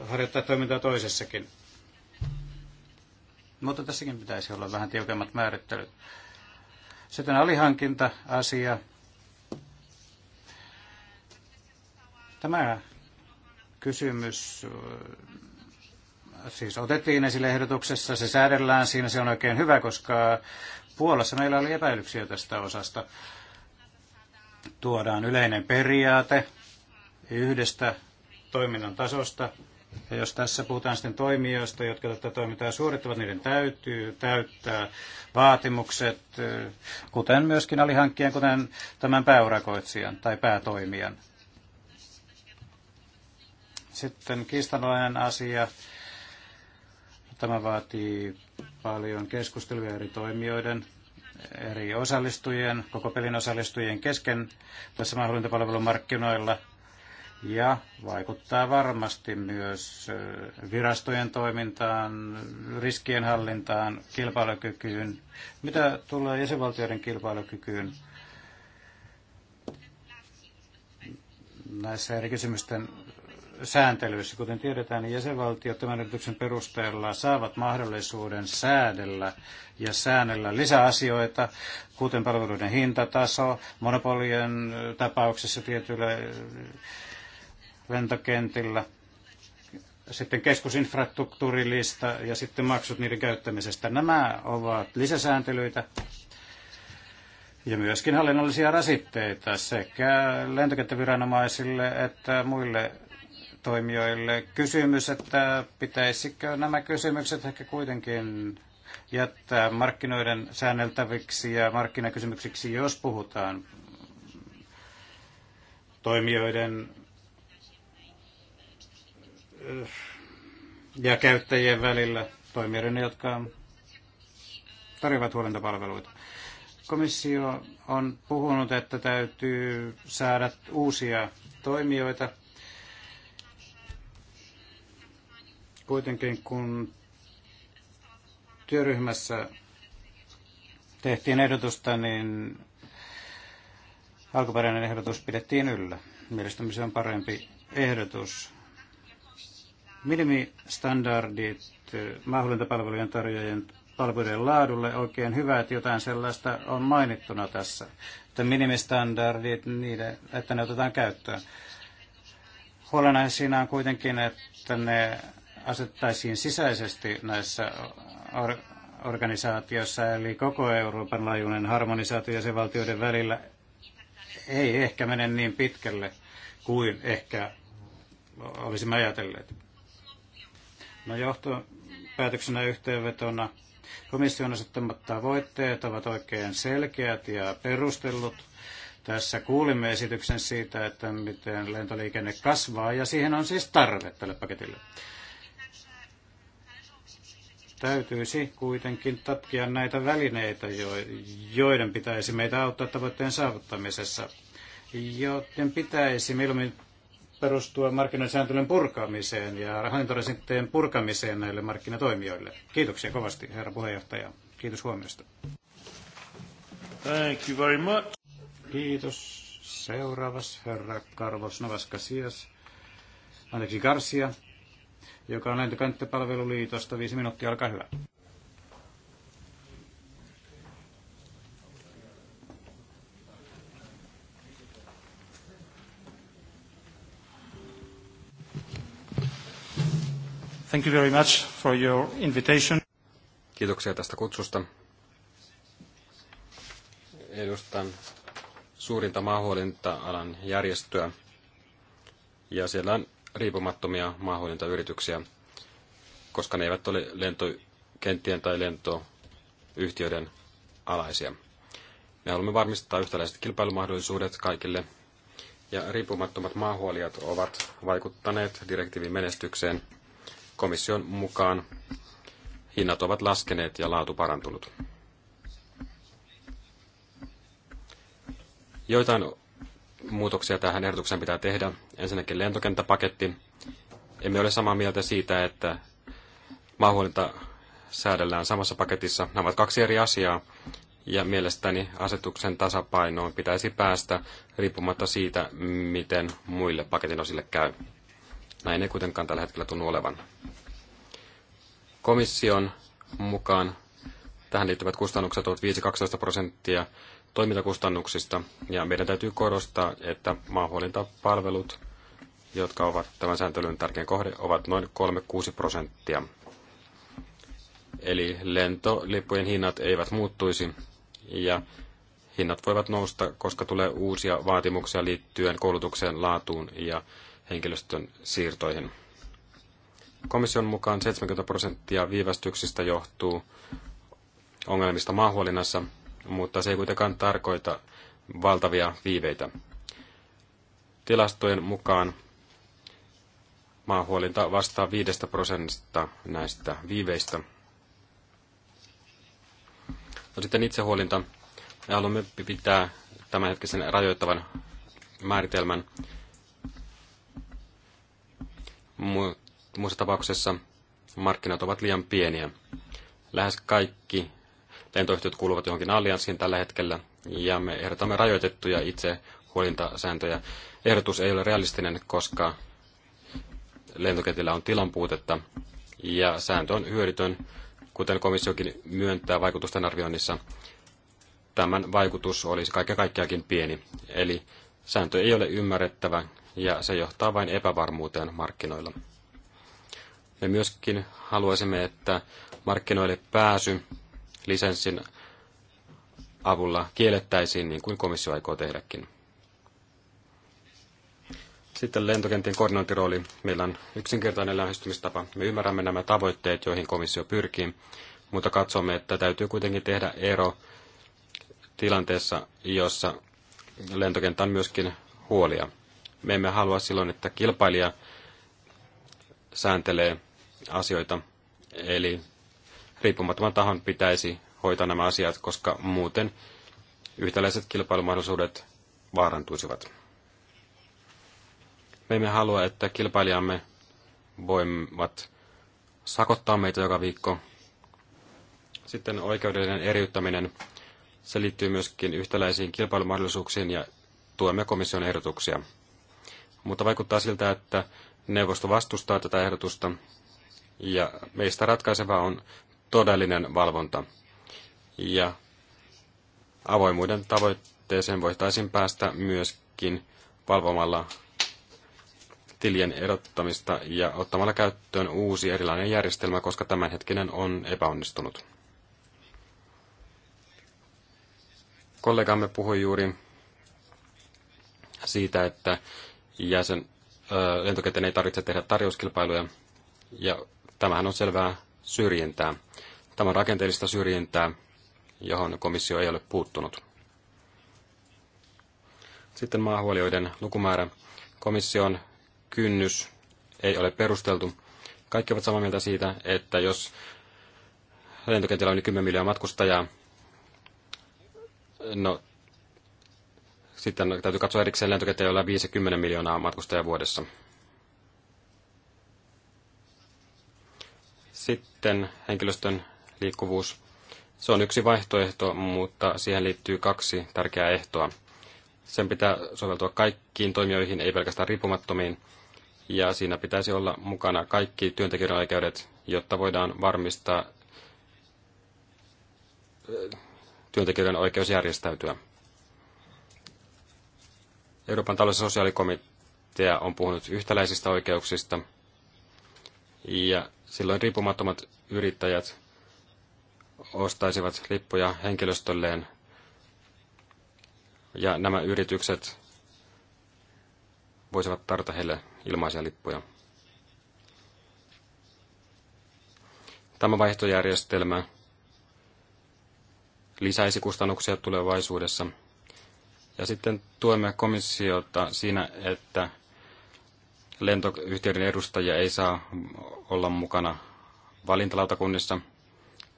harjoittaa toimintaa toisessakin. Mutta tässäkin pitäisi olla vähän tiukemmat määrittelyt. Sitten alihankinta-asia. Tämä kysymys äh, siis otettiin esille ehdotuksessa, se säädellään siinä, se on oikein hyvä, koska Puolassa meillä oli epäilyksiä tästä osasta. Tuodaan yleinen periaate yhdestä toiminnan tasosta ja jos tässä puhutaan sitten toimijoista, jotka tätä toimintaa suorittavat, niiden täytyy täyttää vaatimukset, kuten myöskin alihankkijan, kuten tämän pääurakoitsijan tai päätoimijan. Sitten kiistanalainen asia. Tämä vaatii paljon keskustelua eri toimijoiden, eri osallistujien, koko pelin osallistujien kesken tässä mahdollintapalvelun markkinoilla – ja vaikuttaa varmasti myös virastojen toimintaan, riskienhallintaan, kilpailukykyyn. Mitä tulee jäsenvaltioiden kilpailukykyyn näissä eri kysymysten sääntelyissä? Kuten tiedetään, niin jäsenvaltiot tämän yrityksen perusteella saavat mahdollisuuden säädellä ja säännellä lisäasioita, kuten palveluiden hintataso, monopolien tapauksessa tietyillä lentokentillä. Sitten keskusinfrastruktuurilista ja sitten maksut niiden käyttämisestä. Nämä ovat lisäsääntelyitä ja myöskin hallinnollisia rasitteita sekä lentokenttäviranomaisille että muille toimijoille. Kysymys, että pitäisikö nämä kysymykset ehkä kuitenkin jättää markkinoiden säänneltäviksi ja markkinakysymyksiksi, jos puhutaan toimijoiden ja käyttäjien välillä toimijoiden, jotka tarjoavat huolentapalveluita. Komissio on puhunut, että täytyy saada uusia toimijoita. Kuitenkin kun työryhmässä tehtiin ehdotusta, niin alkuperäinen ehdotus pidettiin yllä. Mielestäni se on parempi ehdotus minimistandardit eh, maahuolintapalvelujen tarjoajien palveluiden laadulle oikein hyvä, että jotain sellaista on mainittuna tässä, että minimistandardit, niiden, että ne otetaan käyttöön. Huolena siinä on kuitenkin, että ne asettaisiin sisäisesti näissä or- organisaatioissa, eli koko Euroopan laajuinen harmonisaatio jäsenvaltioiden välillä ei ehkä mene niin pitkälle kuin ehkä olisimme ajatelleet. No johtopäätöksenä yhteenvetona komission asettamat tavoitteet ovat oikein selkeät ja perustellut. Tässä kuulimme esityksen siitä, että miten lentoliikenne kasvaa ja siihen on siis tarve tälle paketille. Täytyisi kuitenkin tatkia näitä välineitä, joiden pitäisi meitä auttaa tavoitteen saavuttamisessa joten pitäisi mieluummin perustua markkinasääntelyn purkamiseen ja hallintorasitteen purkamiseen näille markkinatoimijoille. Kiitoksia kovasti, herra puheenjohtaja. Kiitos huomiosta. Thank you very much. Kiitos. Seuraavas herra Carlos Novas Casillas, anteeksi Garcia, joka on lentokenttäpalveluliitosta. Viisi minuuttia, olkaa hyvä. Thank you very much for your invitation. Kiitoksia tästä kutsusta. Edustan suurinta maahuolinta-alan järjestöä ja siellä on riippumattomia maahuolintayrityksiä, koska ne eivät ole lentokenttien tai lentoyhtiöiden alaisia. Me haluamme varmistaa yhtäläiset kilpailumahdollisuudet kaikille ja riippumattomat maahuolijat ovat vaikuttaneet direktiivin menestykseen – Komission mukaan hinnat ovat laskeneet ja laatu parantunut. Joitain muutoksia tähän ehdotukseen pitää tehdä. Ensinnäkin lentokenttäpaketti. Emme ole samaa mieltä siitä, että maahuolinta säädellään samassa paketissa. Nämä ovat kaksi eri asiaa, ja mielestäni asetuksen tasapainoon pitäisi päästä riippumatta siitä, miten muille paketin osille käy. Näin ei kuitenkaan tällä hetkellä tunnu olevan. Komission mukaan tähän liittyvät kustannukset ovat 5-12 prosenttia toimintakustannuksista, ja meidän täytyy korostaa, että maahuolintapalvelut, jotka ovat tämän sääntelyn tärkein kohde, ovat noin 3-6 prosenttia. Eli lentolippujen hinnat eivät muuttuisi, ja hinnat voivat nousta, koska tulee uusia vaatimuksia liittyen koulutukseen, laatuun ja henkilöstön siirtoihin. Komission mukaan 70 prosenttia viivästyksistä johtuu ongelmista maahuolinnassa, mutta se ei kuitenkaan tarkoita valtavia viiveitä. Tilastojen mukaan maahuolinta vastaa 5 prosentista näistä viiveistä. No sitten itsehuolinta. Me haluamme pitää tämänhetkisen rajoittavan määritelmän, Muussa tapauksessa markkinat ovat liian pieniä. Lähes kaikki lentoyhtiöt kuuluvat johonkin allianssiin tällä hetkellä, ja me ehdotamme rajoitettuja itse huolintasääntöjä. Ehdotus ei ole realistinen, koska lentokentillä on tilanpuutetta, ja sääntö on hyödytön, kuten komissiokin myöntää vaikutusten arvioinnissa. Tämän vaikutus olisi kaiken kaikkiaankin pieni, eli sääntö ei ole ymmärrettävä ja se johtaa vain epävarmuuteen markkinoilla. Me myöskin haluaisimme, että markkinoille pääsy lisenssin avulla kiellettäisiin, niin kuin komissio aikoo tehdäkin. Sitten lentokentien koordinointirooli. Meillä on yksinkertainen lähestymistapa. Me ymmärrämme nämä tavoitteet, joihin komissio pyrkii, mutta katsomme, että täytyy kuitenkin tehdä ero tilanteessa, jossa lentokenttä on myöskin huolia. Me emme halua silloin, että kilpailija sääntelee asioita, eli riippumattoman tahon pitäisi hoitaa nämä asiat, koska muuten yhtäläiset kilpailumahdollisuudet vaarantuisivat. Me emme halua, että kilpailijamme voivat sakottaa meitä joka viikko. Sitten oikeudellinen eriyttäminen. Se liittyy myöskin yhtäläisiin kilpailumahdollisuuksiin ja tuemme komission ehdotuksia. Mutta vaikuttaa siltä, että neuvosto vastustaa tätä ehdotusta ja meistä ratkaiseva on todellinen valvonta. Ja avoimuuden tavoitteeseen voitaisiin päästä myöskin valvomalla tilien erottamista ja ottamalla käyttöön uusi erilainen järjestelmä, koska tämänhetkinen on epäonnistunut. Kollegamme puhui juuri siitä, että ja ö, lentokenttien ei tarvitse tehdä tarjouskilpailuja. Ja tämähän on selvää syrjintää. Tämä on rakenteellista syrjintää, johon komissio ei ole puuttunut. Sitten maahuolijoiden lukumäärä. Komission kynnys ei ole perusteltu. Kaikki ovat samaa mieltä siitä, että jos lentokentällä on yli 10 miljoonaa matkustajaa, no sitten täytyy katsoa erikseen lentokenttä, jolla on 50 miljoonaa matkustajaa vuodessa. Sitten henkilöstön liikkuvuus. Se on yksi vaihtoehto, mutta siihen liittyy kaksi tärkeää ehtoa. Sen pitää soveltua kaikkiin toimijoihin, ei pelkästään riippumattomiin. Ja siinä pitäisi olla mukana kaikki työntekijöiden oikeudet, jotta voidaan varmistaa työntekijöiden oikeus järjestäytyä. Euroopan talous- ja sosiaalikomitea on puhunut yhtäläisistä oikeuksista, ja silloin riippumattomat yrittäjät ostaisivat lippuja henkilöstölleen, ja nämä yritykset voisivat tarjota heille ilmaisia lippuja. Tämä vaihtojärjestelmä lisäisi kustannuksia tulevaisuudessa – ja sitten tuemme komissiota siinä, että lentoyhtiöiden edustajia ei saa olla mukana valintalautakunnissa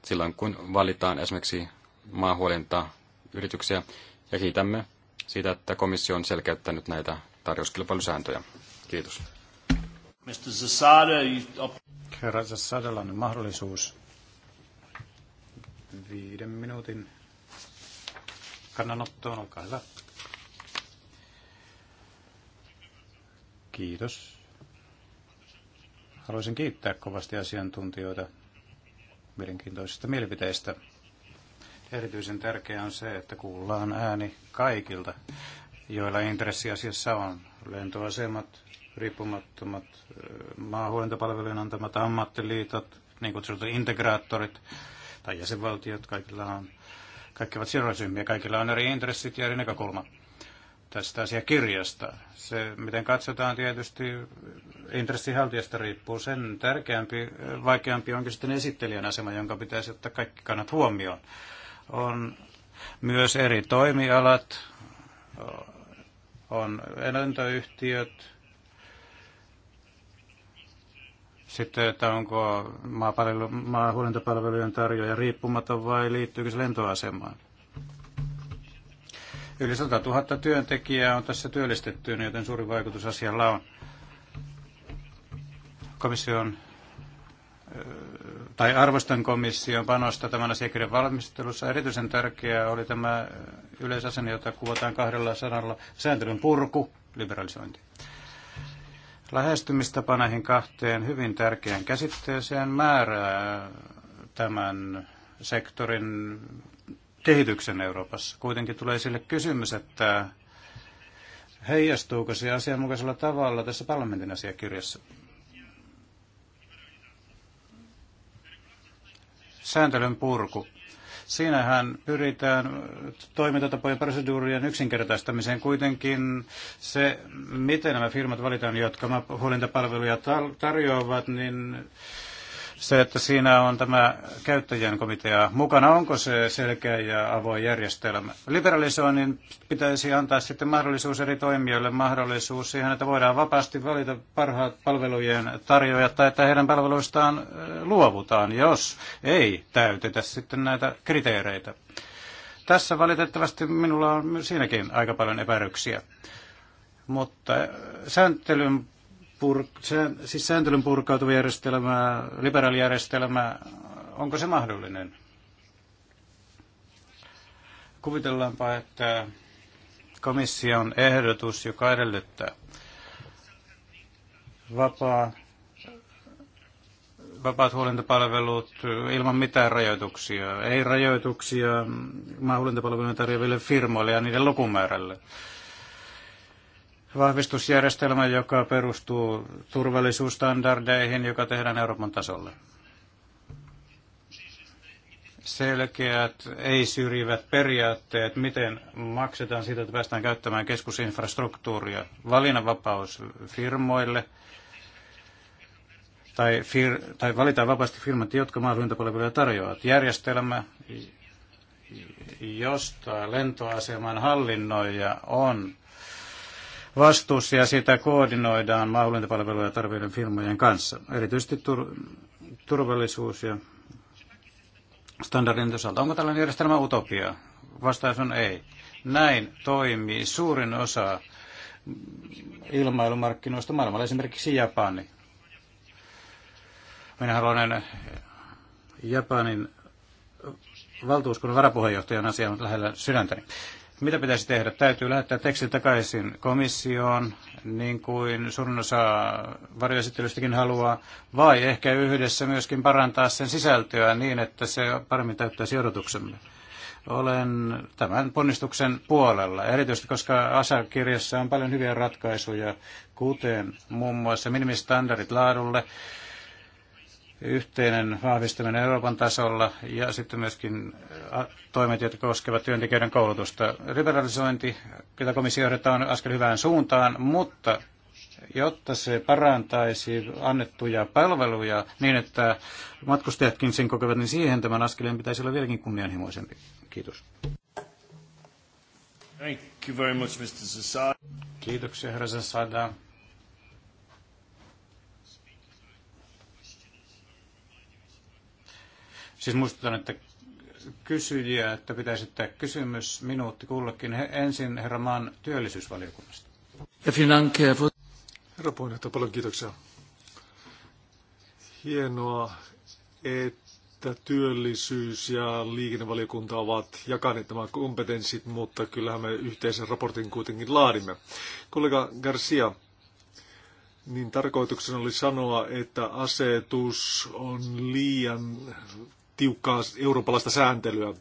silloin, kun valitaan esimerkiksi maahuolinta yrityksiä. Ja kiitämme siitä, että komissio on selkeyttänyt näitä tarjouskilpailusääntöjä. Kiitos. Mr. Herra Zasadella on mahdollisuus viiden minuutin kannanottoon. Olkaa hyvä. Kiitos. Haluaisin kiittää kovasti asiantuntijoita mielenkiintoisista mielipiteistä. Erityisen tärkeää on se, että kuullaan ääni kaikilta, joilla intressi asiassa on. Lentoasemat, riippumattomat maahuolentopalvelujen antamat ammattiliitot, niin kutsutut integraattorit tai jäsenvaltiot, kaikilla on, kaikki ovat sidosryhmiä, kaikilla on eri intressit ja eri näkökulmat tästä asiakirjasta. Se, miten katsotaan tietysti intressihaltijasta riippuu, sen tärkeämpi, vaikeampi onkin sitten esittelijän asema, jonka pitäisi ottaa kaikki kannat huomioon. On myös eri toimialat, on lentoyhtiöt, sitten, että onko maapalvelu, maahuolentopalvelujen tarjoaja riippumaton vai liittyykö se lentoasemaan. Yli 100 000 työntekijää on tässä työllistetty, niin joten suuri vaikutus asialla on. Komission tai arvostan komission panosta tämän asiakirjan valmistelussa. Erityisen tärkeää oli tämä yleisasenne, jota kuvataan kahdella sanalla sääntelyn purku, liberalisointi. Lähestymistapa näihin kahteen hyvin tärkeään käsitteeseen määrää tämän sektorin kehityksen Euroopassa. Kuitenkin tulee sille kysymys, että heijastuuko se asianmukaisella tavalla tässä parlamentin asiakirjassa. Sääntelyn purku. Siinähän pyritään toimintatapojen proseduurien yksinkertaistamiseen kuitenkin se, miten nämä firmat valitaan, jotka huolintapalveluja tarjoavat, niin se, että siinä on tämä käyttäjien komitea mukana, onko se selkeä ja avoin järjestelmä? Liberalisoinnin pitäisi antaa sitten mahdollisuus eri toimijoille, mahdollisuus siihen, että voidaan vapaasti valita parhaat palvelujen tarjoajat tai että heidän palveluistaan luovutaan, jos ei täytetä sitten näitä kriteereitä. Tässä valitettavasti minulla on siinäkin aika paljon epäryksiä mutta sääntelyn pur, siis sääntelyn purkautuva järjestelmä, liberaalijärjestelmä, onko se mahdollinen? Kuvitellaanpa, että komission ehdotus, joka edellyttää vapaa, vapaat huolintapalvelut ilman mitään rajoituksia, ei rajoituksia maahuolintapalvelujen tarjoaville firmoille ja niiden lukumäärälle vahvistusjärjestelmä, joka perustuu turvallisuusstandardeihin, joka tehdään Euroopan tasolla. Selkeät, ei-syrjivät periaatteet, miten maksetaan siitä, että päästään käyttämään keskusinfrastruktuuria. Valinnanvapaus firmoille, tai, fir, tai valitaan vapaasti firmat, jotka maahyöntäpalveluja tarjoavat. Järjestelmä, josta lentoaseman hallinnoija on vastuussa ja sitä koordinoidaan maahanmuuttopalveluja tarvitsevien firmojen kanssa. Erityisesti tur- turvallisuus ja standardin osalta. Onko tällainen järjestelmä utopia? Vastaus on ei. Näin toimii suurin osa ilmailumarkkinoista maailmalla, esimerkiksi Japani. Minä haluan Japanin valtuuskunnan varapuheenjohtajan asia on lähellä sydäntäni. Mitä pitäisi tehdä? Täytyy lähettää teksti takaisin komissioon, niin kuin suurin osa varjoesittelystäkin haluaa, vai ehkä yhdessä myöskin parantaa sen sisältöä niin, että se paremmin täyttäisi odotuksemme. Olen tämän ponnistuksen puolella, erityisesti koska asakirjassa on paljon hyviä ratkaisuja, kuten muun muassa minimistandardit laadulle, yhteinen vahvistaminen Euroopan tasolla ja sitten myöskin toimet, jotka koskevat työntekijöiden koulutusta. Liberalisointi, jota komissio johdetaan, on askel hyvään suuntaan, mutta jotta se parantaisi annettuja palveluja niin, että matkustajatkin sen kokevat, niin siihen tämän askeleen pitäisi olla vieläkin kunnianhimoisempi. Kiitos. Thank you very much, Mr. Kiitoksia, herra Sassada. Siis muistutan, että kysyjiä, että pitäisi tehdä kysymys minuutti kullekin. Ensin herra Maan työllisyysvaliokunnasta. Eh, herra puheenjohtaja, paljon kiitoksia. Hienoa, että työllisyys ja liikennevaliokunta ovat jakaneet nämä kompetenssit, mutta kyllähän me yhteisen raportin kuitenkin laadimme. Kollega Garcia, niin tarkoituksena oli sanoa, että asetus on liian tiukkaa eurooppalaista sääntelyä.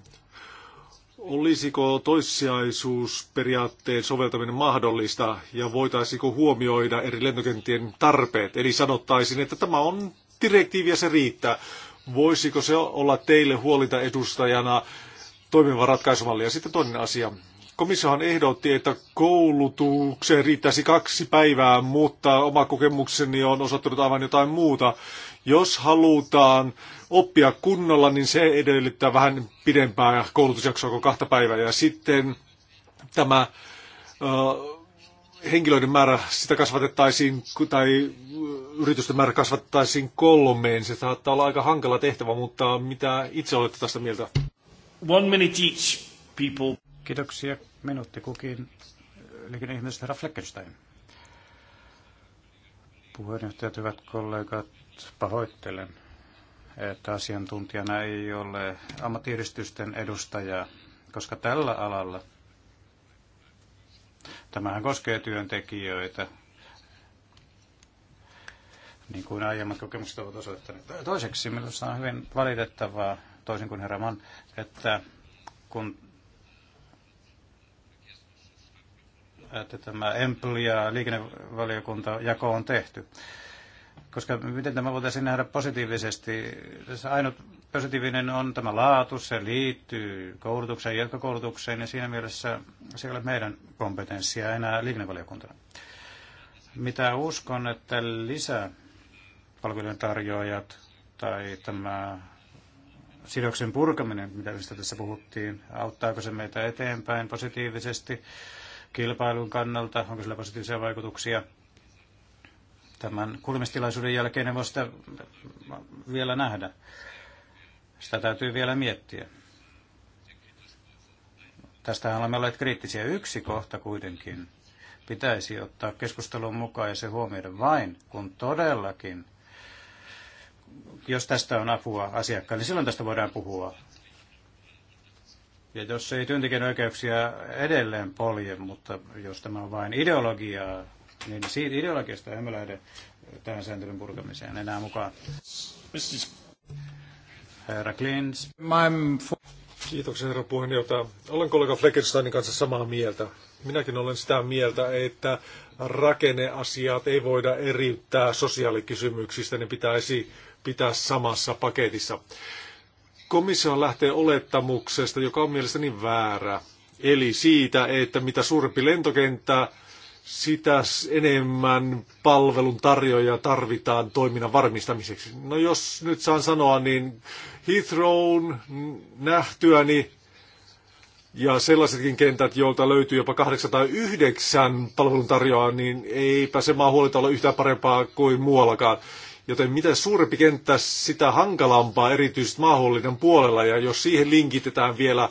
Olisiko toissijaisuusperiaatteen soveltaminen mahdollista ja voitaisiinko huomioida eri lentokenttien tarpeet? Eli sanottaisin, että tämä on direktiivi ja se riittää. Voisiko se olla teille edustajana toimiva ratkaisumalli? Ja sitten toinen asia. Komissiohan ehdotti, että koulutukseen riittäisi kaksi päivää, mutta oma kokemukseni on osoittanut aivan jotain muuta. Jos halutaan oppia kunnolla, niin se edellyttää vähän pidempää koulutusjaksoa kuin kahta päivää. Ja sitten tämä henkilöiden määrä, sitä kasvatettaisiin, tai yritysten määrä kasvatettaisiin kolmeen. Se saattaa olla aika hankala tehtävä, mutta mitä itse olette tästä mieltä? One minute each, people. Kiitoksia. Minuutti kukin. Liikenne ihmiset, herra Fleckenstein. Puheenjohtajat, hyvät kollegat, pahoittelen, että asiantuntijana ei ole ammattiyhdistysten edustajaa, koska tällä alalla tämähän koskee työntekijöitä, niin kuin aiemmat kokemukset ovat osoittaneet. Toiseksi minusta on hyvin valitettavaa, toisin kuin herra Mann, että kun että tämä Empl- ja liikennevaliokunta jako on tehty. Koska miten tämä voitaisiin nähdä positiivisesti? Ainut positiivinen on tämä laatu, se liittyy koulutukseen, jatkokoulutukseen ja siinä mielessä se ei ole meidän kompetenssia enää liikennevaliokuntana. Mitä uskon, että lisää palvelujen tarjoajat tai tämä sidoksen purkaminen, mitä mistä tässä puhuttiin, auttaako se meitä eteenpäin positiivisesti kilpailun kannalta, onko sillä positiivisia vaikutuksia Tämän kuulemistilaisuuden jälkeen en voi sitä vielä nähdä. Sitä täytyy vielä miettiä. Tästähän olemme olleet kriittisiä. Yksi kohta kuitenkin pitäisi ottaa keskustelun mukaan ja se huomioida vain, kun todellakin, jos tästä on apua asiakkaan, niin silloin tästä voidaan puhua. Ja jos ei työntekijän oikeuksia edelleen polje, mutta jos tämä on vain ideologiaa, niin siitä ideologiasta emme lähde tähän sääntelyn purkamiseen enää mukaan. Herra Klins. Kiitoksia herra puheenjohtaja. Olen kollega Fleckensteinin kanssa samaa mieltä. Minäkin olen sitä mieltä, että rakenneasiat ei voida eriyttää sosiaalikysymyksistä, ne pitäisi pitää samassa paketissa. Komissio lähtee olettamuksesta, joka on mielestäni väärä. Eli siitä, että mitä suurempi lentokenttä, sitä enemmän palvelun tarjoajia tarvitaan toiminnan varmistamiseksi. No jos nyt saan sanoa, niin Heathrown nähtyäni ja sellaisetkin kentät, joilta löytyy jopa 809 palveluntarjoajaa, niin eipä se maa huolita olla yhtään parempaa kuin muuallakaan. Joten mitä suurempi kenttä, sitä hankalampaa erityisesti maahuollinnan puolella. Ja jos siihen linkitetään vielä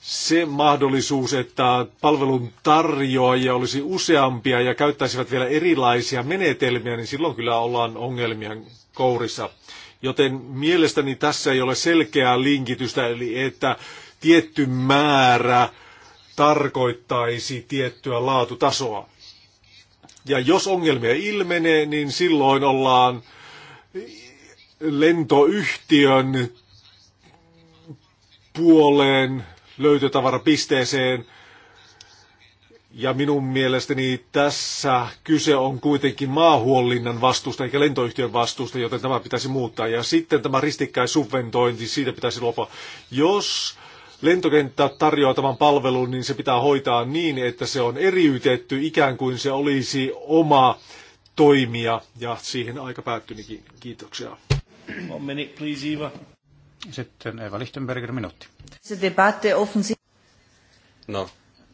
se mahdollisuus, että palvelun tarjoajia olisi useampia ja käyttäisivät vielä erilaisia menetelmiä, niin silloin kyllä ollaan ongelmien kourissa. Joten mielestäni tässä ei ole selkeää linkitystä, eli että tietty määrä tarkoittaisi tiettyä laatutasoa. Ja jos ongelmia ilmenee, niin silloin ollaan lentoyhtiön puoleen löytötavarapisteeseen. Ja minun mielestäni tässä kyse on kuitenkin maahuollinnan vastuusta eikä lentoyhtiön vastuusta, joten tämä pitäisi muuttaa. Ja sitten tämä ristikkäisubventointi, siitä pitäisi luopua. Jos lentokenttä tarjoaa tämän palvelun, niin se pitää hoitaa niin, että se on eriytetty ikään kuin se olisi oma toimija. Ja siihen aika päättynikin. Kiitoksia. One minute, please, Eva. Sitten Eva Lichtenberger, minuutti. No,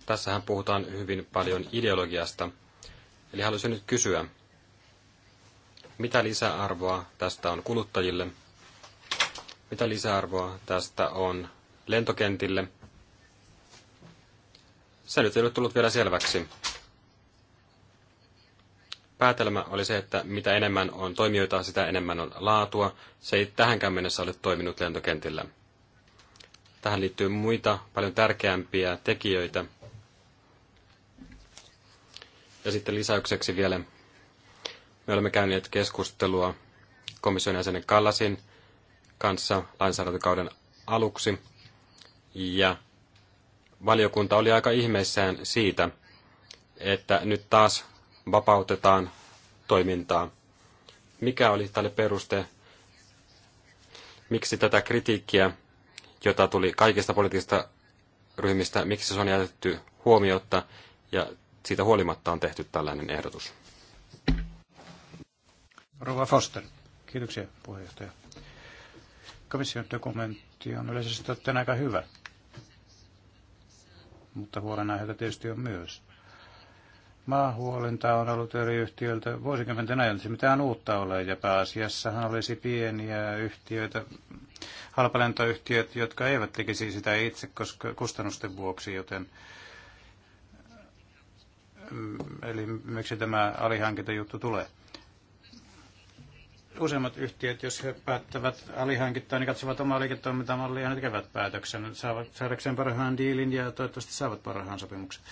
tässähän puhutaan hyvin paljon ideologiasta. Eli haluaisin nyt kysyä, mitä lisäarvoa tästä on kuluttajille? Mitä lisäarvoa tästä on lentokentille? Se nyt ei ole tullut vielä selväksi päätelmä oli se, että mitä enemmän on toimijoita, sitä enemmän on laatua. Se ei tähänkään mennessä ole toiminut lentokentillä. Tähän liittyy muita paljon tärkeämpiä tekijöitä. Ja sitten lisäykseksi vielä me olemme käyneet keskustelua komission jäsenen Kallasin kanssa lainsäädäntökauden aluksi. Ja valiokunta oli aika ihmeissään siitä, että nyt taas vapautetaan toimintaa. Mikä oli tälle peruste? Miksi tätä kritiikkiä, jota tuli kaikista poliittisista ryhmistä, miksi se on jätetty huomiotta ja siitä huolimatta on tehty tällainen ehdotus? Rova Foster. Kiitoksia puheenjohtaja. Komission dokumentti on yleisesti ottaen aika hyvä, mutta huolenaiheita tietysti on myös Maahuolinta on ollut eri yhtiöiltä vuosikymmenten ajan, se mitään uutta ole, ja pääasiassahan olisi pieniä yhtiöitä, halpalentoyhtiöt, jotka eivät tekisi sitä itse koska kustannusten vuoksi, joten mm, eli miksi tämä alihankintajuttu tulee. Useimmat yhtiöt, jos he päättävät alihankittaa, niin katsovat omaa liiketoimintamallia ja ne tekevät päätöksen, saavat, saadakseen parhaan diilin ja toivottavasti saavat parhaan sopimuksen.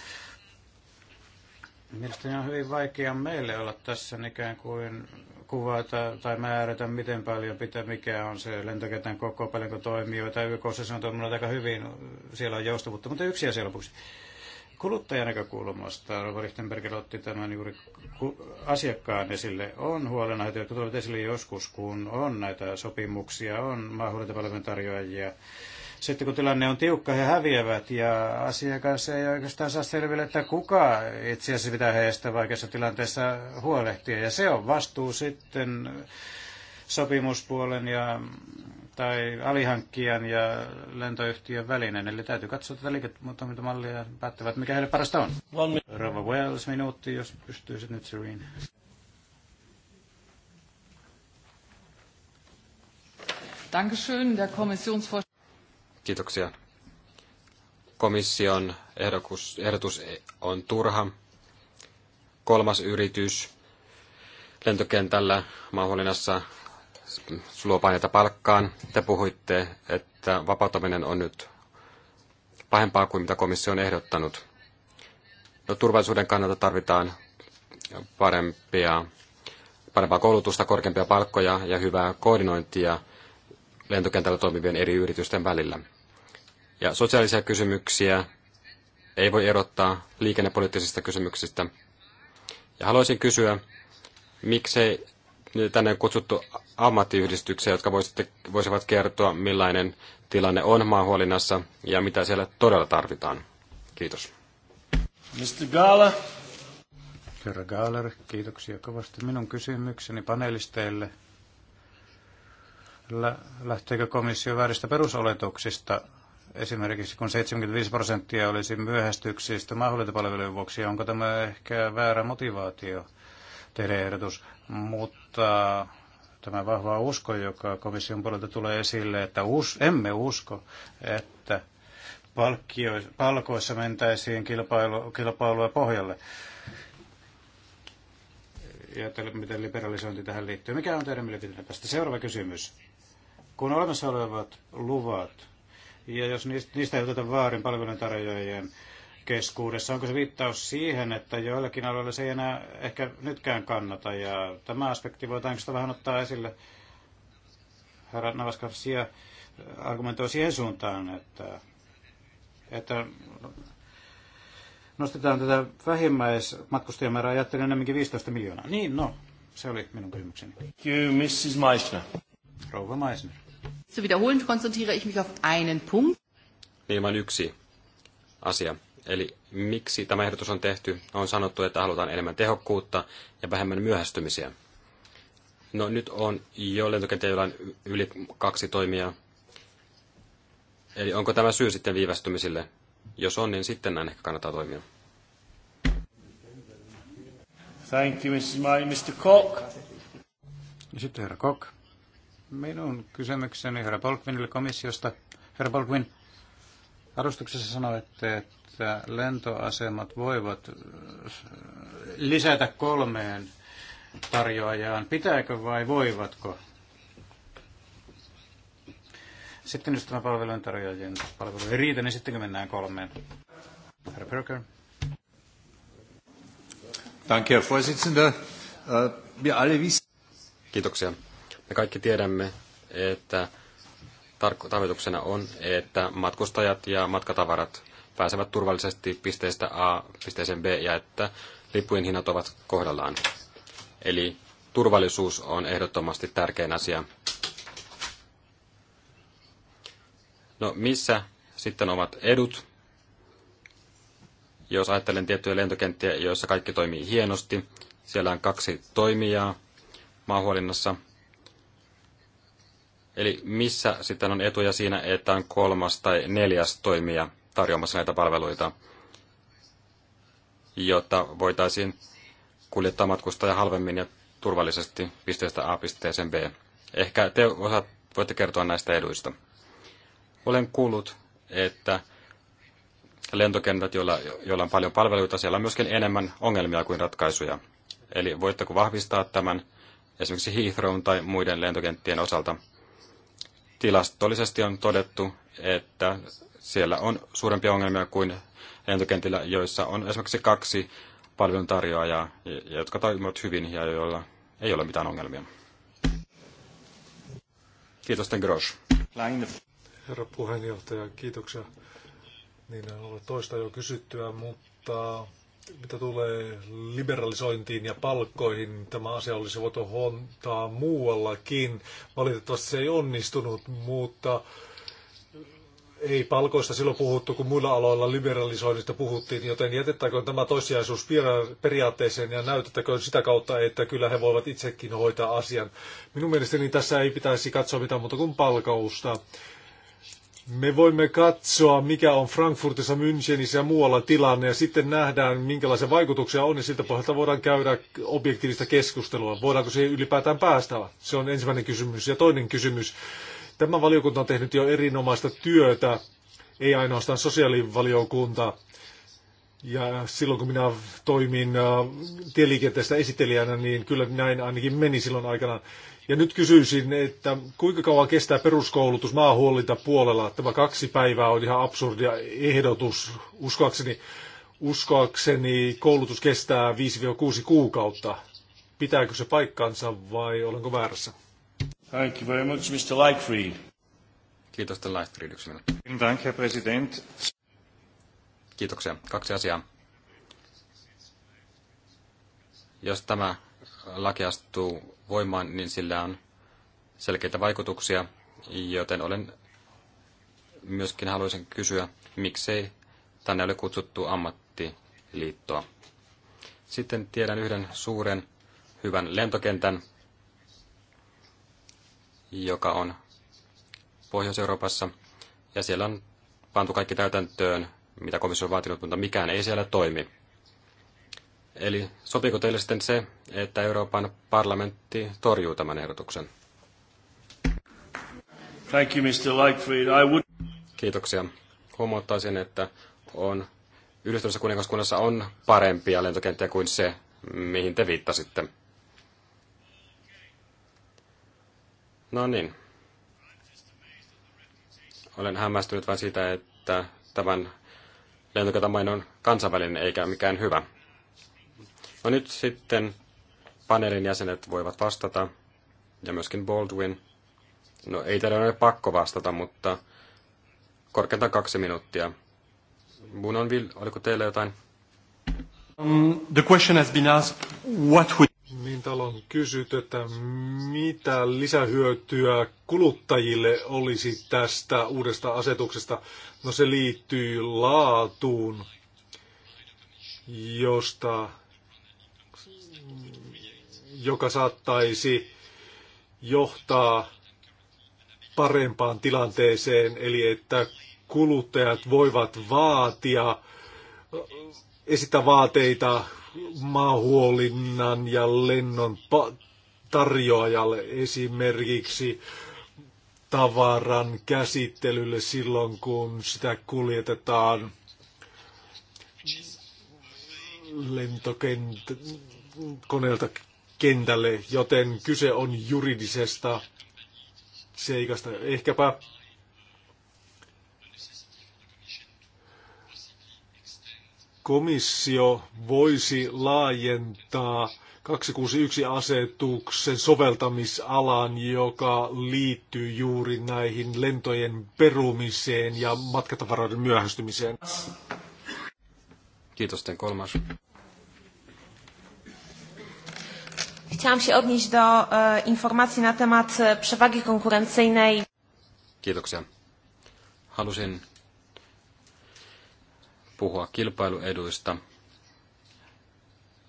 Mielestäni on hyvin vaikea meille olla tässä ikään kuin kuvata tai määrätä, miten paljon pitää, mikä on se lentokentän koko, paljonko toimijoita. YK se on toiminut aika hyvin, siellä on joustavuutta, mutta yksi asia lopuksi. Kuluttajan näkökulmasta, Rova Lichtenberger otti tämän juuri asiakkaan esille, on että jotka tulevat esille joskus, kun on näitä sopimuksia, on maahuolintapalvelun tarjoajia, sitten kun tilanne on tiukka, he häviävät ja asiakas ei oikeastaan saa selville, että kuka itse asiassa pitää heistä vaikeassa tilanteessa huolehtia. Ja se on vastuu sitten sopimuspuolen ja, tai alihankkijan ja lentoyhtiön välinen. Eli täytyy katsoa tätä liiketoimintamallia ja päättävät, mikä heille parasta on. Rova Wells, minuutti, jos pystyisit nyt Serene. Dankeschön, der Kommissionsvorsitzende. Kiitoksia. Komission ehdotus on turha. Kolmas yritys lentokentällä Mauholinassa luo paineita palkkaan. Te puhuitte, että vapautuminen on nyt pahempaa kuin mitä komissio on ehdottanut. No, turvallisuuden kannalta tarvitaan parempia, parempaa koulutusta, korkeampia palkkoja ja hyvää koordinointia lentokentällä toimivien eri yritysten välillä. Ja sosiaalisia kysymyksiä ei voi erottaa liikennepoliittisista kysymyksistä. Ja haluaisin kysyä, miksei tänne on kutsuttu ammattiyhdistyksiä, jotka voisivat kertoa, millainen tilanne on maahuolinnassa ja mitä siellä todella tarvitaan. Kiitos. Mr. Gala. Herra Gaaler, kiitoksia kovasti. Minun kysymykseni panelisteille. Lähteekö komissio vääristä perusoletuksista esimerkiksi kun 75 prosenttia olisi myöhästyksistä maahanmuuttopalvelujen vuoksi, onko tämä ehkä väärä motivaatio tehdä ehdotus, mutta tämä vahva usko, joka komission puolelta tulee esille, että us, emme usko, että palkkio, palkoissa mentäisiin kilpailu, kilpailua pohjalle. Ja tälle, miten liberalisointi tähän liittyy. Mikä on teidän mielipiteenne tästä? Seuraava kysymys. Kun olemassa olevat luvat ja jos niistä ei oteta vaarin palveluntarjoajien keskuudessa, onko se viittaus siihen, että joillakin alueilla se ei enää ehkä nytkään kannata, ja tämä aspekti voitaanko sitä vähän ottaa esille? Herra Navaskarsia argumentoi siihen suuntaan, että, että nostetaan tätä vähimmäismatkustajamäärää, ajattelin enemmänkin 15 miljoonaa. Niin, no, se oli minun kysymykseni. you, Mrs. Meissner. Rouva Meissner. Zu wiederholen konzentriere ich mich auf einen Punkt. Niin vain yksi asia. Eli miksi tämä ehdotus on tehty? On sanottu, että halutaan enemmän tehokkuutta ja vähemmän myöhästymisiä. No nyt on jo lentokentillä yli kaksi toimia. Eli onko tämä syy sitten viivästymisille? Jos on, niin sitten näin ehkä kannattaa toimia. Thank you, Mrs. Mr. Cook. Ja sitten herra Cook. Minun kysymykseni herra Polkvinille komissiosta. Herra Polkvin, arvostuksessa sanoitte, että lentoasemat voivat äh, lisätä kolmeen tarjoajaan. Pitääkö vai voivatko? Sitten jos tämä palveluntarjoajien palvelu ei riitä, niin sittenkö mennään kolmeen? Herra Perker. Danke, Herr Vorsitzender. Äh, wir alle wissen... Kiitoksia, me kaikki tiedämme, että tarkoituksena on, että matkustajat ja matkatavarat pääsevät turvallisesti pisteestä A pisteeseen B ja että lippujen hinnat ovat kohdallaan. Eli turvallisuus on ehdottomasti tärkein asia. No missä sitten ovat edut? Jos ajattelen tiettyjä lentokenttiä, joissa kaikki toimii hienosti, siellä on kaksi toimijaa maahuolinnassa – Eli missä sitten on etuja siinä, että on kolmas tai neljäs toimija tarjoamassa näitä palveluita, jotta voitaisiin kuljettaa matkustaja halvemmin ja turvallisesti pisteestä A pisteeseen B. Ehkä te osaat, voitte kertoa näistä eduista. Olen kuullut, että lentokentät, joilla, joilla on paljon palveluita, siellä on myöskin enemmän ongelmia kuin ratkaisuja. Eli voitteko vahvistaa tämän esimerkiksi Heathrown tai muiden lentokenttien osalta – tilastollisesti on todettu, että siellä on suurempia ongelmia kuin lentokentillä, joissa on esimerkiksi kaksi palveluntarjoajaa, jotka toimivat hyvin ja joilla ei ole mitään ongelmia. Kiitos, Sten Grosch. Herra puheenjohtaja, kiitoksia. Niin on ollut toista jo kysyttyä, mutta mitä tulee liberalisointiin ja palkkoihin, tämä asia olisi voitu hontaa muuallakin. Valitettavasti se ei onnistunut, mutta ei palkoista silloin puhuttu, kun muilla aloilla liberalisoinnista puhuttiin, joten jätettäköön tämä toissijaisuus periaatteeseen ja näytettäköön sitä kautta, että kyllä he voivat itsekin hoitaa asian. Minun mielestäni tässä ei pitäisi katsoa mitään muuta kuin palkausta. Me voimme katsoa, mikä on Frankfurtissa, Münchenissä ja muualla tilanne, ja sitten nähdään, minkälaisia vaikutuksia on, ja siltä pohjalta voidaan käydä objektiivista keskustelua. Voidaanko siihen ylipäätään päästä? Se on ensimmäinen kysymys. Ja toinen kysymys. Tämä valiokunta on tehnyt jo erinomaista työtä, ei ainoastaan sosiaalivaliokunta. Ja silloin kun minä toimin äh, tieliikenteestä esittelijänä, niin kyllä näin ainakin meni silloin aikana. Ja nyt kysyisin, että kuinka kauan kestää peruskoulutus maahuollinta puolella? Tämä kaksi päivää on ihan absurdia ehdotus. Uskoakseni, uskoakseni koulutus kestää 5-6 kuukautta. Pitääkö se paikkansa vai olenko väärässä? Thank you very much, Mr. Lightfried. Kiitos tämän Lightfried Thank you, President. Kiitoksia. Kaksi asiaa. Jos tämä laki astuu voimaan, niin sillä on selkeitä vaikutuksia, joten olen myöskin haluaisin kysyä, miksei tänne ole kutsuttu ammattiliittoa. Sitten tiedän yhden suuren hyvän lentokentän, joka on Pohjois-Euroopassa, ja siellä on pantu kaikki täytäntöön, mitä komissio on vaatinut, mutta mikään ei siellä toimi. Eli sopiiko teille sitten se, että Euroopan parlamentti torjuu tämän ehdotuksen? Thank you, Mr. Lightfried. I would... Kiitoksia. Huomauttaisin, että on yhdistyvässä kuningaskunnassa on parempia lentokenttiä kuin se, mihin te viittasitte. No niin. Olen hämmästynyt vain siitä, että tämän lentokentän on kansainvälinen eikä mikään hyvä. No nyt sitten paneelin jäsenet voivat vastata, ja myöskin Baldwin. No ei teidän ole pakko vastata, mutta korkeintaan kaksi minuuttia. Bunonville, oliko teillä jotain? Um, the question has been asked, what would... Niin täällä on kysytty, että mitä lisähyötyä kuluttajille olisi tästä uudesta asetuksesta. No se liittyy laatuun, josta joka saattaisi johtaa parempaan tilanteeseen, eli että kuluttajat voivat vaatia, esittää vaateita maahuolinnan ja lennon tarjoajalle esimerkiksi tavaran käsittelylle silloin, kun sitä kuljetetaan lentokoneelta kentälle, joten kyse on juridisesta seikasta. Ehkäpä komissio voisi laajentaa 261-asetuksen soveltamisalan, joka liittyy juuri näihin lentojen perumiseen ja matkatavaroiden myöhästymiseen. Kiitos, kolmas. Chciałam się odnieść do e, informacji na temat e, przewagi konkurencyjnej. Kiitoksia. Halusin puhua kilpailueduista,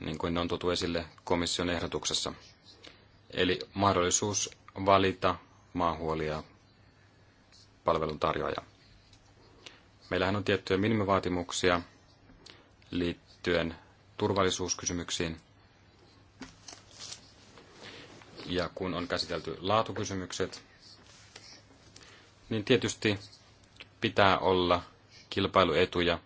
niin kuin ne on tuotu esille komission ehdotuksessa. Eli mahdollisuus valita maahuolia palveluntarjoaja. Meillähän on tiettyjä minimivaatimuksia liittyen turvallisuuskysymyksiin – ja kun on käsitelty laatukysymykset, niin tietysti pitää olla kilpailuetuja.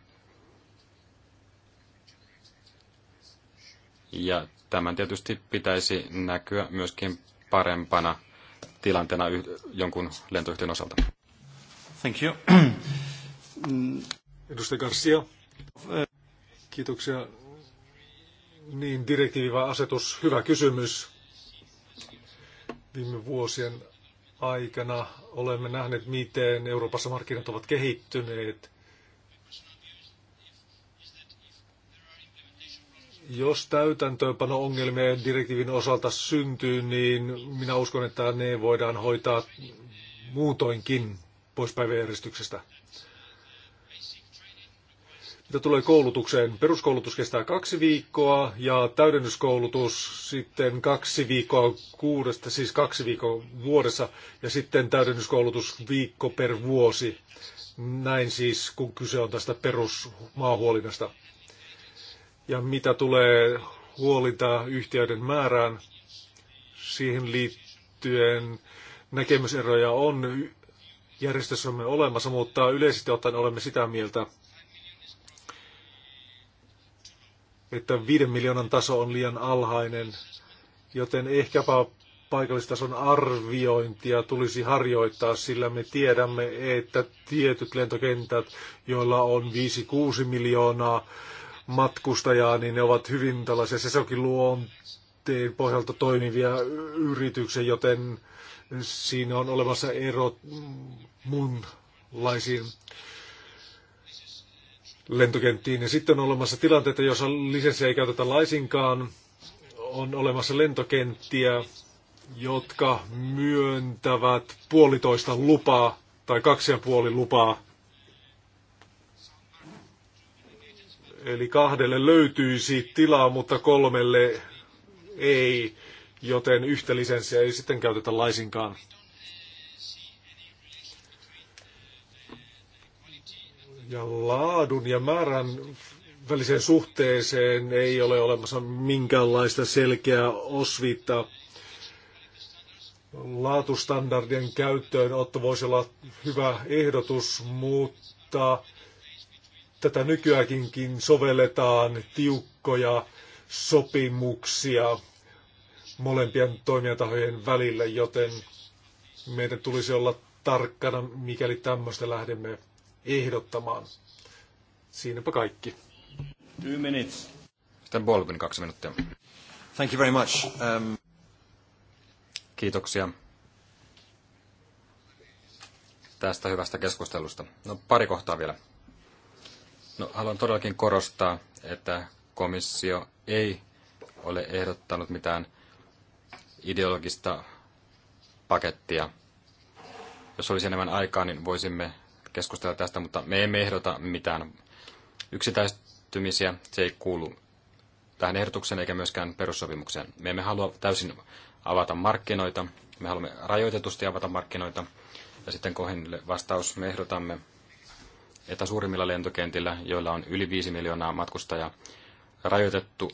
Ja tämän tietysti pitäisi näkyä myöskin parempana tilanteena jonkun lentoyhtiön osalta. Thank you. Mm. Edustaja Garcia. Kiitoksia. Niin, direktiivi vai asetus? Hyvä kysymys. Viime vuosien aikana olemme nähneet, miten Euroopassa markkinat ovat kehittyneet. Jos täytäntöönpano-ongelmia direktiivin osalta syntyy, niin minä uskon, että ne voidaan hoitaa muutoinkin pois päiväjärjestyksestä mitä tulee koulutukseen. Peruskoulutus kestää kaksi viikkoa ja täydennyskoulutus sitten kaksi viikkoa kuudesta, siis kaksi viikkoa vuodessa ja sitten täydennyskoulutus viikko per vuosi. Näin siis, kun kyse on tästä perusmaahuolinnasta. Ja mitä tulee huolintayhtiöiden määrään, siihen liittyen näkemyseroja on järjestössämme olemassa, mutta yleisesti ottaen olemme sitä mieltä, että viiden miljoonan taso on liian alhainen, joten ehkäpä paikallistason arviointia tulisi harjoittaa, sillä me tiedämme, että tietyt lentokentät, joilla on 5-6 miljoonaa matkustajaa, niin ne ovat hyvin tällaisia sesokiluonteen pohjalta toimivia yrityksiä, joten siinä on olemassa ero muunlaisiin lentokenttiin. Ja sitten on olemassa tilanteita, joissa lisenssiä ei käytetä laisinkaan. On olemassa lentokenttiä, jotka myöntävät puolitoista lupaa tai kaksi ja puoli lupaa. Eli kahdelle löytyisi tilaa, mutta kolmelle ei, joten yhtä lisenssiä ei sitten käytetä laisinkaan. ja laadun ja määrän väliseen suhteeseen ei ole olemassa minkäänlaista selkeää osviittaa. Laatustandardien käyttöönotto voisi olla hyvä ehdotus, mutta tätä nykyäänkin sovelletaan tiukkoja sopimuksia molempien toimijatahojen välillä, joten meidän tulisi olla tarkkana, mikäli tämmöistä lähdemme ehdottamaan. Siinäpä kaikki. Two minutes. Sitten Bolvin kaksi minuuttia. Thank you very much. Um... Kiitoksia tästä hyvästä keskustelusta. No pari kohtaa vielä. No, haluan todellakin korostaa, että komissio ei ole ehdottanut mitään ideologista pakettia. Jos olisi enemmän aikaa, niin voisimme keskustella tästä, mutta me emme ehdota mitään yksittäistymisiä. Se ei kuulu tähän ehdotukseen eikä myöskään perussopimukseen. Me emme halua täysin avata markkinoita. Me haluamme rajoitetusti avata markkinoita. Ja sitten kohenille vastaus me ehdotamme, että suurimmilla lentokentillä, joilla on yli 5 miljoonaa matkustajaa, rajoitettu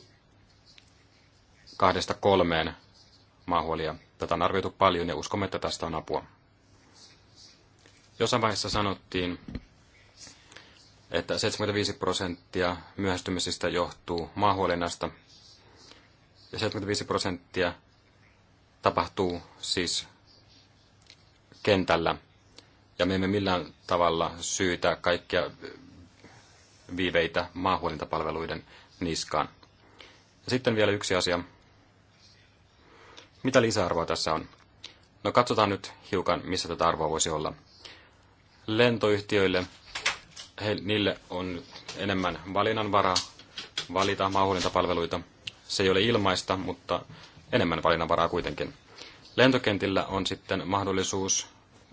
kahdesta kolmeen maahuolia. Tätä on arvioitu paljon ja uskomme, että tästä on apua. Jossain vaiheessa sanottiin, että 75 prosenttia myöhästymisistä johtuu maahuolinnasta ja 75 prosenttia tapahtuu siis kentällä. Ja me emme millään tavalla syytä kaikkia viiveitä maahuolintapalveluiden niskaan. Ja sitten vielä yksi asia. Mitä lisäarvoa tässä on? No katsotaan nyt hiukan, missä tätä arvoa voisi olla lentoyhtiöille. He, niille on enemmän valinnanvaraa valita maahuolintapalveluita. Se ei ole ilmaista, mutta enemmän valinnanvaraa kuitenkin. Lentokentillä on sitten mahdollisuus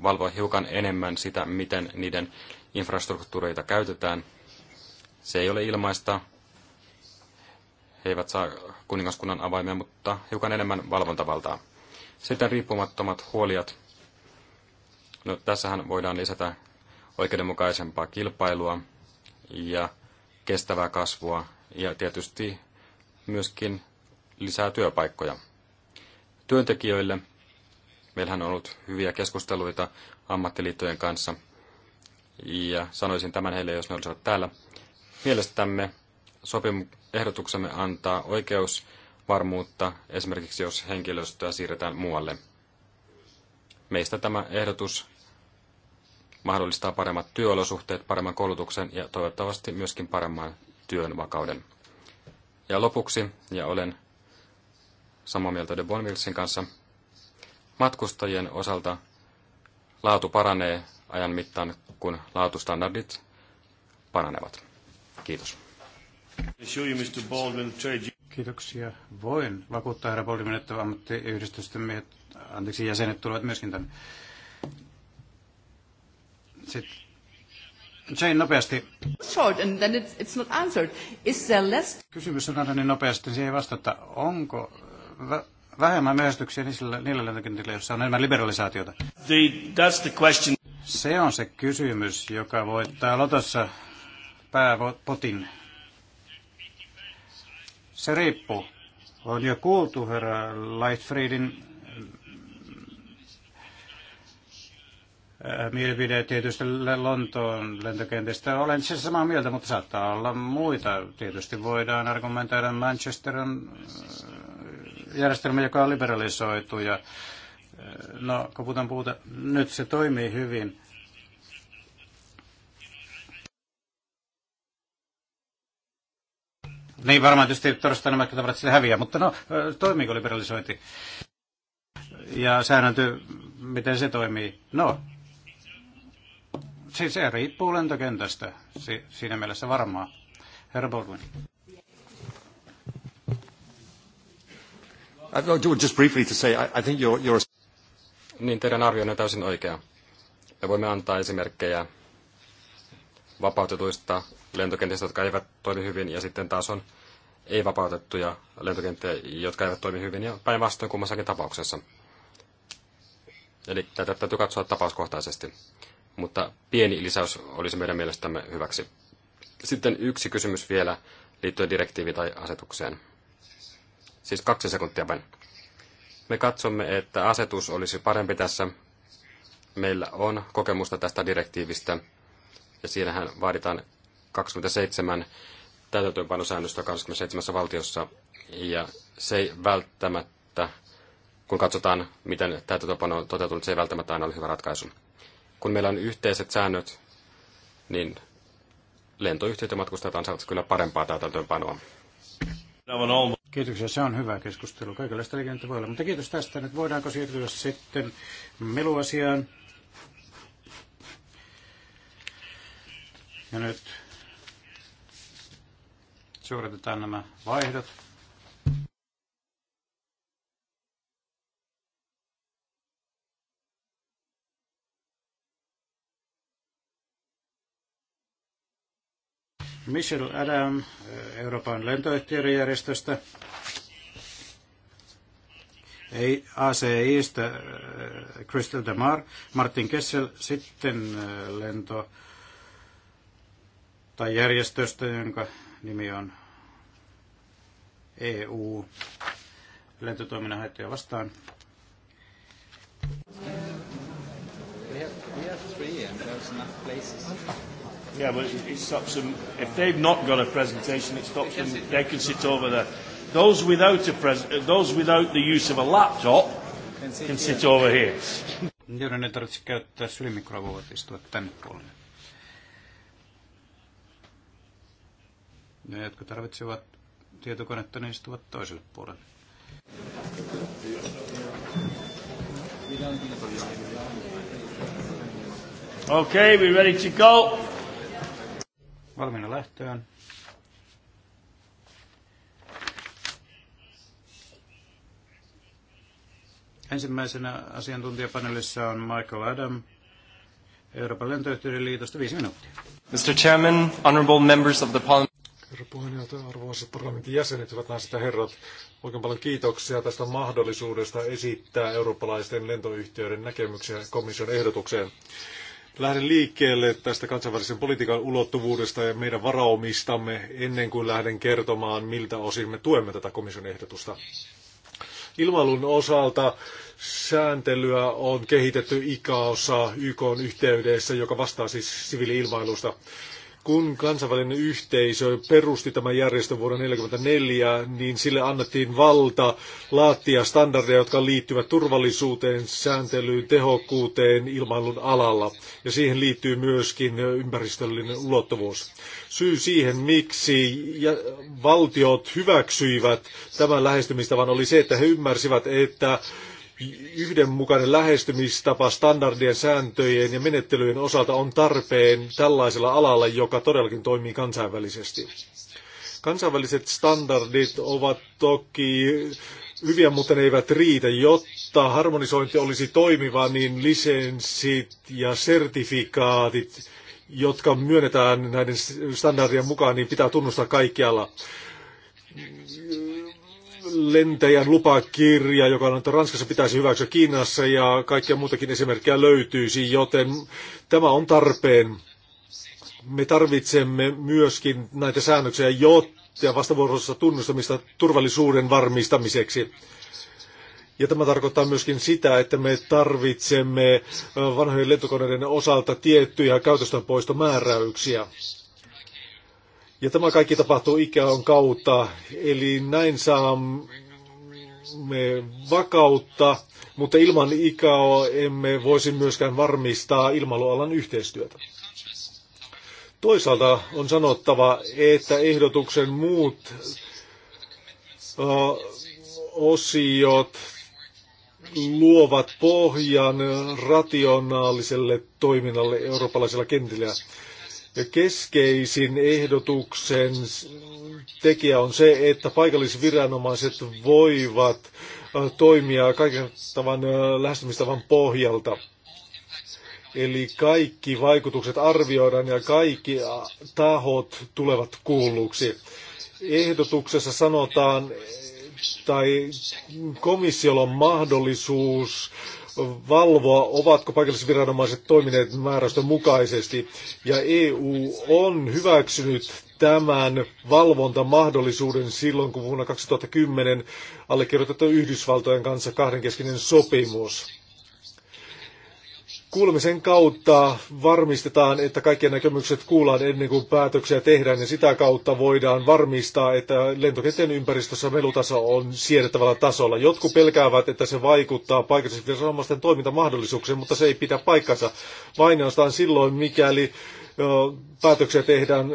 valvoa hiukan enemmän sitä, miten niiden infrastruktuureita käytetään. Se ei ole ilmaista. He eivät saa kuningaskunnan avaimia, mutta hiukan enemmän valvontavaltaa. Sitten riippumattomat huolijat No, tässähän voidaan lisätä oikeudenmukaisempaa kilpailua ja kestävää kasvua ja tietysti myöskin lisää työpaikkoja. Työntekijöille meillähän on ollut hyviä keskusteluita ammattiliittojen kanssa ja sanoisin tämän heille, jos ne olisivat täällä. Mielestämme sopimusehdotuksemme ehdotuksemme antaa oikeusvarmuutta esimerkiksi, jos henkilöstöä siirretään muualle. Meistä tämä ehdotus mahdollistaa paremmat työolosuhteet, paremman koulutuksen ja toivottavasti myöskin paremman työn vakauden. Ja lopuksi, ja olen samaa mieltä De Bonvilsin kanssa, matkustajien osalta laatu paranee ajan mittaan, kun laatustandardit paranevat. Kiitos. Kiitoksia. Voin vakuuttaa herra Baldwin, että ammattiyhdistysten anteeksi, jäsenet tulevat myöskin tänne. Sitten Jane, nopeasti. Short and then it's, it's not answered. Is there less... Kysymys on aina niin nopeasti, siihen ei vastata. Onko vähemmän myöhästyksiä niillä, niillä lentokentillä, joissa on enemmän liberalisaatiota? The, that's the question. Se on se kysymys, joka voittaa Lotossa pääpotin. Se riippuu. On jo kuultu herra Lightfriedin Äh, mielipide tietysti Lontoon lentokentistä. Olen siis samaa mieltä, mutta saattaa olla muita. Tietysti voidaan argumentoida Manchesterin äh, järjestelmä, joka on liberalisoitu. Ja, äh, no, koputan puuta. Nyt se toimii hyvin. Niin varmaan tietysti torstaina markkinatavarat sille häviää, mutta no, toimiiko liberalisointi? Ja säännönty, miten se toimii? No, Siis se riippuu lentokentästä, si- siinä mielessä varmaa. Herra Baldwin. Uh, just briefly to say, I think you're, you're... Niin, teidän arvionne on täysin oikea. Me voimme antaa esimerkkejä vapautetuista lentokentistä, jotka eivät toimi hyvin, ja sitten taas on ei-vapautettuja lentokenttiä, jotka eivät toimi hyvin, ja päinvastoin kummassakin tapauksessa. Eli tätä täytyy katsoa tapauskohtaisesti mutta pieni lisäys olisi meidän mielestämme hyväksi. Sitten yksi kysymys vielä liittyen direktiivi tai asetukseen. Siis kaksi sekuntia vain. Me katsomme, että asetus olisi parempi tässä. Meillä on kokemusta tästä direktiivistä, ja siinähän vaaditaan 27 täytäntöönpanosäännöstä 27 valtiossa, ja se ei välttämättä, kun katsotaan, miten täytäntöönpano on toteutunut, se ei välttämättä aina ole hyvä ratkaisu kun meillä on yhteiset säännöt, niin lentoyhtiöt ja matkustajat ansaavat kyllä parempaa täytäntöönpanoa. Kiitoksia, se on hyvä keskustelu. Kaikenlaista liikennettä voi olla, mutta kiitos tästä. Nyt voidaanko siirtyä sitten meluasiaan. Ja nyt suoritetaan nämä vaihdot. Michel Adam Euroopan lentoyhtiöiden järjestöstä, ei ACIstä äh, Crystal Demar, Martin Kessel, sitten äh, lento tai järjestöstä, jonka nimi on EU lentotoiminnan haittoja vastaan. We have, we have three and there's enough places. Yeah, but it, it stops them. If they've not got a presentation, it stops them. They can sit over there. Those without a pres- those without the use of a laptop can sit, over here. Joiden ne tarvitse käyttää sylimikroa, että istuvat tänne puolelle. Ne, jotka tarvitsevat tietokonetta, ne istuvat toiselle puolelle. Okay, we're ready to go? valmiina lähtöön. Ensimmäisenä asiantuntijapaneelissa on Michael Adam Euroopan lentoyhtiöiden liitosta. Viisi minuuttia. Mr. Chairman, honorable members of the parliament. Herra puheenjohtaja, arvoisat parlamentin jäsenet, hyvät naiset ja herrat, oikein paljon kiitoksia tästä mahdollisuudesta esittää eurooppalaisten lentoyhtiöiden näkemyksiä komission ehdotukseen lähden liikkeelle tästä kansainvälisen politiikan ulottuvuudesta ja meidän varaumistamme ennen kuin lähden kertomaan, miltä osin me tuemme tätä komission ehdotusta. Ilmailun osalta sääntelyä on kehitetty ICAOssa YK yhteydessä, joka vastaa siis siviili ilmailusta kun kansainvälinen yhteisö perusti tämän järjestön vuonna 1944, niin sille annettiin valta laatia standardeja, jotka liittyvät turvallisuuteen, sääntelyyn, tehokkuuteen ilmailun alalla. Ja siihen liittyy myöskin ympäristöllinen ulottuvuus. Syy siihen, miksi valtiot hyväksyivät tämän lähestymistavan, oli se, että he ymmärsivät, että yhdenmukainen lähestymistapa standardien, sääntöjen ja menettelyjen osalta on tarpeen tällaisella alalla, joka todellakin toimii kansainvälisesti. Kansainväliset standardit ovat toki hyviä, mutta ne eivät riitä. Jotta harmonisointi olisi toimiva, niin lisenssit ja sertifikaatit, jotka myönnetään näiden standardien mukaan, niin pitää tunnustaa kaikkialla lentäjän lupakirja, joka on että Ranskassa pitäisi hyväksyä Kiinassa ja kaikkia muutakin esimerkkejä löytyisi, joten tämä on tarpeen. Me tarvitsemme myöskin näitä säännöksiä, jotta ja vastavuoroisessa tunnustamista turvallisuuden varmistamiseksi. Ja tämä tarkoittaa myöskin sitä, että me tarvitsemme vanhojen lentokoneiden osalta tiettyjä käytöstä poistomääräyksiä. määräyksiä. Ja tämä kaikki tapahtuu ikäon kautta, eli näin saamme vakautta, mutta ilman ikäo emme voisi myöskään varmistaa ilmailualan yhteistyötä. Toisaalta on sanottava, että ehdotuksen muut osiot luovat pohjan rationaaliselle toiminnalle eurooppalaisella kentillä keskeisin ehdotuksen tekijä on se, että paikallisviranomaiset voivat toimia kaiken tavan lähestymistavan pohjalta. Eli kaikki vaikutukset arvioidaan ja kaikki tahot tulevat kuulluksi. Ehdotuksessa sanotaan, tai komissiolla on mahdollisuus äh, valvoa, ovatko paikallisviranomaiset toimineet määräysten mukaisesti. Ja EU on hyväksynyt tämän valvontamahdollisuuden silloin, kun vuonna 2010 allekirjoitettu Yhdysvaltojen kanssa kahdenkeskinen sopimus. Kuulemisen kautta varmistetaan, että kaikkien näkemykset kuullaan ennen kuin päätöksiä tehdään ja sitä kautta voidaan varmistaa, että lentokentän ympäristössä melutaso on siedettävällä tasolla. Jotkut pelkäävät, että se vaikuttaa paikallisen viranomaisten toimintamahdollisuuksiin, mutta se ei pidä paikkansa. Vain silloin, mikäli päätöksiä tehdään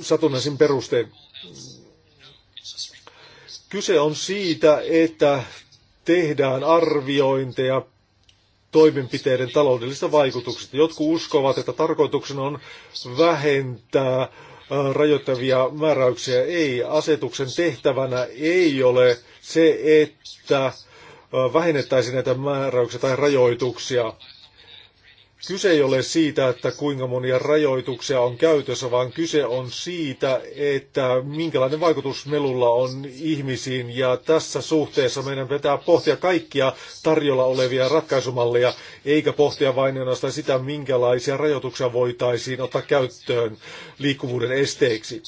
satunnaisin perustein. Kyse on siitä, että tehdään arviointeja toimenpiteiden taloudellista vaikutuksista. Jotkut uskovat, että tarkoituksena on vähentää äh, rajoittavia määräyksiä. Ei, asetuksen tehtävänä ei ole se, että äh, vähennettäisiin näitä määräyksiä tai rajoituksia. Kyse ei ole siitä, että kuinka monia rajoituksia on käytössä, vaan kyse on siitä, että minkälainen vaikutus melulla on ihmisiin. Ja tässä suhteessa meidän pitää pohtia kaikkia tarjolla olevia ratkaisumalleja, eikä pohtia vain ainoastaan sitä, minkälaisia rajoituksia voitaisiin ottaa käyttöön liikkuvuuden esteeksi.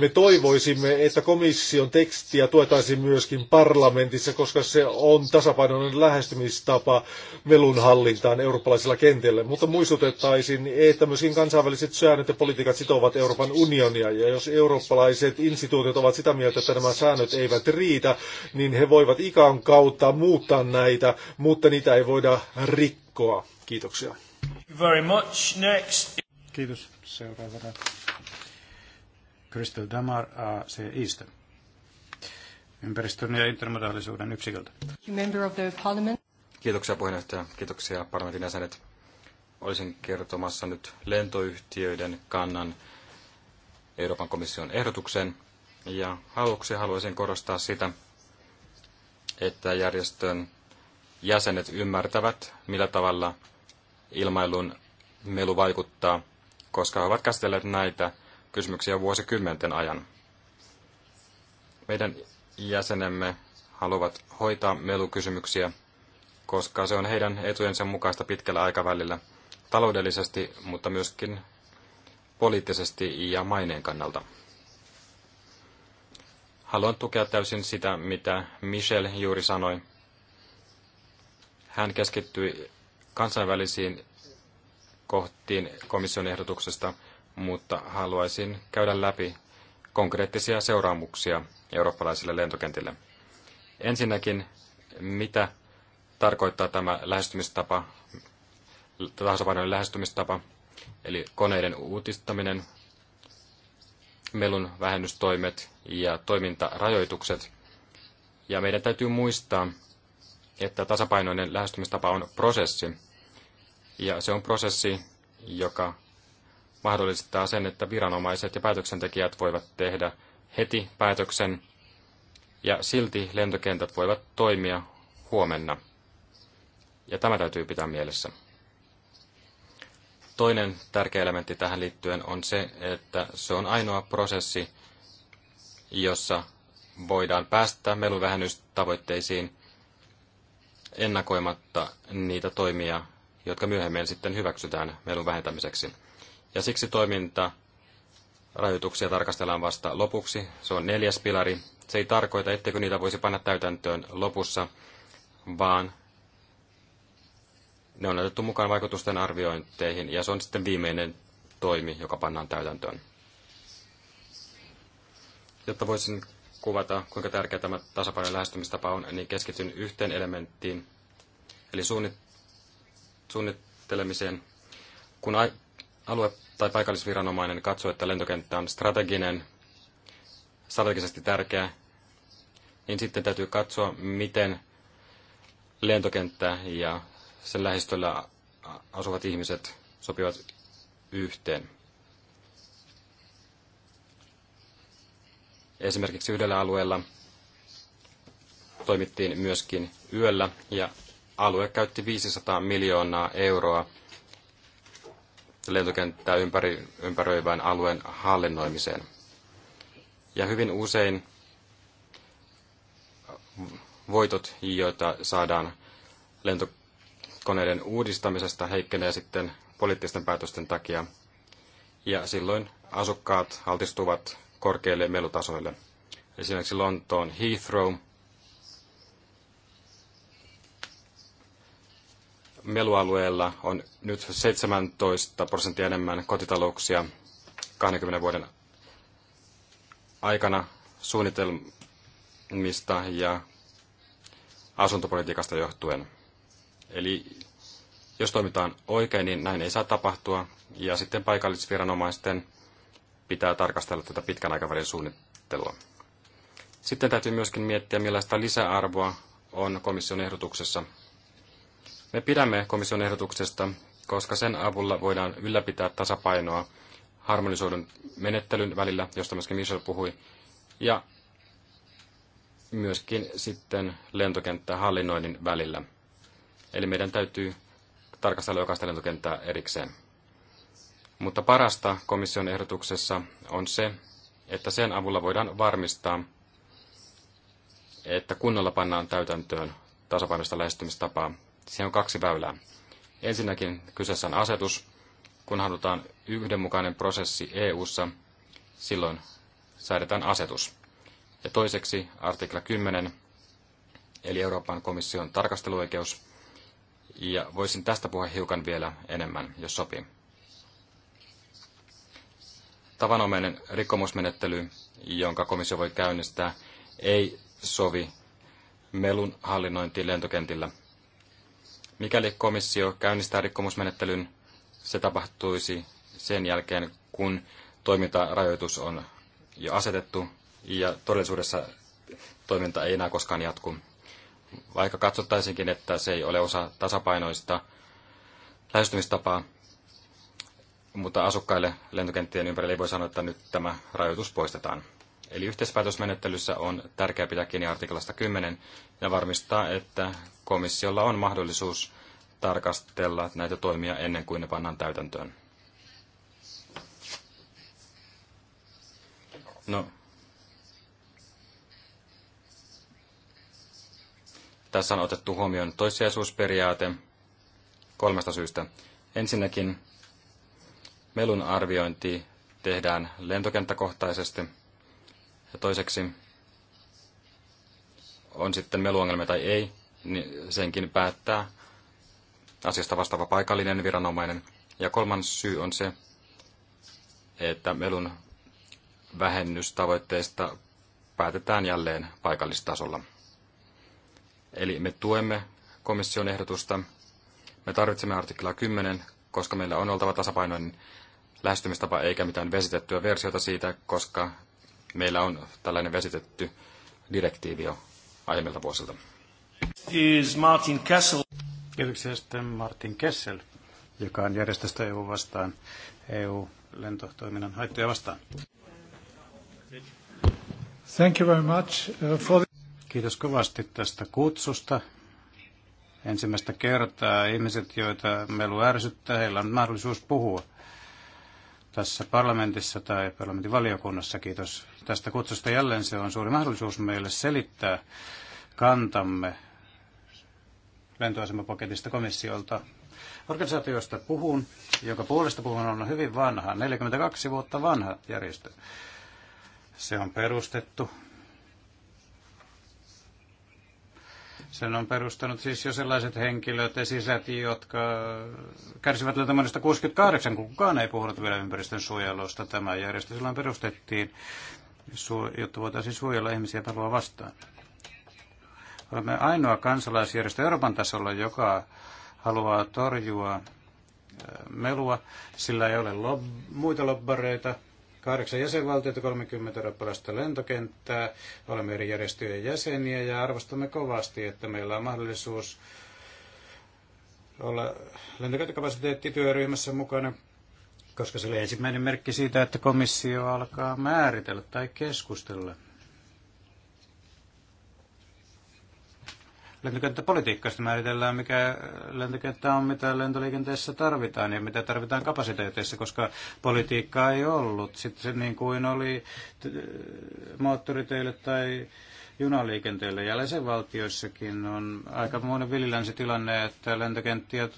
Me toivoisimme, että komission tekstiä tuetaisiin myöskin parlamentissa, koska se on tasapainoinen lähestymistapa melun hallintaan eurooppalaisilla kentällä. Mutta muistutettaisiin, että myöskin kansainväliset säännöt ja politiikat sitovat Euroopan unionia. Ja jos eurooppalaiset instituutiot ovat sitä mieltä, että nämä säännöt eivät riitä, niin he voivat ikan kautta muuttaa näitä, mutta niitä ei voida rikkoa. Kiitoksia. Very much. Next. Kiitos. Seuraavana Crystal Damar AC East. Ympäristön ja intermodaalisuuden yksiköltä. Kiitoksia puheenjohtaja, kiitoksia parlamentin jäsenet. Olisin kertomassa nyt lentoyhtiöiden kannan Euroopan komission ehdotukseen. Ja aluksi haluaisin korostaa sitä, että järjestön jäsenet ymmärtävät, millä tavalla ilmailun melu vaikuttaa, koska he ovat käsitelleet näitä kysymyksiä vuosikymmenten ajan. Meidän jäsenemme haluavat hoitaa melukysymyksiä, koska se on heidän etujensa mukaista pitkällä aikavälillä taloudellisesti, mutta myöskin poliittisesti ja maineen kannalta. Haluan tukea täysin sitä, mitä Michel juuri sanoi. Hän keskittyi kansainvälisiin kohtiin komission ehdotuksesta mutta haluaisin käydä läpi konkreettisia seuraamuksia eurooppalaisille lentokentille. Ensinnäkin, mitä tarkoittaa tämä lähestymistapa, tasapainoinen lähestymistapa, eli koneiden uutistaminen, melun vähennystoimet ja toimintarajoitukset. Ja meidän täytyy muistaa, että tasapainoinen lähestymistapa on prosessi, ja se on prosessi, joka mahdollistaa sen, että viranomaiset ja päätöksentekijät voivat tehdä heti päätöksen ja silti lentokentät voivat toimia huomenna. Ja tämä täytyy pitää mielessä. Toinen tärkeä elementti tähän liittyen on se, että se on ainoa prosessi, jossa voidaan päästä meluvähennystavoitteisiin ennakoimatta niitä toimia, jotka myöhemmin sitten hyväksytään melun vähentämiseksi. Ja siksi toiminta rajoituksia tarkastellaan vasta lopuksi. Se on neljäs pilari. Se ei tarkoita, etteikö niitä voisi panna täytäntöön lopussa, vaan ne on otettu mukaan vaikutusten arviointeihin ja se on sitten viimeinen toimi, joka pannaan täytäntöön. Jotta voisin kuvata, kuinka tärkeä tämä tasapainon lähestymistapa on, niin keskityn yhteen elementtiin, eli suunnittelemiseen. Kun alue- tai paikallisviranomainen katsoo, että lentokenttä on strateginen, strategisesti tärkeä, niin sitten täytyy katsoa, miten lentokenttä ja sen lähistöllä asuvat ihmiset sopivat yhteen. Esimerkiksi yhdellä alueella toimittiin myöskin yöllä ja alue käytti 500 miljoonaa euroa tästä lentokenttää ympäri, ympäröivän alueen hallinnoimiseen. Ja hyvin usein voitot, joita saadaan lentokoneiden uudistamisesta, heikkenee sitten poliittisten päätösten takia. Ja silloin asukkaat altistuvat korkeille melutasoille. Esimerkiksi Lontoon Heathrow – melualueella on nyt 17 prosenttia enemmän kotitalouksia 20 vuoden aikana suunnitelmista ja asuntopolitiikasta johtuen. Eli jos toimitaan oikein, niin näin ei saa tapahtua. Ja sitten paikallisviranomaisten pitää tarkastella tätä pitkän aikavälin suunnittelua. Sitten täytyy myöskin miettiä, millaista lisäarvoa on komission ehdotuksessa me pidämme komission ehdotuksesta, koska sen avulla voidaan ylläpitää tasapainoa harmonisoidun menettelyn välillä, josta myöskin Michel puhui, ja myöskin sitten lentokenttähallinnoinnin välillä. Eli meidän täytyy tarkastella jokaista lentokenttää erikseen. Mutta parasta komission ehdotuksessa on se, että sen avulla voidaan varmistaa, että kunnolla pannaan täytäntöön tasapainoista lähestymistapaa Siihen on kaksi väylää. Ensinnäkin kyseessä on asetus. Kun halutaan yhdenmukainen prosessi EU:ssa, silloin säädetään asetus. Ja toiseksi artikla 10, eli Euroopan komission tarkasteluoikeus. Ja voisin tästä puhua hiukan vielä enemmän, jos sopii. Tavanomainen rikkomusmenettely, jonka komissio voi käynnistää, ei sovi melun hallinnointiin lentokentillä. Mikäli komissio käynnistää rikkomusmenettelyn, se tapahtuisi sen jälkeen, kun toimintarajoitus on jo asetettu ja todellisuudessa toiminta ei enää koskaan jatku. Vaikka katsottaisinkin, että se ei ole osa tasapainoista lähestymistapaa, mutta asukkaille lentokenttien ympärille ei voi sanoa, että nyt tämä rajoitus poistetaan. Eli yhteispäätösmenettelyssä on tärkeää pitää kiinni artiklasta 10 ja varmistaa, että komissiolla on mahdollisuus tarkastella näitä toimia ennen kuin ne pannaan täytäntöön. No, tässä on otettu huomioon toissijaisuusperiaate kolmesta syystä. Ensinnäkin melun arviointi tehdään lentokenttäkohtaisesti – ja toiseksi on sitten meluongelmia tai ei, niin senkin päättää asiasta vastaava paikallinen viranomainen. Ja kolmas syy on se, että melun vähennystavoitteista päätetään jälleen paikallistasolla. Eli me tuemme komission ehdotusta. Me tarvitsemme artiklaa 10, koska meillä on oltava tasapainoinen lähestymistapa eikä mitään vesitettyä versiota siitä, koska meillä on tällainen vesitetty direktiivi jo aiemmilta vuosilta. Is Martin Kessel. Kiitoksia sitten Martin Kessel, joka on järjestöstä EU vastaan, EU-lentotoiminnan haittoja vastaan. Thank you very much uh, for the... Kiitos kovasti tästä kutsusta. Ensimmäistä kertaa ihmiset, joita melu ärsyttää, heillä on mahdollisuus puhua tässä parlamentissa tai parlamentin valiokunnassa. Kiitos tästä kutsusta jälleen. Se on suuri mahdollisuus meille selittää kantamme lentoasemapaketista komissiolta. Organisaatiosta puhun, jonka puolesta puhun on hyvin vanha, 42 vuotta vanha järjestö. Se on perustettu Sen on perustanut siis jo sellaiset henkilöt ja sisät, jotka kärsivät lentomennosta 68, kun kukaan ei puhunut vielä ympäristön suojelusta. Tämä järjestö silloin perustettiin, jotta voitaisiin suojella ihmisiä palua vastaan. Olemme ainoa kansalaisjärjestö Euroopan tasolla, joka haluaa torjua melua. Sillä ei ole lob- muita lobbareita, kahdeksan jäsenvaltiota, 30 eurooppalaista lentokenttää. Olemme eri järjestöjen jäseniä ja arvostamme kovasti, että meillä on mahdollisuus olla lentokenttakapasiteettityöryhmässä mukana, koska se oli ensimmäinen merkki siitä, että komissio alkaa määritellä tai keskustella lentokenttäpolitiikkaa. määritellään, mikä lentokenttä on, mitä lentoliikenteessä tarvitaan ja mitä tarvitaan kapasiteeteissa, koska politiikkaa ei ollut. Sitten se niin kuin oli moottoriteille tai junaliikenteelle ja jäsenvaltioissakin on aika monen villilän tilanne, että lentokenttiä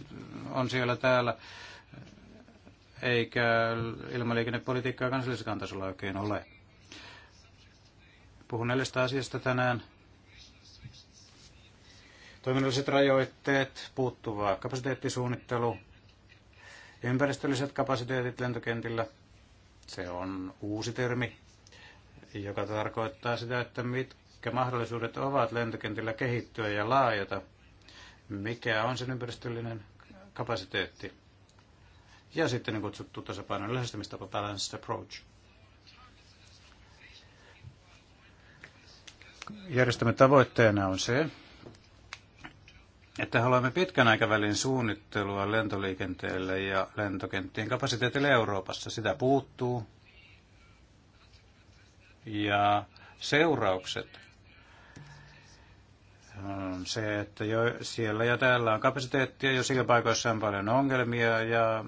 on siellä täällä eikä ilmaliikennepolitiikkaa kansallisella tasolla oikein ole. Puhun neljästä asiasta tänään. Toiminnalliset rajoitteet, puuttuva kapasiteettisuunnittelu, ympäristölliset kapasiteetit lentokentillä, se on uusi termi, joka tarkoittaa sitä, että mitkä mahdollisuudet ovat lentokentillä kehittyä ja laajata, mikä on sen ympäristöllinen kapasiteetti. Ja sitten niin kutsuttu tasapainon lähestymistapa, balanced approach. Järjestelmän tavoitteena on se, että haluamme pitkän aikavälin suunnittelua lentoliikenteelle ja lentokenttien kapasiteetille Euroopassa. Sitä puuttuu. Ja seuraukset on se, että jo siellä ja täällä on kapasiteettia, jo sillä paikoissa on paljon ongelmia ja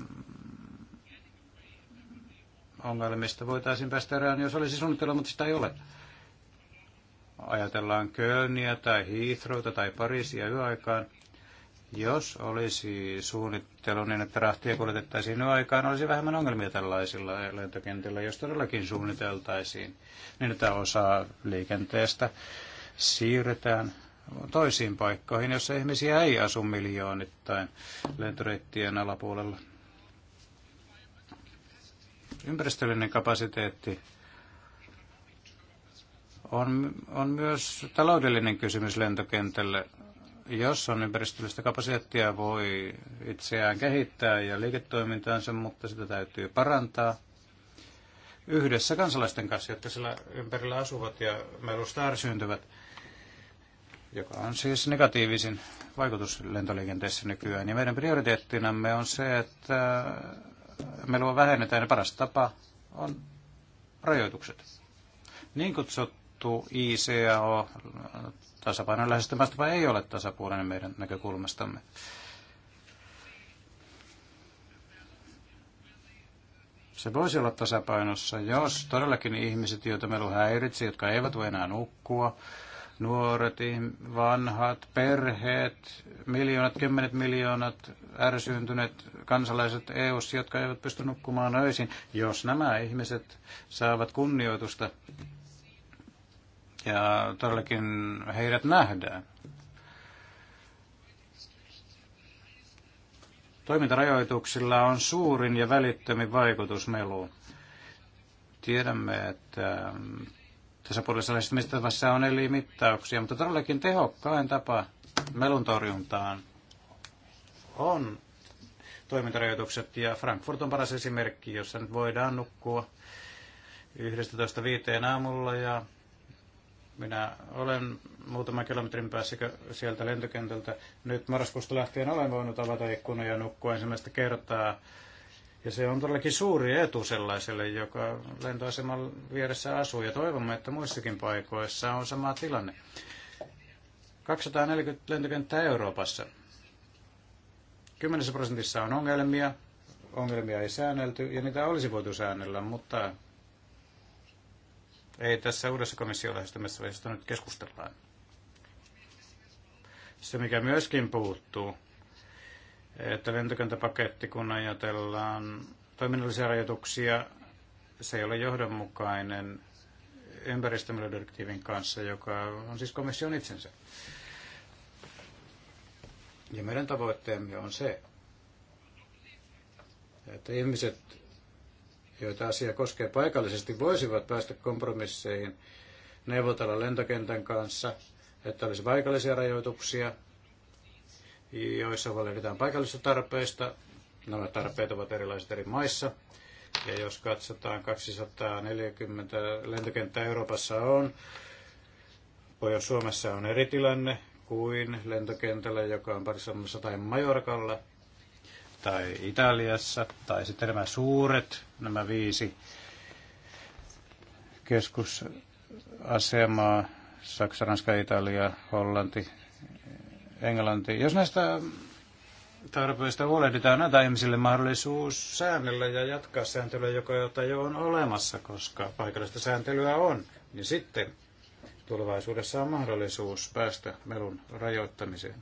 ongelmista voitaisiin päästä erään, jos olisi suunnittelua, mutta sitä ei ole ajatellaan Kölniä tai Heathrowta tai Pariisia yöaikaan, jos olisi suunnittelu niin, että rahtia kuljetettaisiin no aikaan, olisi vähemmän ongelmia tällaisilla lentokentillä, jos todellakin suunniteltaisiin niin, että osa liikenteestä siirretään toisiin paikkoihin, jossa ihmisiä ei asu miljoonittain lentoreittien alapuolella. Ympäristöllinen kapasiteetti on, on myös taloudellinen kysymys lentokentälle jos on ympäristöllistä kapasiteettia, voi itseään kehittää ja liiketoimintaansa, mutta sitä täytyy parantaa yhdessä kansalaisten kanssa, jotka sillä ympärillä asuvat ja melusta syntyvät, joka on siis negatiivisin vaikutus lentoliikenteessä nykyään. Ja meidän prioriteettinamme on se, että melua vähennetään ja paras tapa on rajoitukset. Niin kutsuttu ICAO Tasapainon lähestymistapa ei ole tasapuolinen meidän näkökulmastamme. Se voisi olla tasapainossa, jos todellakin ihmiset, joita on häiritsi, jotka eivät voi enää nukkua, nuoret, vanhat, perheet, miljoonat, kymmenet miljoonat ärsyyntyneet kansalaiset eu jotka eivät pysty nukkumaan öisin. Jos nämä ihmiset saavat kunnioitusta ja todellakin heidät nähdään. Toimintarajoituksilla on suurin ja välittömin vaikutus meluun. Tiedämme, että tässä puolessa on eli mittauksia, mutta todellakin tehokkain tapa melun torjuntaan on toimintarajoitukset. Ja Frankfurt on paras esimerkki, jossa nyt voidaan nukkua 11.5 aamulla ja minä olen muutaman kilometrin päässä sieltä lentokentältä. Nyt marraskuusta lähtien olen voinut avata ikkunan ja nukkua ensimmäistä kertaa. Ja se on todellakin suuri etu sellaiselle, joka lentoaseman vieressä asuu. Ja toivomme, että muissakin paikoissa on sama tilanne. 240 lentokenttää Euroopassa. 10 prosentissa on ongelmia, ongelmia ei säännelty ja niitä olisi voitu säännellä, mutta ei tässä uudessa komission lähestymässä, josta nyt keskustellaan. Se, mikä myöskin puuttuu, että lentokenttäpaketti, kun ajatellaan toiminnallisia rajoituksia, se ei ole johdonmukainen ympäristömyydirektiivin kanssa, joka on siis komission itsensä. Ja meidän tavoitteemme on se, että ihmiset joita asia koskee paikallisesti, voisivat päästä kompromisseihin, neuvotella lentokentän kanssa, että olisi paikallisia rajoituksia, joissa huolehditaan paikallisista tarpeista. Nämä tarpeet ovat erilaiset eri maissa. Ja jos katsotaan, 240 lentokenttää Euroopassa on. Pohjois-Suomessa on eri tilanne kuin lentokentällä, joka on Barcelonassa tai Majorkalla tai Italiassa. Tai sitten nämä suuret nämä viisi keskusasemaa, Saksa, Ranska, Italia, Hollanti, Englanti. Jos näistä tarpeista huolehditaan, näitä ihmisille mahdollisuus säännellä ja jatkaa sääntelyä, joka jota jo on olemassa, koska paikallista sääntelyä on, niin sitten tulevaisuudessa on mahdollisuus päästä melun rajoittamiseen.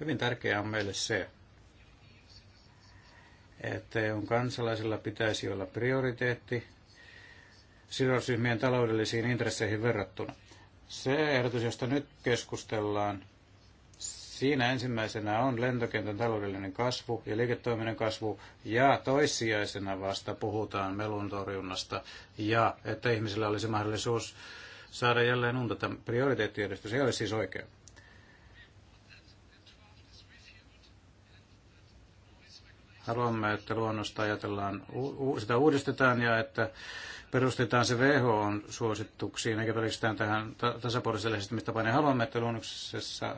Hyvin tärkeää on meille se, että EUn kansalaisilla pitäisi olla prioriteetti sidosryhmien taloudellisiin intresseihin verrattuna. Se ehdotus, josta nyt keskustellaan, siinä ensimmäisenä on lentokentän taloudellinen kasvu ja liiketoiminnan kasvu, ja toissijaisena vasta puhutaan melun torjunnasta, ja että ihmisillä olisi mahdollisuus saada jälleen unta. Prioriteettijärjestys ei ole siis oikea. Haluamme, että luonnosta ajatellaan, sitä uudistetaan ja että perustetaan se on suosituksiin, eikä pelkästään tähän tasapuoliselle esittämistapaan. Haluamme, että luonnoksessa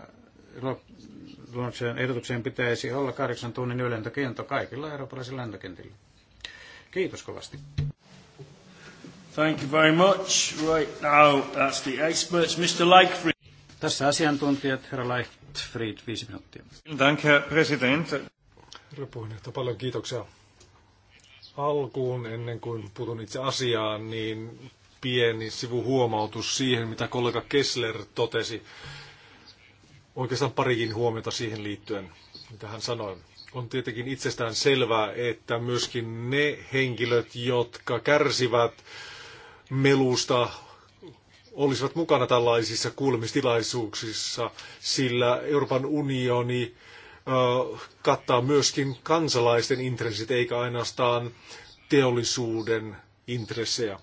luonnoksen ehdotukseen pitäisi olla kahdeksan tunnin ylentokiento kaikilla eurooppalaisilla lentokentillä. Kiitos kovasti. Thank you very much. Right now, that's the experts. Mr. Leichfried. Tässä asiantuntijat, herra Leichfried, viisi minuuttia. Danke, Herr Präsident. Herra puheenjohtaja, paljon kiitoksia alkuun, ennen kuin puutun itse asiaan, niin pieni sivuhuomautus siihen, mitä kollega Kessler totesi. Oikeastaan parikin huomiota siihen liittyen, mitä hän sanoi. On tietenkin itsestään selvää, että myöskin ne henkilöt, jotka kärsivät melusta, olisivat mukana tällaisissa kuulemistilaisuuksissa, sillä Euroopan unioni kattaa myöskin kansalaisten intressit, eikä ainoastaan teollisuuden intressejä.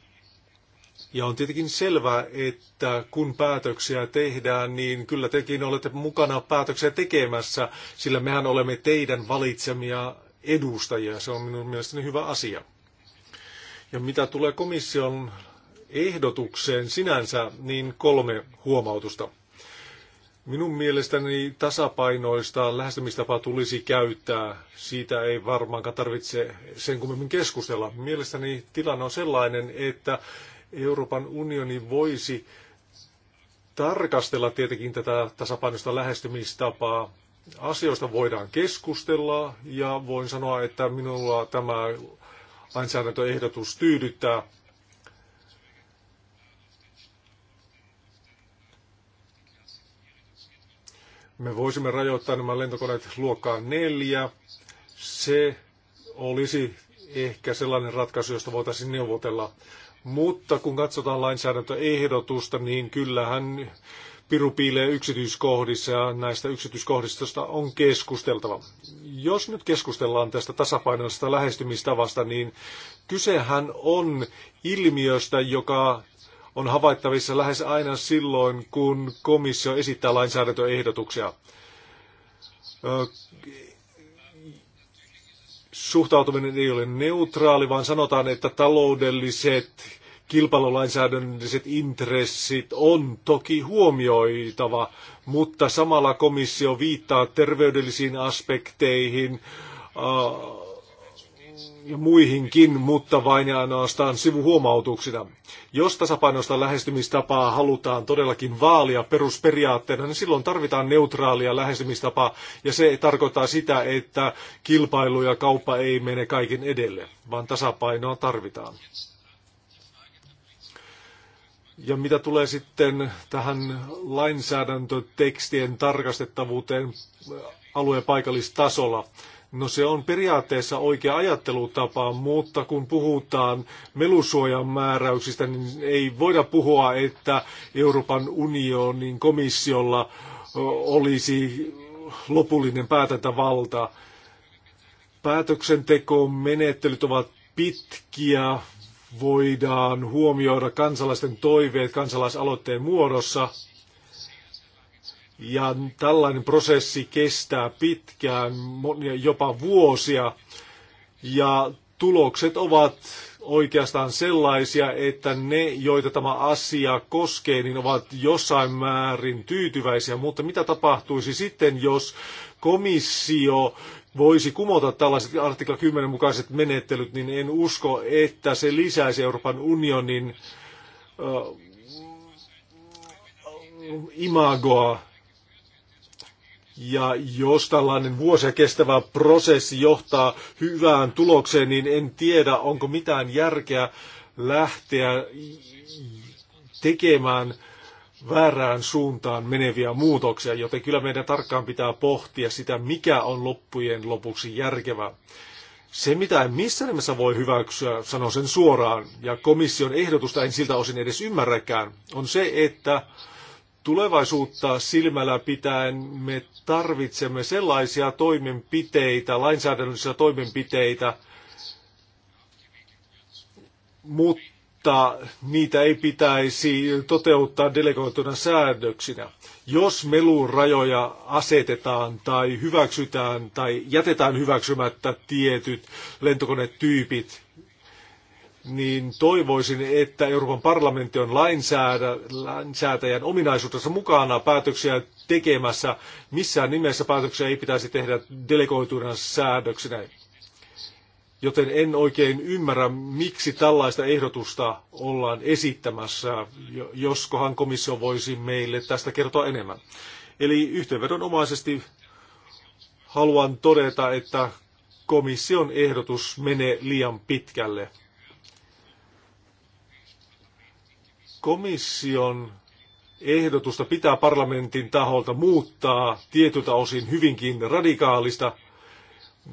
Ja on tietenkin selvää, että kun päätöksiä tehdään, niin kyllä tekin olette mukana päätöksiä tekemässä, sillä mehän olemme teidän valitsemia edustajia. Se on minun mielestäni hyvä asia. Ja mitä tulee komission ehdotukseen sinänsä, niin kolme huomautusta. Minun mielestäni tasapainoista lähestymistapaa tulisi käyttää. Siitä ei varmaankaan tarvitse sen kummemmin keskustella. Mielestäni tilanne on sellainen, että Euroopan unioni voisi tarkastella tietenkin tätä tasapainoista lähestymistapaa. Asioista voidaan keskustella ja voin sanoa, että minulla tämä lainsäädäntöehdotus tyydyttää. Me voisimme rajoittaa nämä lentokoneet luokkaan neljä. Se olisi ehkä sellainen ratkaisu, josta voitaisiin neuvotella. Mutta kun katsotaan lainsäädäntöehdotusta, niin kyllähän piru piilee yksityiskohdissa ja näistä yksityiskohdista on keskusteltava. Jos nyt keskustellaan tästä tasapainoisesta lähestymistavasta, niin kysehän on ilmiöstä, joka on havaittavissa lähes aina silloin, kun komissio esittää lainsäädäntöehdotuksia. Suhtautuminen ei ole neutraali, vaan sanotaan, että taloudelliset kilpailulainsäädännölliset intressit on toki huomioitava, mutta samalla komissio viittaa terveydellisiin aspekteihin, ja muihinkin, mutta vain ja ainoastaan sivuhuomautuksina. Jos tasapainoista lähestymistapaa halutaan todellakin vaalia perusperiaatteena, niin silloin tarvitaan neutraalia lähestymistapaa, ja se tarkoittaa sitä, että kilpailu ja kauppa ei mene kaiken edelle, vaan tasapainoa tarvitaan. Ja mitä tulee sitten tähän lainsäädäntötekstien tarkastettavuuteen alue- ja paikallistasolla, No se on periaatteessa oikea ajattelutapa, mutta kun puhutaan melusuojan määräyksistä, niin ei voida puhua, että Euroopan unionin komissiolla olisi lopullinen päätäntävalta. menettelyt ovat pitkiä, voidaan huomioida kansalaisten toiveet kansalaisaloitteen muodossa, ja tällainen prosessi kestää pitkään, jopa vuosia. Ja tulokset ovat oikeastaan sellaisia, että ne, joita tämä asia koskee, niin ovat jossain määrin tyytyväisiä. Mutta mitä tapahtuisi sitten, jos komissio voisi kumota tällaiset artikla 10 mukaiset menettelyt, niin en usko, että se lisäisi Euroopan unionin äh, imagoa ja jos tällainen vuosia kestävä prosessi johtaa hyvään tulokseen, niin en tiedä, onko mitään järkeä lähteä tekemään väärään suuntaan meneviä muutoksia, joten kyllä meidän tarkkaan pitää pohtia sitä, mikä on loppujen lopuksi järkevä. Se, mitä en missään nimessä voi hyväksyä, sanon sen suoraan, ja komission ehdotusta en siltä osin edes ymmärräkään, on se, että Tulevaisuutta silmällä pitäen me tarvitsemme sellaisia toimenpiteitä, lainsäädännöllisiä toimenpiteitä, mutta niitä ei pitäisi toteuttaa delegoituna säännöksinä. Jos melun rajoja asetetaan tai hyväksytään tai jätetään hyväksymättä tietyt lentokonetyypit, niin toivoisin, että Euroopan parlamentti on lainsäätäjän ominaisuudessa mukana päätöksiä tekemässä. Missään nimessä päätöksiä ei pitäisi tehdä delegoituina säädöksinä. Joten en oikein ymmärrä, miksi tällaista ehdotusta ollaan esittämässä, joskohan komissio voisi meille tästä kertoa enemmän. Eli yhteenvedonomaisesti haluan todeta, että komission ehdotus menee liian pitkälle. Komission ehdotusta pitää parlamentin taholta muuttaa tietyltä osin hyvinkin radikaalista,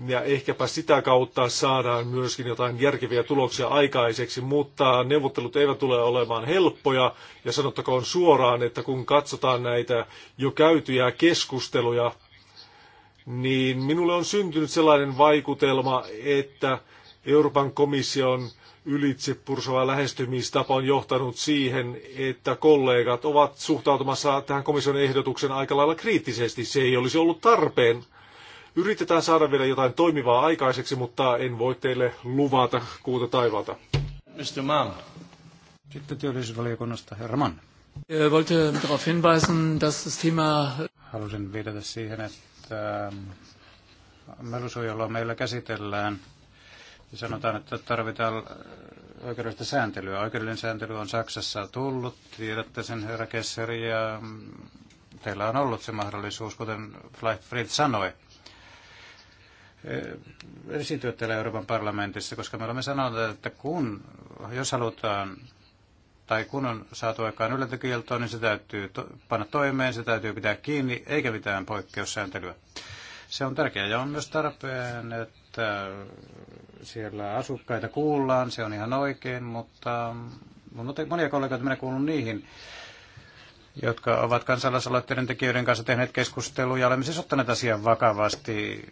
ja ehkäpä sitä kautta saadaan myöskin jotain järkeviä tuloksia aikaiseksi, mutta neuvottelut eivät tule olemaan helppoja. Ja sanottakoon suoraan, että kun katsotaan näitä jo käytyjä keskusteluja, niin minulle on syntynyt sellainen vaikutelma, että Euroopan komission ylitse lähestymistapa on johtanut siihen, että kollegat ovat suhtautumassa tähän komission ehdotuksen aika lailla kriittisesti. Se ei olisi ollut tarpeen. Yritetään saada vielä jotain toimivaa aikaiseksi, mutta en voi teille luvata kuuta taivalta. Mr. Mann. Sitten työllisyysvaliokunnasta herra Mann. Äh, wollte darauf hinweisen, dass das Thema... Halusin viitata siihen, että ähm, melusuojelua meillä käsitellään sanotaan, että tarvitaan äh, oikeudellista sääntelyä. Oikeudellinen sääntely on Saksassa tullut, tiedätte sen herra Kesseri, ja mm, teillä on ollut se mahdollisuus, kuten Fried sanoi, äh, esiintyä täällä Euroopan parlamentissa, koska me olemme sanoneet, että kun, jos halutaan tai kun on saatu aikaan yllätykieltoa, niin se täytyy to- panna toimeen, se täytyy pitää kiinni, eikä mitään poikkeussääntelyä. Se on tärkeää ja on myös tarpeen, että että siellä asukkaita kuullaan, se on ihan oikein, mutta on monia kollegoita, minä kuulun niihin, jotka ovat kansalaisaloitteiden tekijöiden kanssa tehneet ja Olemme siis ottaneet asian vakavasti.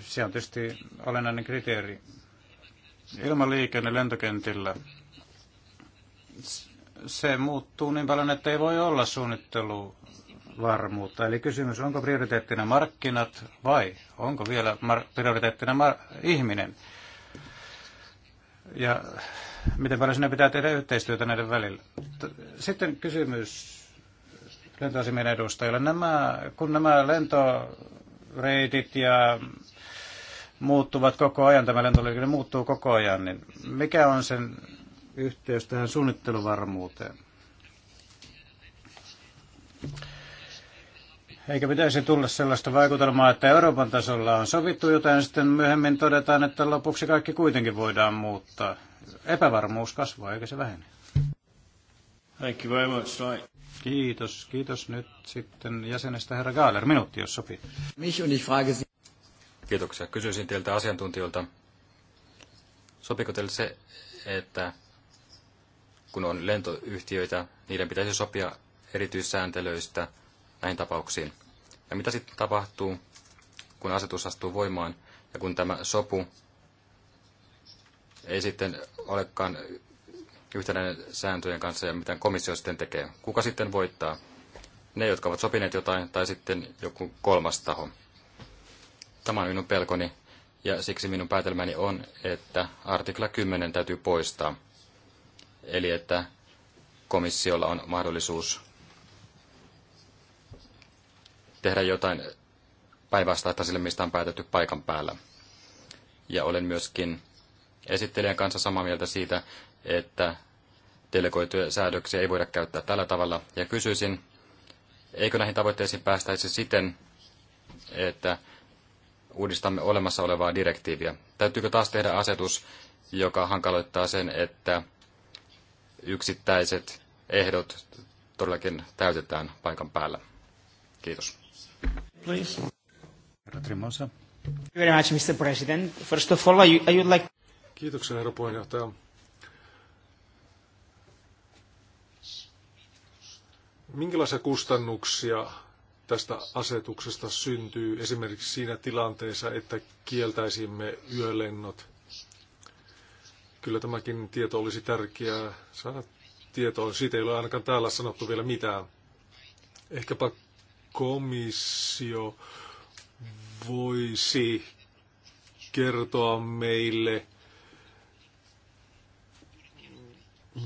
Se on tietysti olennainen kriteeri. Ilmaliikenne lentokentillä. Se muuttuu niin paljon, että ei voi olla suunnittelu varmuutta. Eli kysymys, onko prioriteettina markkinat vai onko vielä mar- prioriteettina mar- ihminen? Ja miten paljon sinne pitää tehdä yhteistyötä näiden välillä? Sitten kysymys lentoasemien edustajille. Nämä, kun nämä lentoreitit ja muuttuvat koko ajan, tämä lentoliikenne muuttuu koko ajan, niin mikä on sen yhteys tähän suunnitteluvarmuuteen? Eikä pitäisi tulla sellaista vaikutelmaa, että Euroopan tasolla on sovittu jotain, sitten myöhemmin todetaan, että lopuksi kaikki kuitenkin voidaan muuttaa. Epävarmuus kasvaa, eikä se vähene. Thank you very much. Right. Kiitos, kiitos. Nyt sitten jäsenestä herra Gaaler, minuutti, jos sopii. Mich und ich frage Sie. Kiitoksia. Kysyisin teiltä asiantuntijoilta, sopiko teille se, että kun on lentoyhtiöitä, niiden pitäisi sopia erityissääntelyistä – näihin tapauksiin. Ja mitä sitten tapahtuu, kun asetus astuu voimaan ja kun tämä sopu ei sitten olekaan yhtenäinen sääntöjen kanssa ja mitä komissio sitten tekee. Kuka sitten voittaa? Ne, jotka ovat sopineet jotain tai sitten joku kolmas taho. Tämä on minun pelkoni ja siksi minun päätelmäni on, että artikla 10 täytyy poistaa. Eli että komissiolla on mahdollisuus tehdä jotain päinvastaista sille, mistä on päätetty paikan päällä. Ja olen myöskin esittelijän kanssa samaa mieltä siitä, että delegoituja säädöksiä ei voida käyttää tällä tavalla. Ja kysyisin, eikö näihin tavoitteisiin päästäisi siten, että uudistamme olemassa olevaa direktiiviä. Täytyykö taas tehdä asetus, joka hankaloittaa sen, että yksittäiset ehdot todellakin täytetään paikan päällä? Kiitos. Please. Very much, Mr. President. First of all, I, I would like... Kiitoksia, herra puheenjohtaja. Minkälaisia kustannuksia tästä asetuksesta syntyy esimerkiksi siinä tilanteessa, että kieltäisimme yölennot? Kyllä tämäkin tieto olisi tärkeää saada tietoon. Siitä ei ole ainakaan täällä sanottu vielä mitään. Ehkäpä komissio voisi kertoa meille,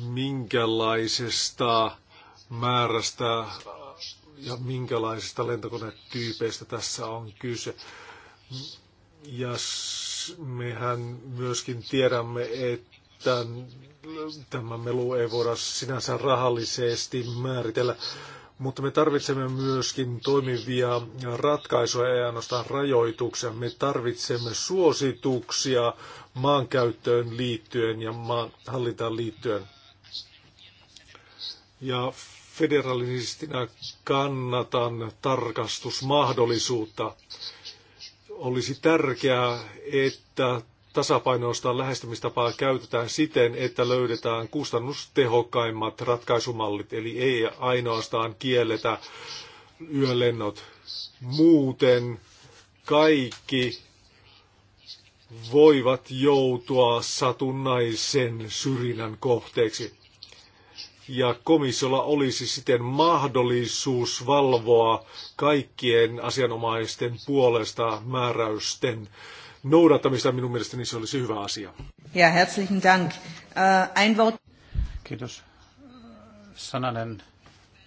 minkälaisesta määrästä ja minkälaisista lentokonetyypeistä tässä on kyse. Ja mehän myöskin tiedämme, että tämä melu ei voida sinänsä rahallisesti määritellä, mutta me tarvitsemme myöskin toimivia ratkaisuja, ei ainoastaan rajoituksia. Me tarvitsemme suosituksia maankäyttöön liittyen ja maanhallintaan liittyen. Ja federalistina kannatan tarkastusmahdollisuutta. Olisi tärkeää, että tasapainoista lähestymistapaa käytetään siten, että löydetään kustannustehokkaimmat ratkaisumallit, eli ei ainoastaan kielletä yölennot. Muuten kaikki voivat joutua satunnaisen syrjinnän kohteeksi. Ja komissiolla olisi siten mahdollisuus valvoa kaikkien asianomaisten puolesta määräysten noudattamista. Minun mielestäni niin se olisi hyvä asia. Ja herzlichen Dank. Uh, ein Wort. Kiitos. Sananen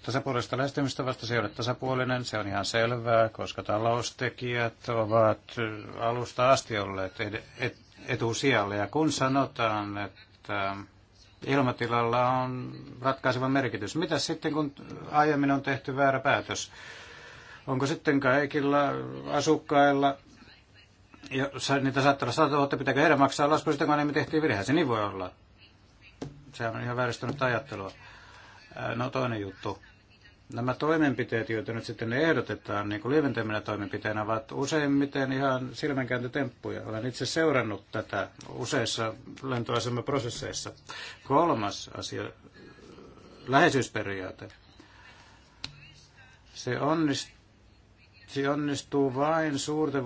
tasapuolista lähestymistä vasta se ei ole tasapuolinen, se on ihan selvää, koska taloustekijät ovat alusta asti olleet etusijalle. Ja kun sanotaan, että ilmatilalla on ratkaiseva merkitys, mitä sitten kun aiemmin on tehty väärä päätös? Onko sitten kaikilla asukkailla jos niitä saattaa olla 100 000, pitääkö heidän maksaa lasku sitten, kun enemmän tehtiin virhe? Se niin voi olla. Se on ihan vääristynyt ajattelua. No toinen juttu. Nämä toimenpiteet, joita nyt sitten ehdotetaan niin kuin toimenpiteenä, ovat useimmiten ihan silmänkääntötemppuja. Olen itse seurannut tätä useissa lentoasemaprosesseissa. Kolmas asia, läheisyysperiaate. Se onnistuu se onnistuu vain suurten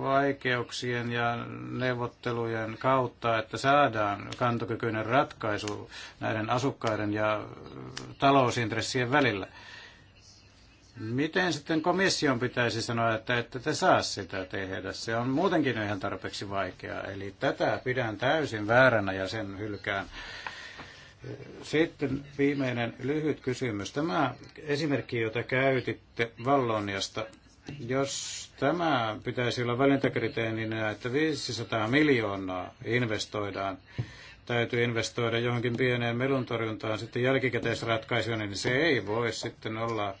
vaikeuksien ja neuvottelujen kautta, että saadaan kantokykyinen ratkaisu näiden asukkaiden ja talousintressien välillä. Miten sitten komission pitäisi sanoa, että ette te saa sitä tehdä? Se on muutenkin ihan tarpeeksi vaikeaa. Eli tätä pidän täysin vääränä ja sen hylkään. Sitten viimeinen lyhyt kysymys. Tämä esimerkki, jota käytitte Valloniasta, jos tämä pitäisi olla välintäkriteerinä, että 500 miljoonaa investoidaan, täytyy investoida johonkin pieneen meluntorjuntaan sitten jälkikäteisratkaisuun, niin se ei voi sitten olla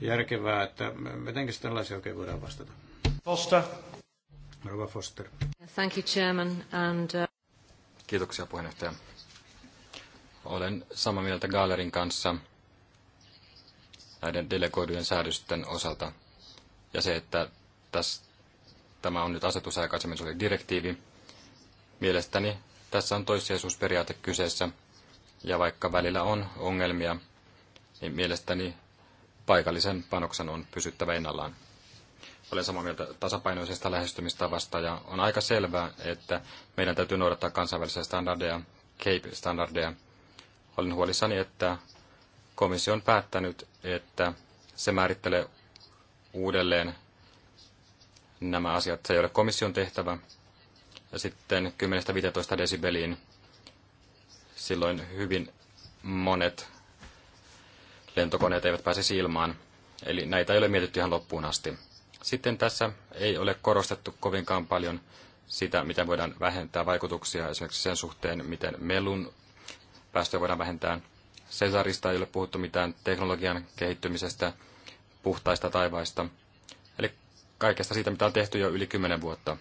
järkevää, että mitenkäs tällaisia oikein voidaan vastata. Foster. Rova Foster. Thank you, Chairman. And, uh... Kiitoksia puheenjohtaja. Olen samaa mieltä Gallerin kanssa näiden delegoidujen säädösten osalta. Ja se, että tässä, tämä on nyt asetus, aikaisemmin se oli direktiivi. Mielestäni tässä on toissijaisuusperiaate kyseessä. Ja vaikka välillä on ongelmia, niin mielestäni paikallisen panoksen on pysyttävä ennallaan. Olen samaa mieltä tasapainoisesta lähestymistavasta ja on aika selvää, että meidän täytyy noudattaa kansainvälisiä standardeja, CAPE-standardeja. Olen huolissani, että komissio on päättänyt, että se määrittelee uudelleen nämä asiat. Se ei ole komission tehtävä. Ja sitten 10-15 desibeliin silloin hyvin monet lentokoneet eivät pääse ilmaan. Eli näitä ei ole mietitty ihan loppuun asti. Sitten tässä ei ole korostettu kovinkaan paljon sitä, miten voidaan vähentää vaikutuksia esimerkiksi sen suhteen, miten melun päästöjä voidaan vähentää. Cesarista ei ole puhuttu mitään teknologian kehittymisestä, puhtaista taivaista, eli kaikesta siitä, mitä on tehty jo yli 10 vuotta.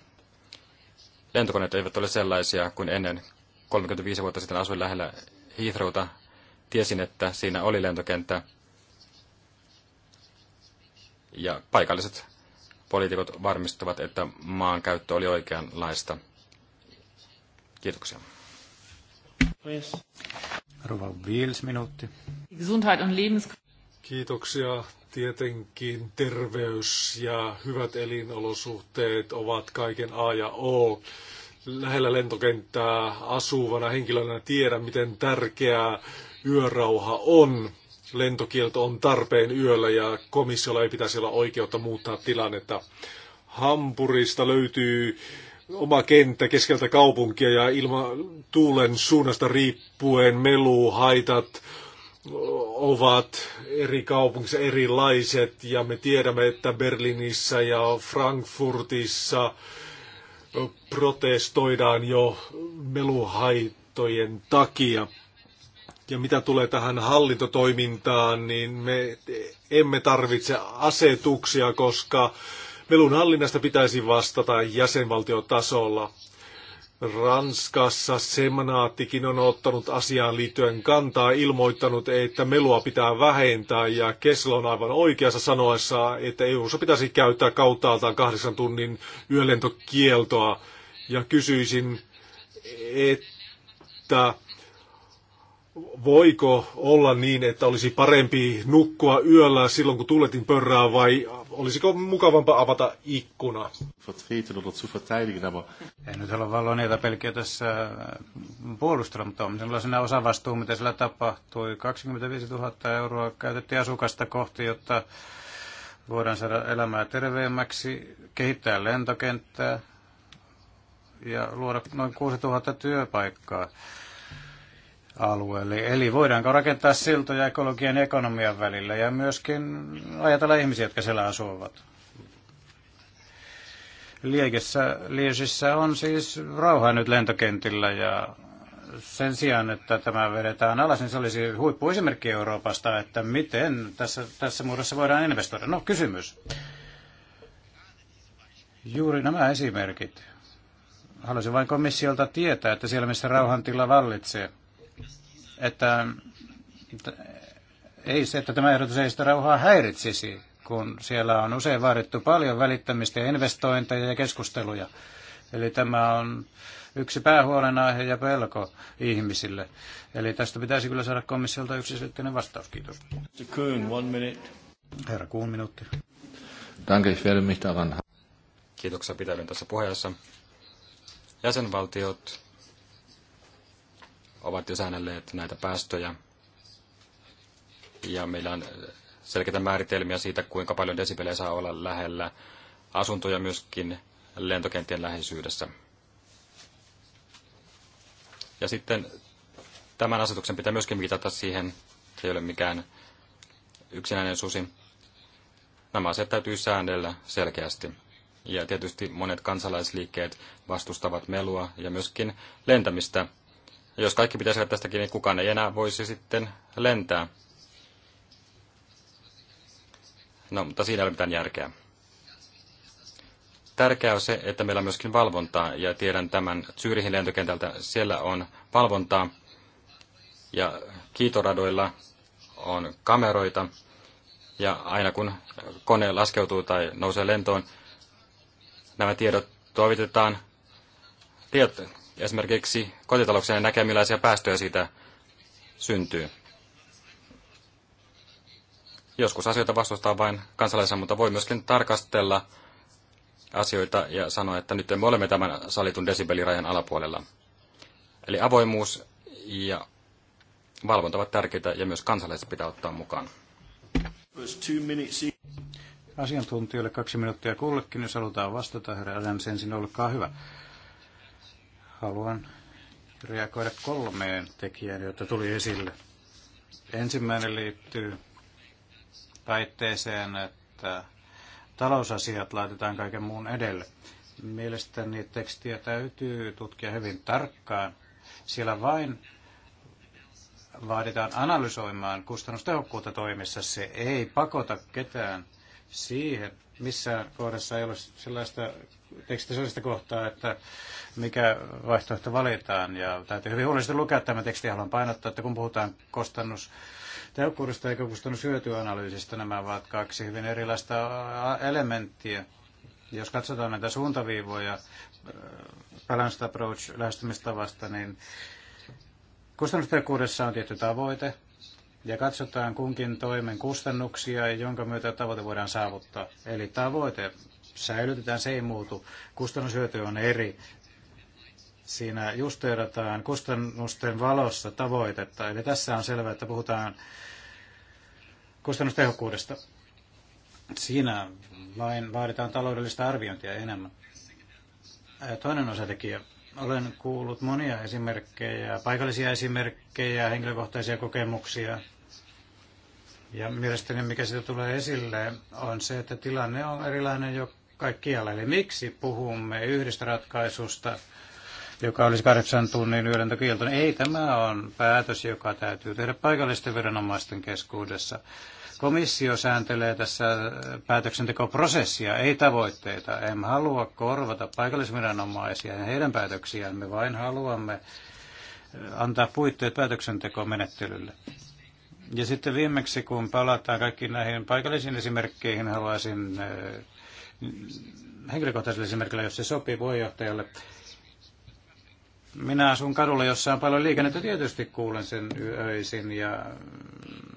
Lentokoneet eivät ole sellaisia kuin ennen. 35 vuotta sitten asuin lähellä Heathrowta. Tiesin, että siinä oli lentokenttä. Ja paikalliset poliitikot varmistuvat, että maan käyttö oli oikeanlaista. Kiitoksia. Rova Wils, minuutti. Kiitoksia. Tietenkin terveys ja hyvät elinolosuhteet ovat kaiken A ja O. Lähellä lentokenttää asuvana henkilönä tiedän, miten tärkeää yörauha on. Lentokielto on tarpeen yöllä ja komissiolla ei pitäisi olla oikeutta muuttaa tilannetta. Hampurista löytyy oma kenttä keskeltä kaupunkia ja ilma tuulen suunnasta riippuen melu, haitat, ovat eri kaupungissa erilaiset ja me tiedämme, että Berliinissä ja Frankfurtissa protestoidaan jo meluhaittojen takia. Ja mitä tulee tähän hallintotoimintaan, niin me emme tarvitse asetuksia, koska melun hallinnasta pitäisi vastata jäsenvaltiotasolla. Ranskassa seminaattikin on ottanut asiaan liittyen kantaa, ilmoittanut, että melua pitää vähentää ja Kessel on aivan oikeassa sanoessa, että EU:ssa pitäisi käyttää kauttaaltaan kahdeksan tunnin yölentokieltoa. Ja kysyisin, että voiko olla niin, että olisi parempi nukkua yöllä silloin, kun tuuletin pörrää vai olisiko mukavampaa avata ikkuna? En nyt halua valonieta pelkiä tässä äh, puolustella, mutta on sellaisena osavastuu, mitä sillä tapahtui. 25 000 euroa käytettiin asukasta kohti, jotta voidaan saada elämää terveemmäksi, kehittää lentokenttää ja luoda noin 6 000 työpaikkaa alueelle. Eli voidaanko rakentaa siltoja ekologian ja ekonomian välillä ja myöskin ajatella ihmisiä, jotka siellä asuvat. Liekessä, Liesissä on siis rauha nyt lentokentillä ja sen sijaan, että tämä vedetään alas, niin se olisi huippuesimerkki Euroopasta, että miten tässä, tässä muodossa voidaan investoida. No kysymys. Juuri nämä esimerkit. Haluaisin vain komissiolta tietää, että siellä missä rauhantila vallitsee, että, että ei se, että tämä ehdotus ei sitä rauhaa häiritsisi, kun siellä on usein vaadittu paljon välittämistä ja investointeja ja keskusteluja. Eli tämä on yksi päähuolenaihe ja pelko ihmisille. Eli tästä pitäisi kyllä saada komissiolta yksiselitteinen vastaus. Kiitos. Herra Kuun minuutti. Danke, ich werde mich daran. Kiitoksia pitäydyn tässä puheessa. Jäsenvaltiot ovat jo säännelleet näitä päästöjä. Ja meillä on selkeitä määritelmiä siitä, kuinka paljon desibelejä saa olla lähellä asuntoja myöskin lentokenttien läheisyydessä. Ja sitten tämän asetuksen pitää myöskin viitata siihen, se ei ole mikään yksinäinen susi. Nämä asiat täytyy säännellä selkeästi. Ja tietysti monet kansalaisliikkeet vastustavat melua ja myöskin lentämistä ja jos kaikki pitäisi tästäkin, niin kukaan ei enää voisi sitten lentää. No, mutta siinä ei ole mitään järkeä. Tärkeää on se, että meillä on myöskin valvontaa, ja tiedän tämän Zyrihin lentokentältä, siellä on valvontaa, ja kiitoradoilla on kameroita, ja aina kun kone laskeutuu tai nousee lentoon, nämä tiedot toivitetaan esimerkiksi kotitalouksien näkee, millaisia päästöjä siitä syntyy. Joskus asioita vastustaa vain kansalaisia, mutta voi myöskin tarkastella asioita ja sanoa, että nyt me olemme tämän salitun desibelirajan alapuolella. Eli avoimuus ja valvonta ovat tärkeitä ja myös kansalaiset pitää ottaa mukaan. Asiantuntijoille kaksi minuuttia kullekin, jos halutaan vastata. Herra Adams, ensin olkaa hyvä. Haluan reagoida kolmeen tekijään, joita tuli esille. Ensimmäinen liittyy väitteeseen, että talousasiat laitetaan kaiken muun edelle. Mielestäni tekstiä täytyy tutkia hyvin tarkkaan. Siellä vain vaaditaan analysoimaan kustannustehokkuutta toimissa. Se ei pakota ketään siihen. missä kohdassa ei ole sellaista teksti sellaista kohtaa, että mikä vaihtoehto valitaan. Ja täytyy hyvin huolellisesti lukea tämä teksti. Haluan painottaa, että kun puhutaan kustannus tehokkuudesta eikä hyötyanalyysistä, nämä ovat kaksi hyvin erilaista elementtiä. Jos katsotaan näitä suuntaviivoja äh, balanced approach lähestymistavasta, niin kustannustehokkuudessa on tietty tavoite, ja katsotaan kunkin toimen kustannuksia, jonka myötä tavoite voidaan saavuttaa. Eli tavoite säilytetään, se ei muutu. Kustannushyöty on eri. Siinä justeerataan kustannusten valossa tavoitetta. Eli tässä on selvää, että puhutaan kustannustehokkuudesta. Siinä vain vaaditaan taloudellista arviointia enemmän. Toinen osatekijä. Olen kuullut monia esimerkkejä, paikallisia esimerkkejä, henkilökohtaisia kokemuksia. Ja mielestäni mikä siitä tulee esille on se, että tilanne on erilainen jo kaikkialla. Eli miksi puhumme yhdestä ratkaisusta, joka olisi kahdeksan tunnin yölentokielto? Ei, tämä on päätös, joka täytyy tehdä paikallisten viranomaisten keskuudessa. Komissio sääntelee tässä päätöksentekoprosessia, ei tavoitteita. Emme halua korvata paikallisviranomaisia ja heidän päätöksiään. Me vain haluamme eh, antaa puitteet päätöksentekomenettelylle. Ja sitten viimeksi, kun palataan kaikkiin näihin paikallisiin esimerkkeihin, haluaisin eh, henkilökohtaisella esimerkillä, jos se sopii puheenjohtajalle. Minä asun kadulla, jossa on paljon liikennettä, tietysti kuulen sen öisin ja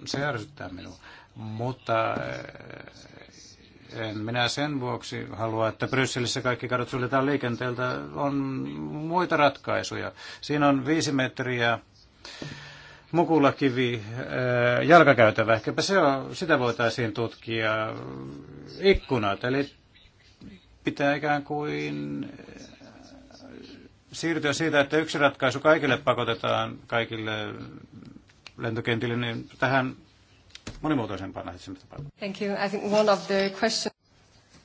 se ärsyttää minua. Mutta eh, en minä sen vuoksi halua, että Brysselissä kaikki kadut suljetaan liikenteeltä. On muita ratkaisuja. Siinä on viisi metriä mukulakivi, eh, jalkakäytävä, ehkäpä se on, sitä voitaisiin tutkia, ikkunat, eli pitää ikään kuin eh, siirtyä siitä, että yksi ratkaisu kaikille pakotetaan kaikille lentokentille, niin tähän monimuotoisempaan lähestymistapaan. Thank you. I think one of the questions...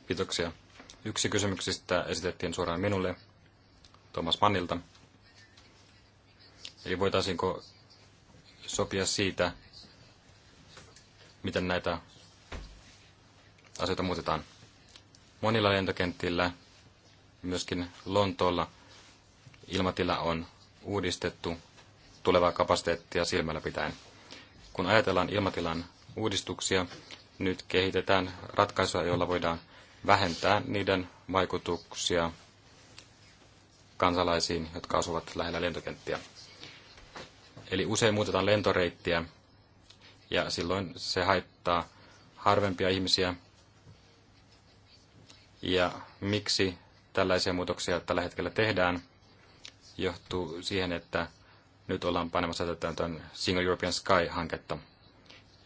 Kiitoksia. Yksi kysymyksistä esitettiin suoraan minulle, Thomas Mannilta. Eli voitaisiinko sopia siitä, miten näitä asioita muutetaan? Monilla lentokentillä, myöskin Lontoolla, ilmatila on uudistettu tulevaa kapasiteettia silmällä pitäen. Kun ajatellaan ilmatilan uudistuksia, nyt kehitetään ratkaisuja, joilla voidaan vähentää niiden vaikutuksia kansalaisiin, jotka asuvat lähellä lentokenttiä. Eli usein muutetaan lentoreittiä ja silloin se haittaa harvempia ihmisiä ja miksi tällaisia muutoksia tällä hetkellä tehdään, johtuu siihen, että nyt ollaan panemassa tätä Single European Sky-hanketta.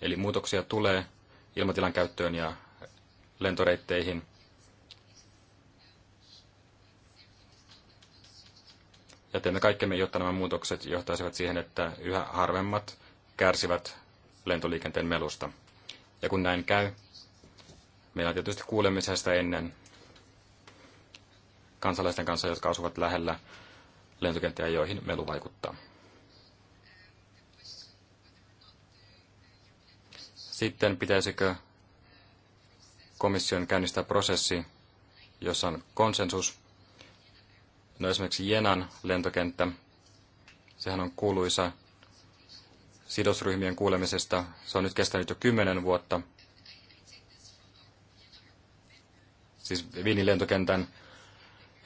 Eli muutoksia tulee ilmatilan käyttöön ja lentoreitteihin. Ja teemme kaikkemme, jotta nämä muutokset johtaisivat siihen, että yhä harvemmat kärsivät lentoliikenteen melusta. Ja kun näin käy, meillä on tietysti kuulemisesta ennen kansalaisten kanssa, jotka asuvat lähellä lentokenttiä, joihin melu vaikuttaa. Sitten pitäisikö komission käynnistää prosessi, jossa on konsensus. No esimerkiksi Jenan lentokenttä, sehän on kuuluisa sidosryhmien kuulemisesta. Se on nyt kestänyt jo kymmenen vuotta. Siis Viinin lentokentän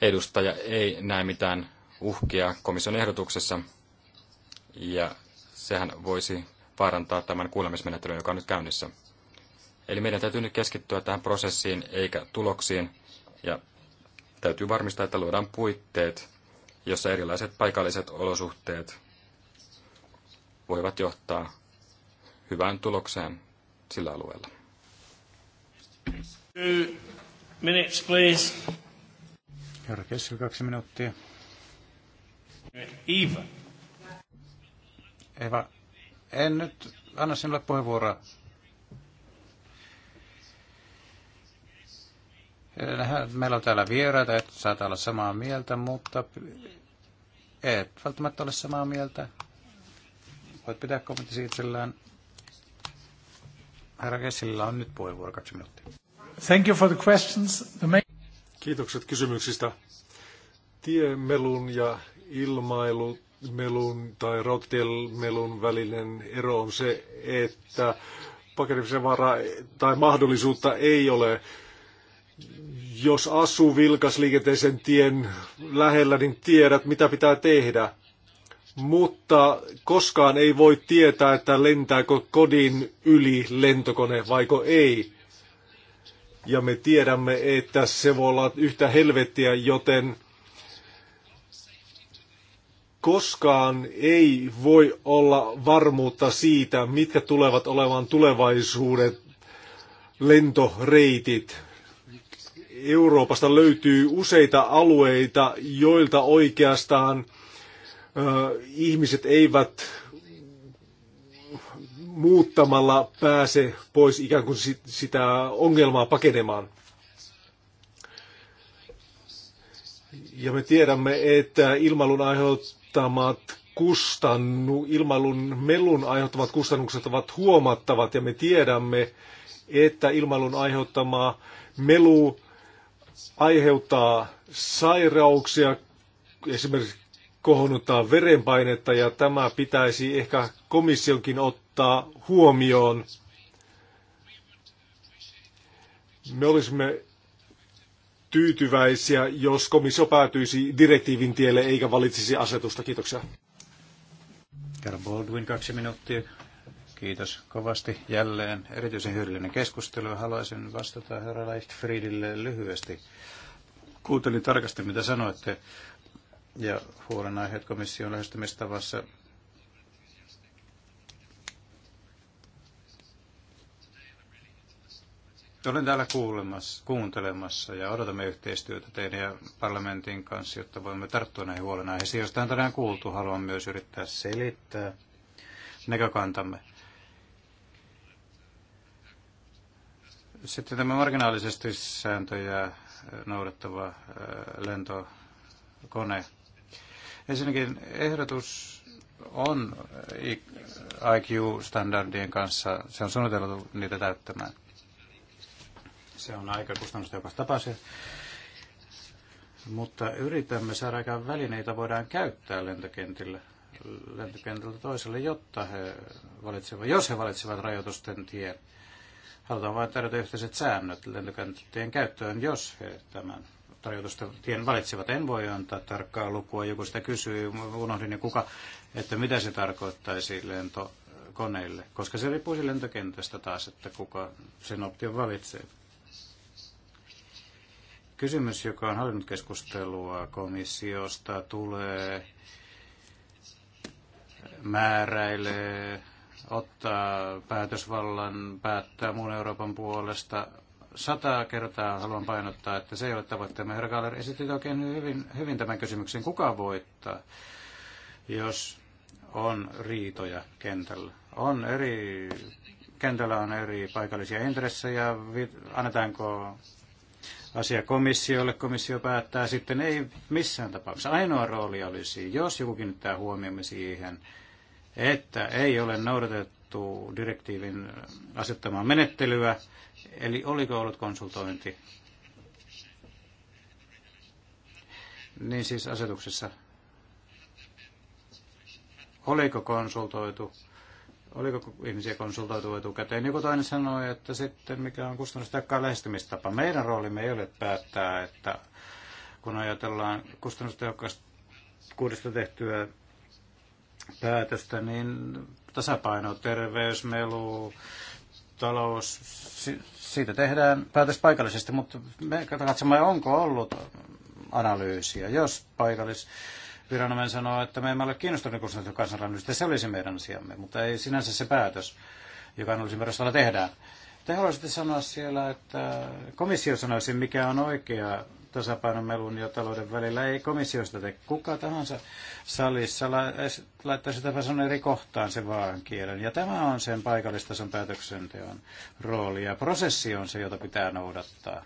edustaja ei näe mitään uhkia komission ehdotuksessa, ja sehän voisi vaarantaa tämän kuulemismenettelyn, joka on nyt käynnissä. Eli meidän täytyy nyt keskittyä tähän prosessiin eikä tuloksiin, ja täytyy varmistaa, että luodaan puitteet, jossa erilaiset paikalliset olosuhteet voivat johtaa hyvään tulokseen sillä alueella. Two minutes, please. Herra Kessel, kaksi minuuttia. Eva, Eva, en nyt anna sinulle puheenvuoroa. Meillä on täällä vieraita, et saat olla samaa mieltä, mutta et välttämättä ole samaa mieltä. Voit pitää kommenttisi itsellään. Herra Kessilillä on nyt puheenvuoro kaksi minuuttia. Thank you for the questions. The main... Kiitokset kysymyksistä. Tiemelun ja ilmailumelun tai rautatiemelun välinen ero on se, että pakenemisen varaa tai mahdollisuutta ei ole. Jos asuu vilkas liikenteisen tien lähellä, niin tiedät, mitä pitää tehdä. Mutta koskaan ei voi tietää, että lentääkö kodin yli lentokone vaiko ei ja me tiedämme, että se voi olla yhtä helvettiä, joten koskaan ei voi olla varmuutta siitä, mitkä tulevat olemaan tulevaisuuden lentoreitit. Euroopasta löytyy useita alueita, joilta oikeastaan ö, ihmiset eivät muuttamalla pääse pois ikään kuin sitä ongelmaa pakenemaan. Ja me tiedämme, että ilmailun aiheuttamat kustannu, ilmailun melun aiheuttamat kustannukset ovat huomattavat ja me tiedämme, että ilmailun aiheuttama melu aiheuttaa sairauksia, esimerkiksi kohonnuttaa verenpainetta ja tämä pitäisi ehkä komissionkin ottaa ottaa huomioon. Me olisimme tyytyväisiä, jos komissio päätyisi direktiivin tielle eikä valitsisi asetusta. Kiitoksia. Carl Baldwin, kaksi minuuttia. Kiitos kovasti jälleen. Erityisen hyödyllinen keskustelu. Haluaisin vastata herra Leichtfriedille lyhyesti. Kuuntelin tarkasti, mitä sanoitte, ja huolenaiheet komission lähestymistavassa Olen täällä kuulemassa, kuuntelemassa ja odotamme yhteistyötä teidän ja parlamentin kanssa, jotta voimme tarttua näihin huolenaiheisiin. Josta on tänään kuultu, haluan myös yrittää selittää näkökantamme. Sitten tämä marginaalisesti sääntöjä noudattava äh, lentokone. Ensinnäkin ehdotus on IQ-standardien kanssa, se on suunniteltu niitä täyttämään – se on aika kustannustehokas tapa se. Mutta yritämme saada aikaan välineitä, voidaan käyttää lentokentillä lentokentältä toiselle, jotta he valitsevat, jos he valitsevat rajoitusten tien. Halutaan vain tarjota yhteiset säännöt lentokenttien käyttöön, jos he tämän rajoitusten tien valitsevat. En voi antaa tarkkaa lukua, joku sitä kysyy, unohdin niin kuka, että mitä se tarkoittaisi lentokoneille, koska se riippuu lentokentästä taas, että kuka sen option valitsee. Kysymys, joka on hallinnut keskustelua komissiosta, tulee, määräilee, ottaa päätösvallan, päättää muun Euroopan puolesta. Sata kertaa haluan painottaa, että se ei ole tavoitteemme. Herra Galler esitti oikein hyvin, hyvin tämän kysymyksen. Kuka voittaa, jos on riitoja kentällä? On eri, kentällä on eri paikallisia intressejä. Annetaanko asia komissiolle. Komissio päättää sitten ei missään tapauksessa. Ainoa rooli olisi, jos joku kiinnittää huomiomme siihen, että ei ole noudatettu direktiivin asettamaa menettelyä, eli oliko ollut konsultointi, niin siis asetuksessa, oliko konsultoitu oliko ihmisiä konsultoitu etukäteen. Joku toinen sanoi, että sitten mikä on kustannustehokkaan lähestymistapa. Meidän roolimme ei ole päättää, että kun ajatellaan kustannustehokkuudesta tehtyä päätöstä, niin tasapaino, terveys, melu, talous, siitä tehdään päätös paikallisesti, mutta me katsomme, onko ollut analyysiä. Jos paikallis viranomainen sanoo, että me emme ole kiinnostuneet kansanrannista, se olisi meidän asiamme, mutta ei sinänsä se päätös, joka on analyysin perustalla tehdään. Te haluaisitte sanoa siellä, että komissio sanoisi, mikä on oikea tasapainomelun ja talouden välillä. Ei komissiosta tee kuka tahansa salissa laittaisi sanon eri kohtaan se vaan kielen. Ja tämä on sen paikallistason päätöksenteon rooli ja prosessi on se, jota pitää noudattaa.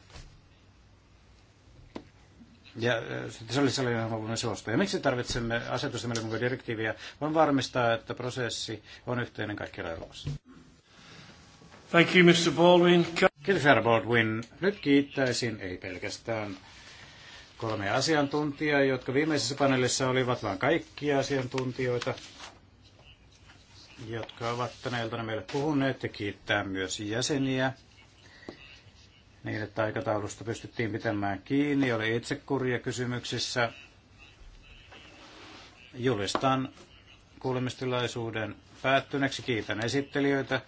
Ja se oli sellainen, johon voimme suostua. Ja miksi tarvitsemme asetusta meille direktiiviä? Voin varmistaa, että prosessi on yhteinen kaikkialla Euroopassa. Thank you, Mr. Baldwin. Kiitos, herra Baldwin. Nyt kiittäisin ei pelkästään kolme asiantuntijaa, jotka viimeisessä paneelissa olivat, vaan kaikkia asiantuntijoita, jotka ovat tänä iltana meille puhuneet ja kiittää myös jäseniä niin, että aikataulusta pystyttiin pitämään kiinni. Oli itsekuria kysymyksissä. Julistan kuulemistilaisuuden päättyneeksi. Kiitän esittelijöitä,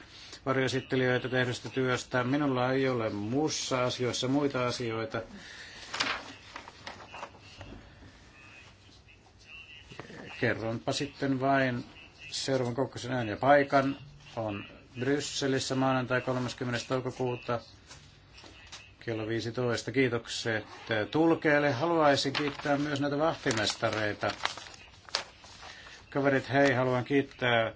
varjoesittelijöitä tehdystä työstä. Minulla ei ole muussa asioissa muita asioita. Kerronpa sitten vain seuraavan kokouksen ja paikan. On Brysselissä maanantai 30. toukokuuta kello 15. Kiitokset Tulkeelle Haluaisin kiittää myös näitä vahtimestareita. Kaverit, hei, haluan kiittää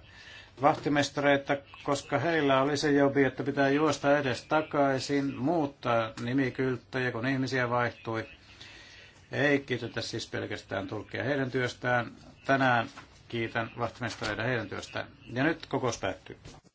vahtimestareita, koska heillä oli se jobi, että pitää juosta edes takaisin, muuttaa nimikylttäjä, kun ihmisiä vaihtui. Ei kiitetä siis pelkästään tulkkia heidän työstään. Tänään kiitän vahtimestareita heidän työstään. Ja nyt kokous päättyy.